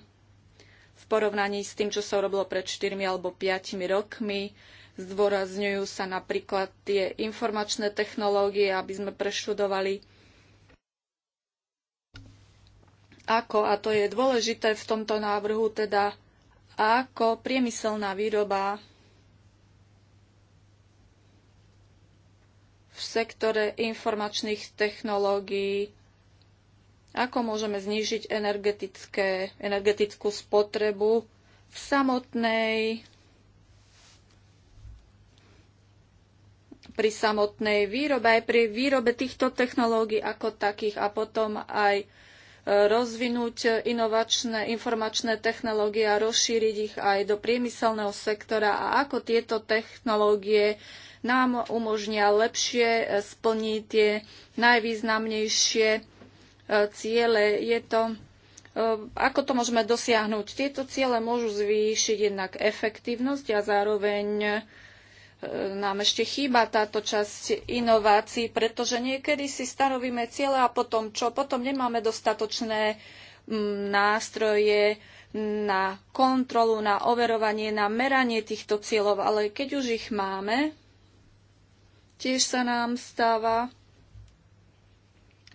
v porovnaní s tým, čo sa robilo pred 4 alebo 5 rokmi. Zdôrazňujú sa napríklad tie informačné technológie, aby sme preštudovali ako, a to je dôležité v tomto návrhu, teda ako priemyselná výroba v sektore informačných technológií, ako môžeme znížiť energetickú spotrebu v samotnej pri samotnej výrobe, aj pri výrobe týchto technológií ako takých a potom aj rozvinúť inovačné informačné technológie a rozšíriť ich aj do priemyselného sektora a ako tieto technológie nám umožnia lepšie e, splniť tie najvýznamnejšie e, ciele. Je to, e, ako to môžeme dosiahnuť? Tieto ciele môžu zvýšiť jednak efektívnosť a zároveň E, nám ešte chýba táto časť inovácií, pretože niekedy si stanovíme ciele a potom čo? Potom nemáme dostatočné nástroje na kontrolu, na overovanie, na meranie týchto cieľov, ale keď už ich máme, tiež sa nám stáva,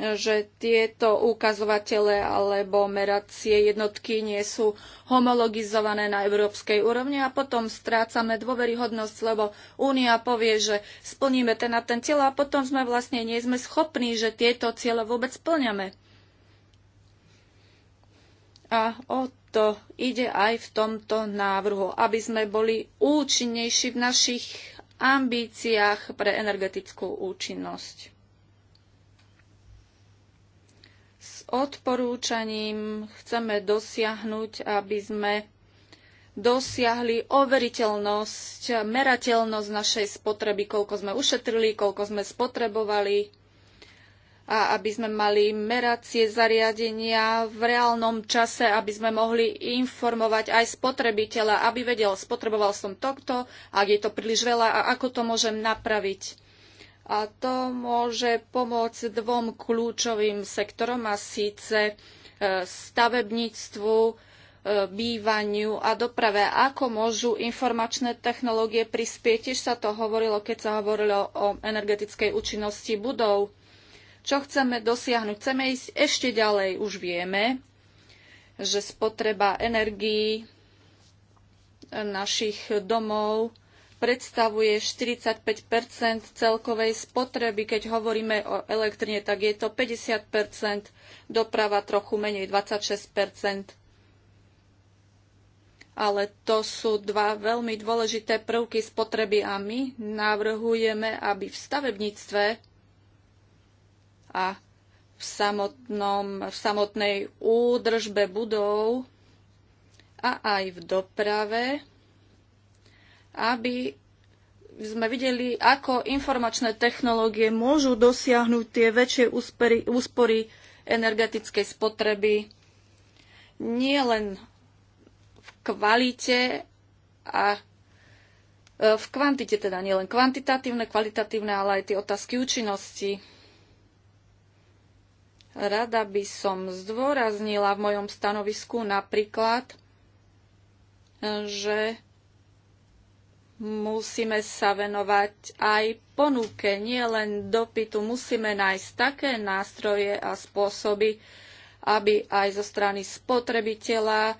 že tieto ukazovatele alebo meracie jednotky nie sú homologizované na európskej úrovni a potom strácame dôveryhodnosť, lebo Únia povie, že splníme ten a ten cieľ a potom sme vlastne nie sme schopní, že tieto ciele vôbec splňame. A o to ide aj v tomto návrhu, aby sme boli účinnejší v našich ambíciách pre energetickú účinnosť. odporúčaním chceme dosiahnuť, aby sme dosiahli overiteľnosť, merateľnosť našej spotreby, koľko sme ušetrili, koľko sme spotrebovali a aby sme mali meracie zariadenia v reálnom čase, aby sme mohli informovať aj spotrebiteľa, aby vedel, spotreboval som tohto, ak je to príliš veľa a ako to môžem napraviť. A to môže pomôcť dvom kľúčovým sektorom a síce e, stavebníctvu, e, bývaniu a doprave. Ako môžu informačné technológie prispieť? Tiež sa to hovorilo, keď sa hovorilo o energetickej účinnosti budov. Čo chceme dosiahnuť? Chceme ísť ešte ďalej. Už vieme, že spotreba energií našich domov predstavuje 45 celkovej spotreby. Keď hovoríme o elektrine, tak je to 50 doprava trochu menej 26 ale to sú dva veľmi dôležité prvky spotreby a my navrhujeme, aby v stavebníctve a v, samotnom, v samotnej údržbe budov a aj v doprave aby sme videli, ako informačné technológie môžu dosiahnuť tie väčšie úspory, úspory energetickej spotreby nie len v kvalite a e, v kvantite, teda nielen kvantitatívne, kvalitatívne, ale aj tie otázky účinnosti. Rada by som zdôraznila v mojom stanovisku napríklad, e, že Musíme sa venovať aj ponuke, nie len dopytu. Musíme nájsť také nástroje a spôsoby, aby aj zo strany spotrebiteľa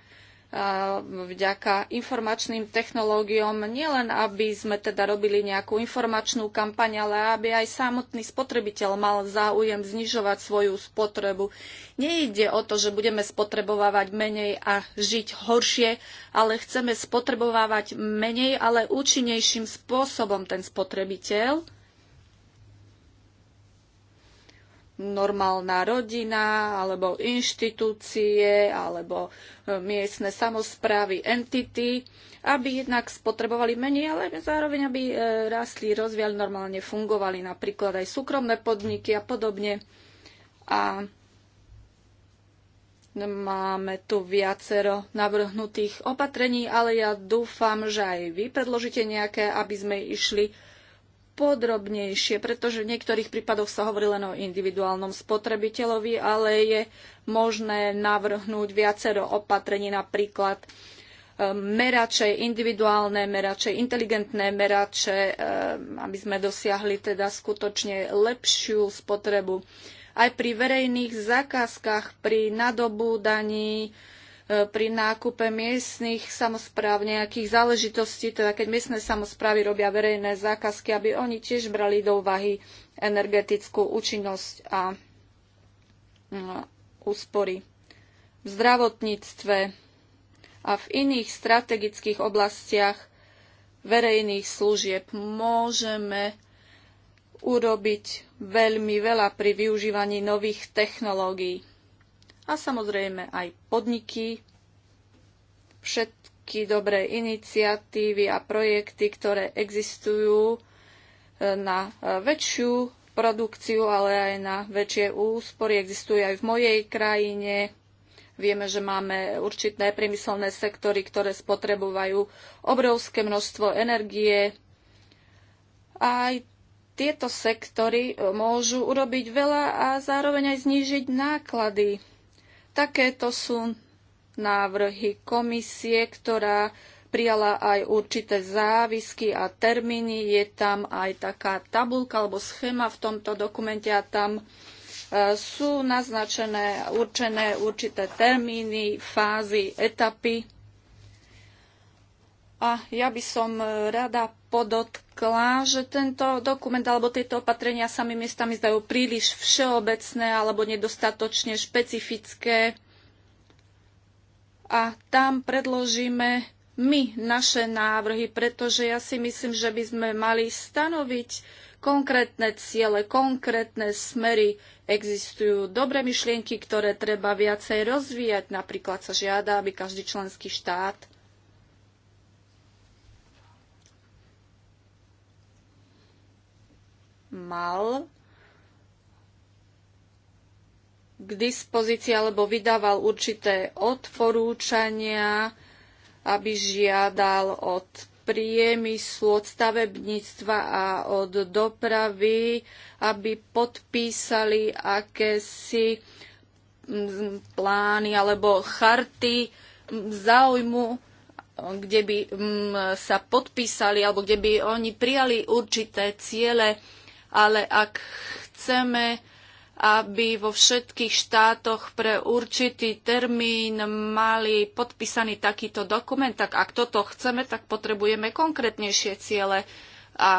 vďaka informačným technológiom, nielen aby sme teda robili nejakú informačnú kampaň, ale aby aj samotný spotrebiteľ mal záujem znižovať svoju spotrebu. Nejde o to, že budeme spotrebovávať menej a žiť horšie, ale chceme spotrebovávať menej, ale účinnejším spôsobom ten spotrebiteľ normálna rodina, alebo inštitúcie, alebo e, miestne samozprávy, entity, aby jednak spotrebovali menej, ale zároveň, aby e, rastli, rozviali, normálne fungovali, napríklad aj súkromné podniky a podobne. A Máme tu viacero navrhnutých opatrení, ale ja dúfam, že aj vy predložíte nejaké, aby sme išli podrobnejšie, pretože v niektorých prípadoch sa hovorí len o individuálnom spotrebiteľovi, ale je možné navrhnúť viacero opatrení, napríklad ehm, merače, individuálne merače, inteligentné merače, ehm, aby sme dosiahli teda skutočne lepšiu spotrebu. Aj pri verejných zákazkách, pri nadobúdaní, daní, E, pri nákupe miestnych samozpráv nejakých záležitostí, teda keď miestne samozprávy robia verejné zákazky, aby oni tiež brali do úvahy energetickú účinnosť a e, úspory. V zdravotníctve a v iných strategických oblastiach verejných služieb môžeme urobiť veľmi veľa pri využívaní nových technológií a samozrejme aj podniky, všetky dobré iniciatívy a projekty, ktoré existujú e, na e, väčšiu produkciu, ale aj na väčšie úspory. Existujú aj v mojej krajine. Vieme, že máme určité priemyselné sektory, ktoré spotrebujú obrovské množstvo energie. Aj tieto sektory môžu urobiť veľa a zároveň aj znížiť náklady. Takéto sú návrhy komisie, ktorá prijala aj určité závisky a termíny. Je tam aj taká tabulka alebo schéma v tomto dokumente a tam e, sú naznačené, určené určité termíny, fázy, etapy a ja by som e, rada podotkla, že tento dokument alebo tieto opatrenia sa mi miestami zdajú príliš všeobecné alebo nedostatočne špecifické. A tam predložíme my naše návrhy, pretože ja si myslím, že by sme mali stanoviť konkrétne ciele, konkrétne smery. Existujú dobré myšlienky, ktoré treba viacej rozvíjať. Napríklad sa žiada, aby každý členský štát mal k dispozícii alebo vydával určité odporúčania, aby žiadal od priemyslu, od stavebníctva a od dopravy, aby podpísali akési mm, plány alebo charty mm, záujmu, kde by mm, sa podpísali alebo kde by oni prijali určité ciele ale ak chceme, aby vo všetkých štátoch pre určitý termín mali podpísaný takýto dokument, tak ak toto chceme, tak potrebujeme konkrétnejšie ciele a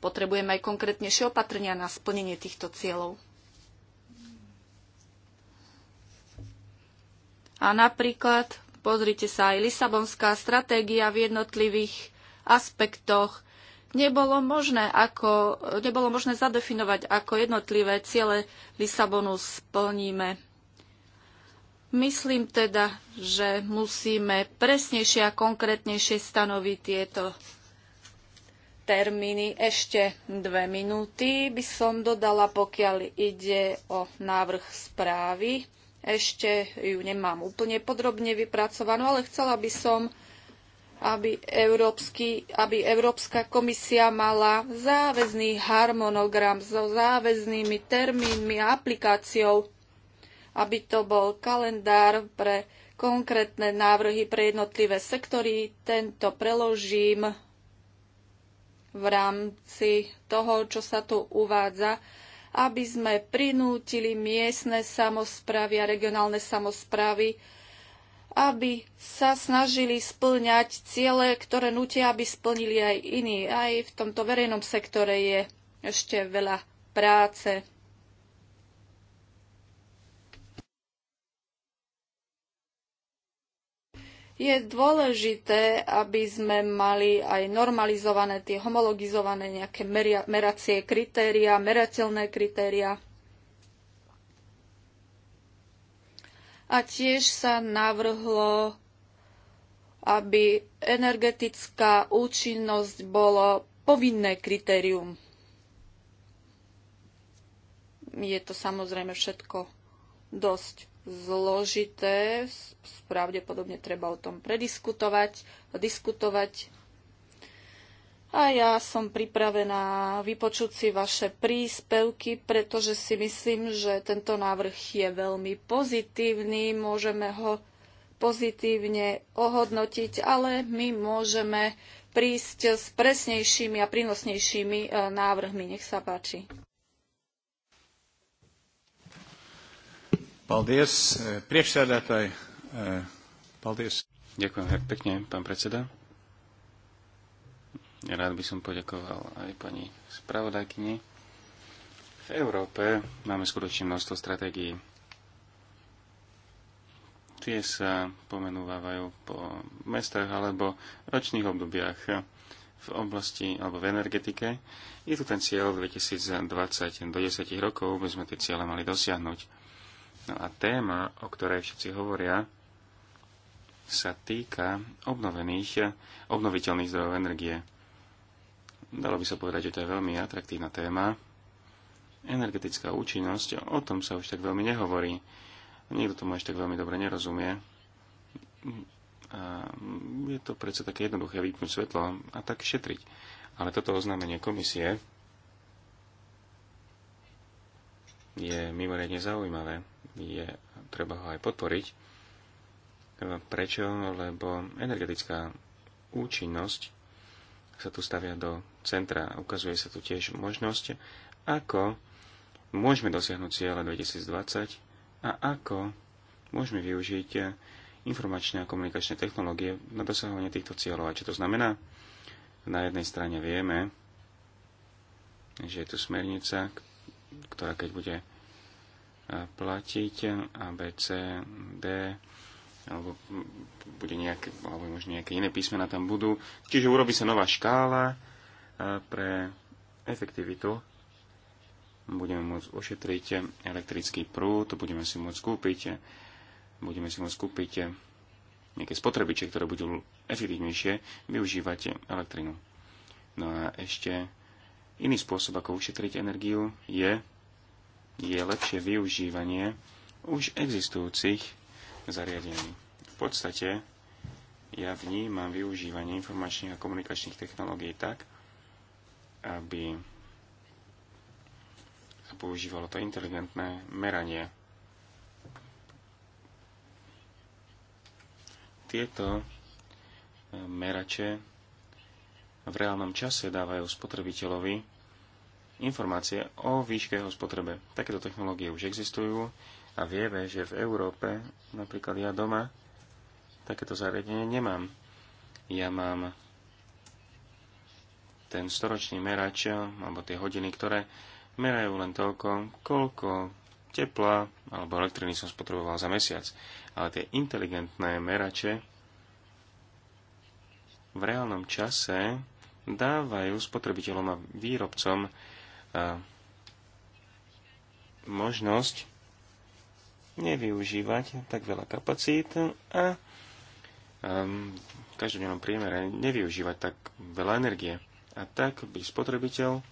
potrebujeme aj konkrétnejšie opatrenia na splnenie týchto cieľov. A napríklad, pozrite sa, aj Lisabonská stratégia v jednotlivých aspektoch nebolo možné, ako, nebolo možné zadefinovať, ako jednotlivé ciele Lisabonu splníme. Myslím teda, že musíme presnejšie a konkrétnejšie stanoviť tieto termíny. Ešte dve minúty by som dodala, pokiaľ ide o návrh správy. Ešte ju nemám úplne podrobne vypracovanú, ale chcela by som aby, Európsky, aby Európska komisia mala záväzný harmonogram so záväznými termínmi a aplikáciou, aby to bol kalendár pre konkrétne návrhy pre jednotlivé sektory. Tento preložím v rámci toho, čo sa tu uvádza, aby sme prinútili miestne samozprávy a regionálne samozprávy, aby sa snažili splňať ciele, ktoré nutia, aby splnili aj iní. Aj v tomto verejnom sektore je ešte veľa práce. Je dôležité, aby sme mali aj normalizované, tie homologizované nejaké meria, meracie kritéria, merateľné kritéria. a tiež sa navrhlo, aby energetická účinnosť bolo povinné kritérium. Je to samozrejme všetko dosť zložité, pravdepodobne treba o tom prediskutovať, diskutovať a ja som pripravená vypočuť si vaše príspevky, pretože si myslím, že tento návrh je veľmi pozitívny, môžeme ho pozitívne ohodnotiť, ale my môžeme prísť s presnejšími a prínosnejšími e, návrhmi. Nech sa páči. Paldies, e, e, Paldies. Ďakujem pekne, pán predseda. Rád by som poďakoval aj pani spravodajkyni. V Európe máme skutočne množstvo stratégií. Tie sa pomenúvajú po mestách alebo ročných obdobiach v oblasti alebo v energetike. Je tu ten cieľ 2020 do 10 rokov, by sme tie ciele mali dosiahnuť. No a téma, o ktorej všetci hovoria, sa týka obnovených, obnoviteľných zdrojov energie. Dalo by sa povedať, že to je veľmi atraktívna téma. Energetická účinnosť, o tom sa už tak veľmi nehovorí. Nikto tomu až tak veľmi dobre nerozumie. A je to predsa také jednoduché vypnúť svetlo a tak šetriť. Ale toto oznámenie komisie je mimoriadne zaujímavé. Je, treba ho aj podporiť. Prečo? Lebo energetická účinnosť sa tu stavia do centra. Ukazuje sa tu tiež možnosť, ako môžeme dosiahnuť cieľa 2020 a ako môžeme využiť informačné a komunikačné technológie na dosahovanie týchto cieľov. A čo to znamená? Na jednej strane vieme, že je tu smernica, ktorá keď bude platiť ABCD alebo bude nejaké, alebo možno nejaké iné písmena tam budú. Čiže urobí sa nová škála e, pre efektivitu. Budeme môcť ošetriť elektrický prúd, budeme si môcť kúpiť, budeme si môcť kúpiť nejaké spotrebiče, ktoré budú efektívnejšie využívať elektrinu. No a ešte iný spôsob, ako ušetriť energiu, je, je lepšie využívanie už existujúcich zariadení. V podstate ja vnímam využívanie informačných a komunikačných technológií tak, aby sa používalo to inteligentné meranie. Tieto e, merače v reálnom čase dávajú spotrebiteľovi informácie o výške jeho spotrebe. Takéto technológie už existujú a vieme, že v Európe, napríklad ja doma, takéto zariadenie nemám. Ja mám ten storočný merač, alebo tie hodiny, ktoré merajú len toľko, koľko tepla alebo elektriny som spotreboval za mesiac. Ale tie inteligentné merače v reálnom čase dávajú spotrebiteľom a výrobcom eh, možnosť nevyužívať tak veľa kapacít a um, v každodennom priemere nevyužívať tak veľa energie. A tak by spotrebiteľ um,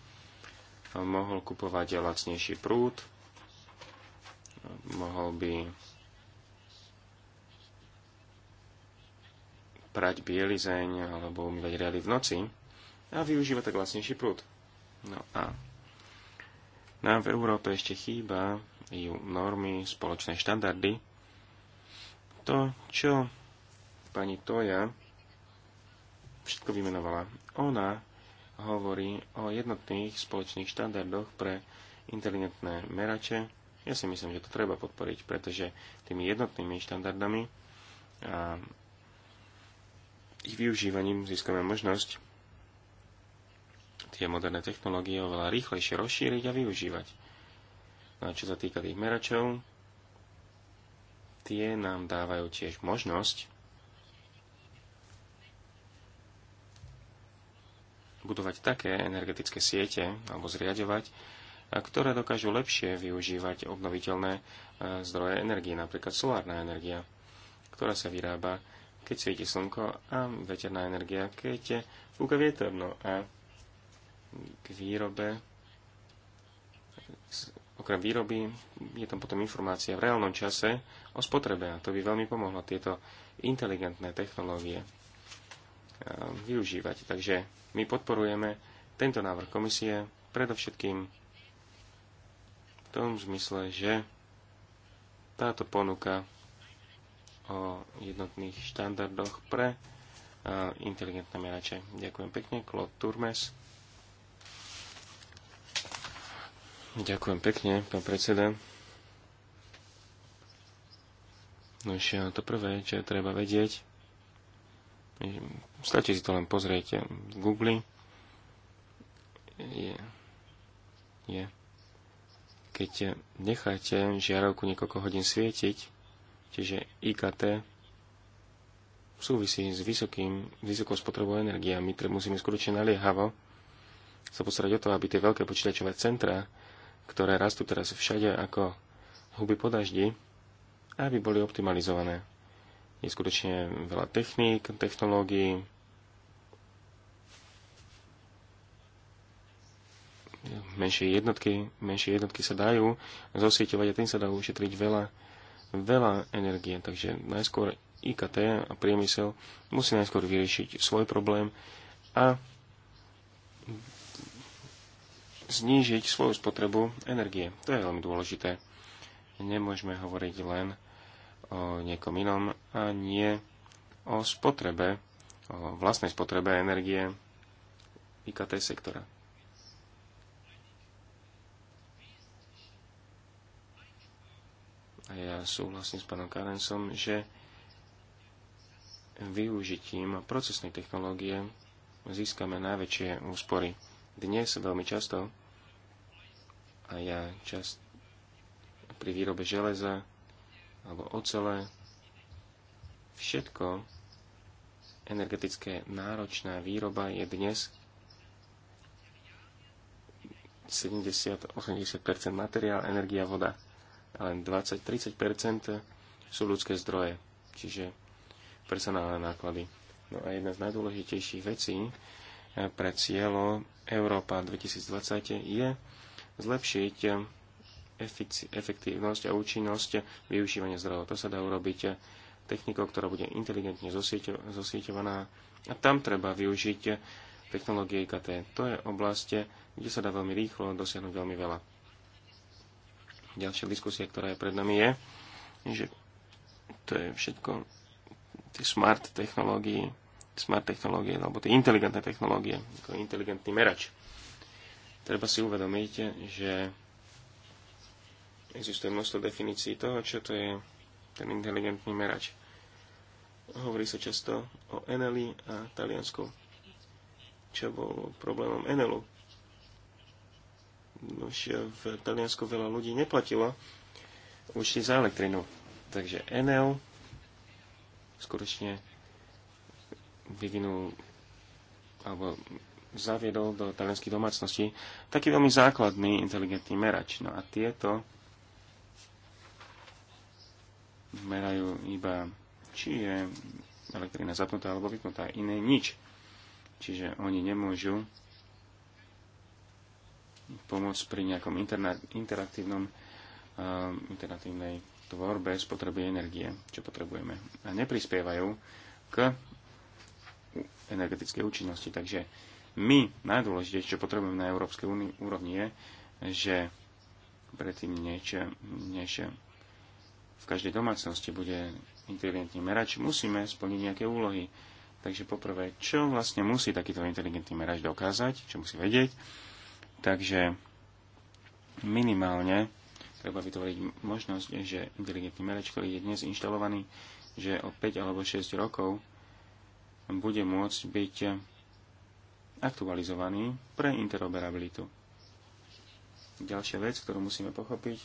mohol kupovať lacnejší prúd, mohol by prať bielizeň alebo umývať riady v noci a využíva tak lacnejší prúd. No a nám v Európe ešte chýba EU normy, spoločné štandardy. To, čo pani Toja všetko vymenovala. Ona hovorí o jednotných spoločných štandardoch pre inteligentné merače. Ja si myslím, že to treba podporiť, pretože tými jednotnými štandardami a ich využívaním získame možnosť tie moderné technológie oveľa rýchlejšie rozšíriť a využívať čo sa týka tých meračov, tie nám dávajú tiež možnosť budovať také energetické siete alebo zriadovať, ktoré dokážu lepšie využívať obnoviteľné e, zdroje energie, napríklad solárna energia, ktorá sa vyrába, keď svieti slnko a veterná energia, keď fúka vietor. No a k výrobe okrem výroby je tam potom informácia v reálnom čase o spotrebe a to by veľmi pomohlo tieto inteligentné technológie eh, využívať. Takže my podporujeme tento návrh komisie predovšetkým v tom zmysle, že táto ponuka o jednotných štandardoch pre eh, inteligentné merače. Ďakujem pekne, Claude Turmes. Ďakujem pekne, pán predseda. No ešte no to prvé, čo treba vedieť, stačí si to len pozrieť v Google, je, je. Keď necháte žiarovku niekoľko hodín svietiť, čiže IKT súvisí s, vysokým, vysokou spotrebou energie a my musíme skutočne naliehavo sa postarať o to, aby tie veľké počítačové centra ktoré rastú teraz všade ako huby po daždi, aby boli optimalizované. Je skutočne veľa techník, technológií, menšie jednotky, menšie jednotky sa dajú zosieťovať a tým sa dá ušetriť veľa, veľa energie. Takže najskôr IKT a priemysel musí najskôr vyriešiť svoj problém a znížiť svoju spotrebu energie. To je veľmi dôležité. Nemôžeme hovoriť len o niekom inom a nie o spotrebe, o vlastnej spotrebe energie IKT sektora. A ja súhlasím s pánom Karensom, že využitím procesnej technológie získame najväčšie úspory. Dnes veľmi často, a ja čas pri výrobe železa alebo ocele, všetko energetické náročná výroba je dnes 70-80% materiál, energia, voda. A len 20-30% sú ľudské zdroje, čiže personálne náklady. No a jedna z najdôležitejších vecí, pre cieľo Európa 2020 je zlepšiť efektívnosť a účinnosť využívania zdrojov. To sa dá urobiť technikou, ktorá bude inteligentne zosieťovaná a tam treba využiť technológie IKT. To je oblasť, kde sa dá veľmi rýchlo dosiahnuť veľmi veľa. Ďalšia diskusia, ktorá je pred nami, je, že to je všetko tie smart technológie, smart technológie, alebo tie inteligentné technológie, ako inteligentný merač. Treba si uvedomiť, že existuje množstvo definícií toho, čo to je ten inteligentný merač. Hovorí sa často o Eneli a Taliansku, čo bol problémom NLU. Už v Taliansku veľa ľudí neplatilo účty za elektrinu. Takže Enel skutočne vyvinul alebo zaviedol do talianských domácností taký veľmi základný inteligentný merač. No a tieto merajú iba, či je elektrina zapnutá alebo vypnutá, iné nič. Čiže oni nemôžu pomôcť pri nejakom interaktívnom, eh, interaktívnej tvorbe spotreby energie, čo potrebujeme. A neprispievajú k energetickej účinnosti. Takže my najdôležitejšie, čo potrebujeme na európskej úrovni je, že predtým niečo, niečo v každej domácnosti bude inteligentný merač, musíme splniť nejaké úlohy. Takže poprvé, čo vlastne musí takýto inteligentný merač dokázať, čo musí vedieť. Takže minimálne treba vytvoriť možnosť, že inteligentný merač, ktorý je dnes inštalovaný, že o 5 alebo 6 rokov bude môcť byť aktualizovaný pre interoperabilitu. Ďalšia vec, ktorú musíme pochopiť,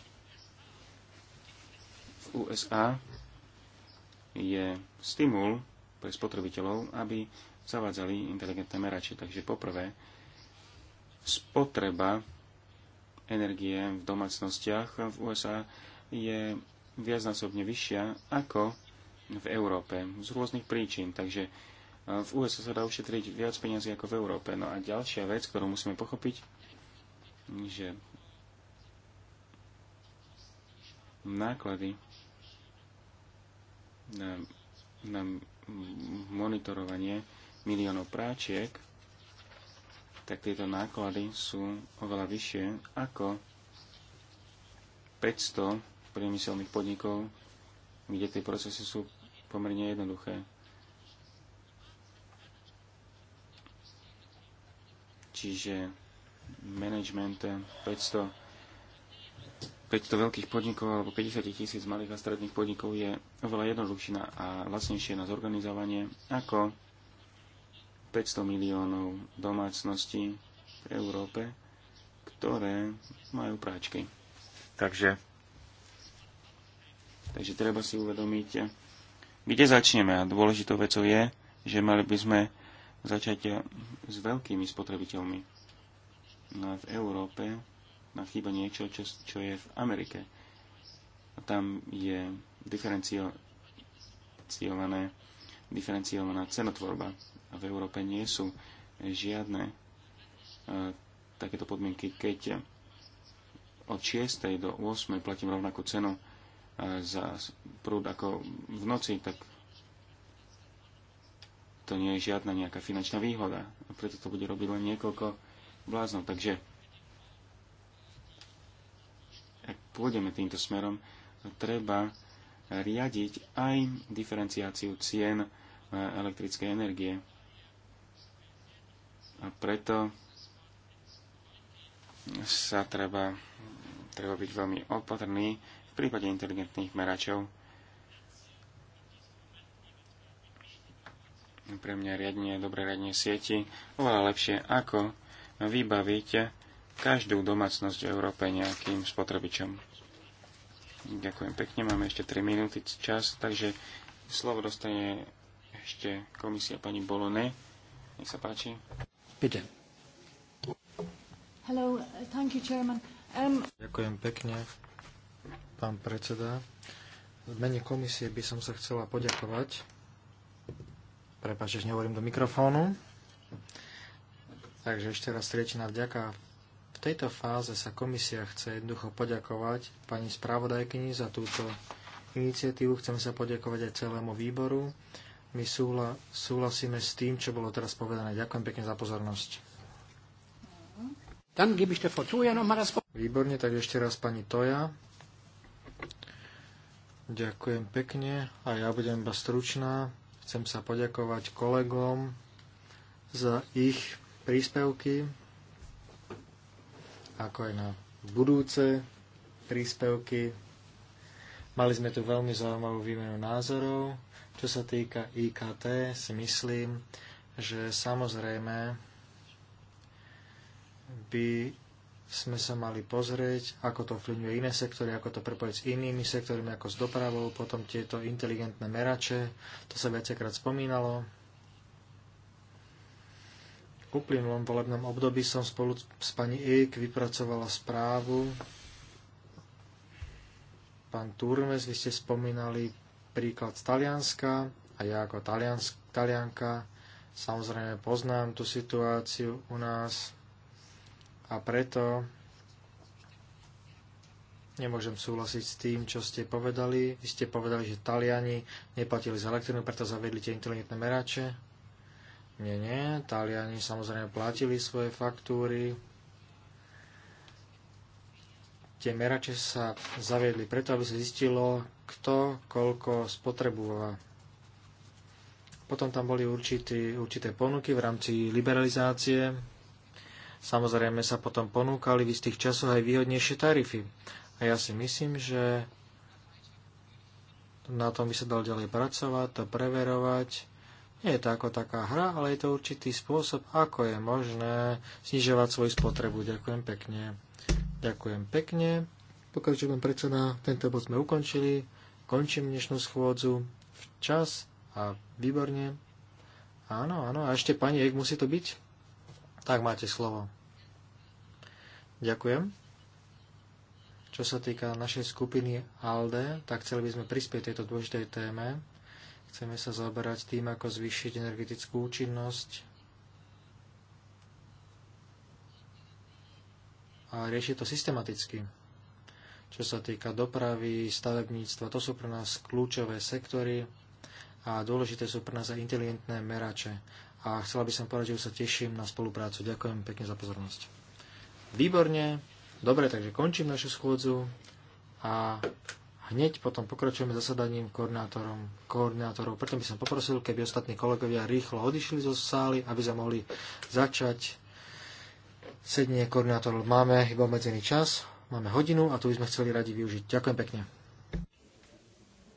v USA je stimul pre spotrebiteľov, aby zavádzali inteligentné merače. Takže poprvé, spotreba energie v domácnostiach v USA je viacnásobne vyššia ako v Európe z rôznych príčin. Takže v USA sa dá ušetriť viac peniazy ako v Európe. No a ďalšia vec, ktorú musíme pochopiť, že náklady na, na monitorovanie miliónov práčiek, tak tieto náklady sú oveľa vyššie ako 500 priemyselných podnikov, kde tie procesy sú pomerne jednoduché Čiže management 500, eh, 500 veľkých podnikov alebo 50 tisíc malých a stredných podnikov je oveľa jednoduchšie a vlastnejšie na zorganizovanie ako 500 miliónov domácností v Európe, ktoré majú práčky. Takže, takže treba si uvedomiť, kde začneme. A dôležitou vecou je, že mali by sme začať s veľkými spotrebiteľmi. No a v Európe nám chýba niečo, čo, čo je v Amerike. A tam je diferenciované, diferenciovaná cenotvorba. A v Európe nie sú žiadne e, takéto podmienky, keď od 6. do 8. platím rovnakú cenu e, za prúd ako v noci, tak to nie je žiadna nejaká finančná výhoda. A preto to bude robiť len niekoľko bláznov. Takže ak pôjdeme týmto smerom, treba riadiť aj diferenciáciu cien e, elektrickej energie. A preto sa treba, treba byť veľmi opatrný v prípade inteligentných meračov Pre mňa riadenie, dobré riadenie sieti oveľa lepšie ako vybaviť každú domácnosť v Európe nejakým spotrebičom. Ďakujem pekne, máme ešte 3 minúty čas, takže slovo dostane ešte komisia pani Bolone. Nech sa páči. Peter. Hello, thank you, chairman. Um... Ďakujem pekne, pán predseda. V mene komisie by som sa chcela poďakovať Prepač, že nehovorím do mikrofónu. Takže ešte raz srdečná vďaka. V tejto fáze sa komisia chce jednoducho poďakovať pani správodajkyni za túto iniciatívu. Chcem sa poďakovať aj celému výboru. My súhla, súhlasíme s tým, čo bolo teraz povedané. Ďakujem pekne za pozornosť. Výborne, tak ešte raz pani Toja. Ďakujem pekne a ja budem iba stručná. Chcem sa poďakovať kolegom za ich príspevky, ako aj na budúce príspevky. Mali sme tu veľmi zaujímavú výmenu názorov. Čo sa týka IKT, si myslím, že samozrejme by sme sa mali pozrieť, ako to vplyvňuje iné sektory, ako to prepojiť s inými sektormi, ako s dopravou, potom tieto inteligentné merače, to sa viacekrát spomínalo. V uplynulom volebnom období som spolu s pani Ik vypracovala správu. Pán Turmes, vy ste spomínali príklad z Talianska a ja ako Taliansk, Talianka samozrejme poznám tú situáciu u nás a preto nemôžem súhlasiť s tým, čo ste povedali. Vy ste povedali, že Taliani neplatili za elektrínu, preto zavedli tie inteligentné merače. Nie, nie, Taliani samozrejme platili svoje faktúry. Tie merače sa zaviedli preto, aby sa zistilo, kto koľko spotreboval. Potom tam boli určité, určité ponuky v rámci liberalizácie Samozrejme sa potom ponúkali v istých časoch aj výhodnejšie tarify. A ja si myslím, že na tom by sa dal ďalej pracovať, to preverovať. Nie je to ako taká hra, ale je to určitý spôsob, ako je možné znižovať svoju spotrebu. Ďakujem pekne. Ďakujem pekne. Pokračujem na tento bod sme ukončili. Končím dnešnú schôdzu včas a výborne. Áno, áno, a ešte pani jak musí to byť. Tak máte slovo. Ďakujem. Čo sa týka našej skupiny ALDE, tak chceli by sme prispieť tejto dôležitej téme. Chceme sa zaoberať tým, ako zvýšiť energetickú účinnosť a riešiť to systematicky. Čo sa týka dopravy, stavebníctva, to sú pre nás kľúčové sektory a dôležité sú pre nás aj inteligentné merače a chcela by som povedať, že už sa teším na spoluprácu. Ďakujem pekne za pozornosť. Výborne, dobre, takže končím našu schôdzu a hneď potom pokračujeme zasadaním koordinátorom, koordinátorov. Preto by som poprosil, keby ostatní kolegovia rýchlo odišli zo sály, aby sme mohli začať sedenie koordinátorov. Máme iba obmedzený čas, máme hodinu a tu by sme chceli radi využiť. Ďakujem pekne.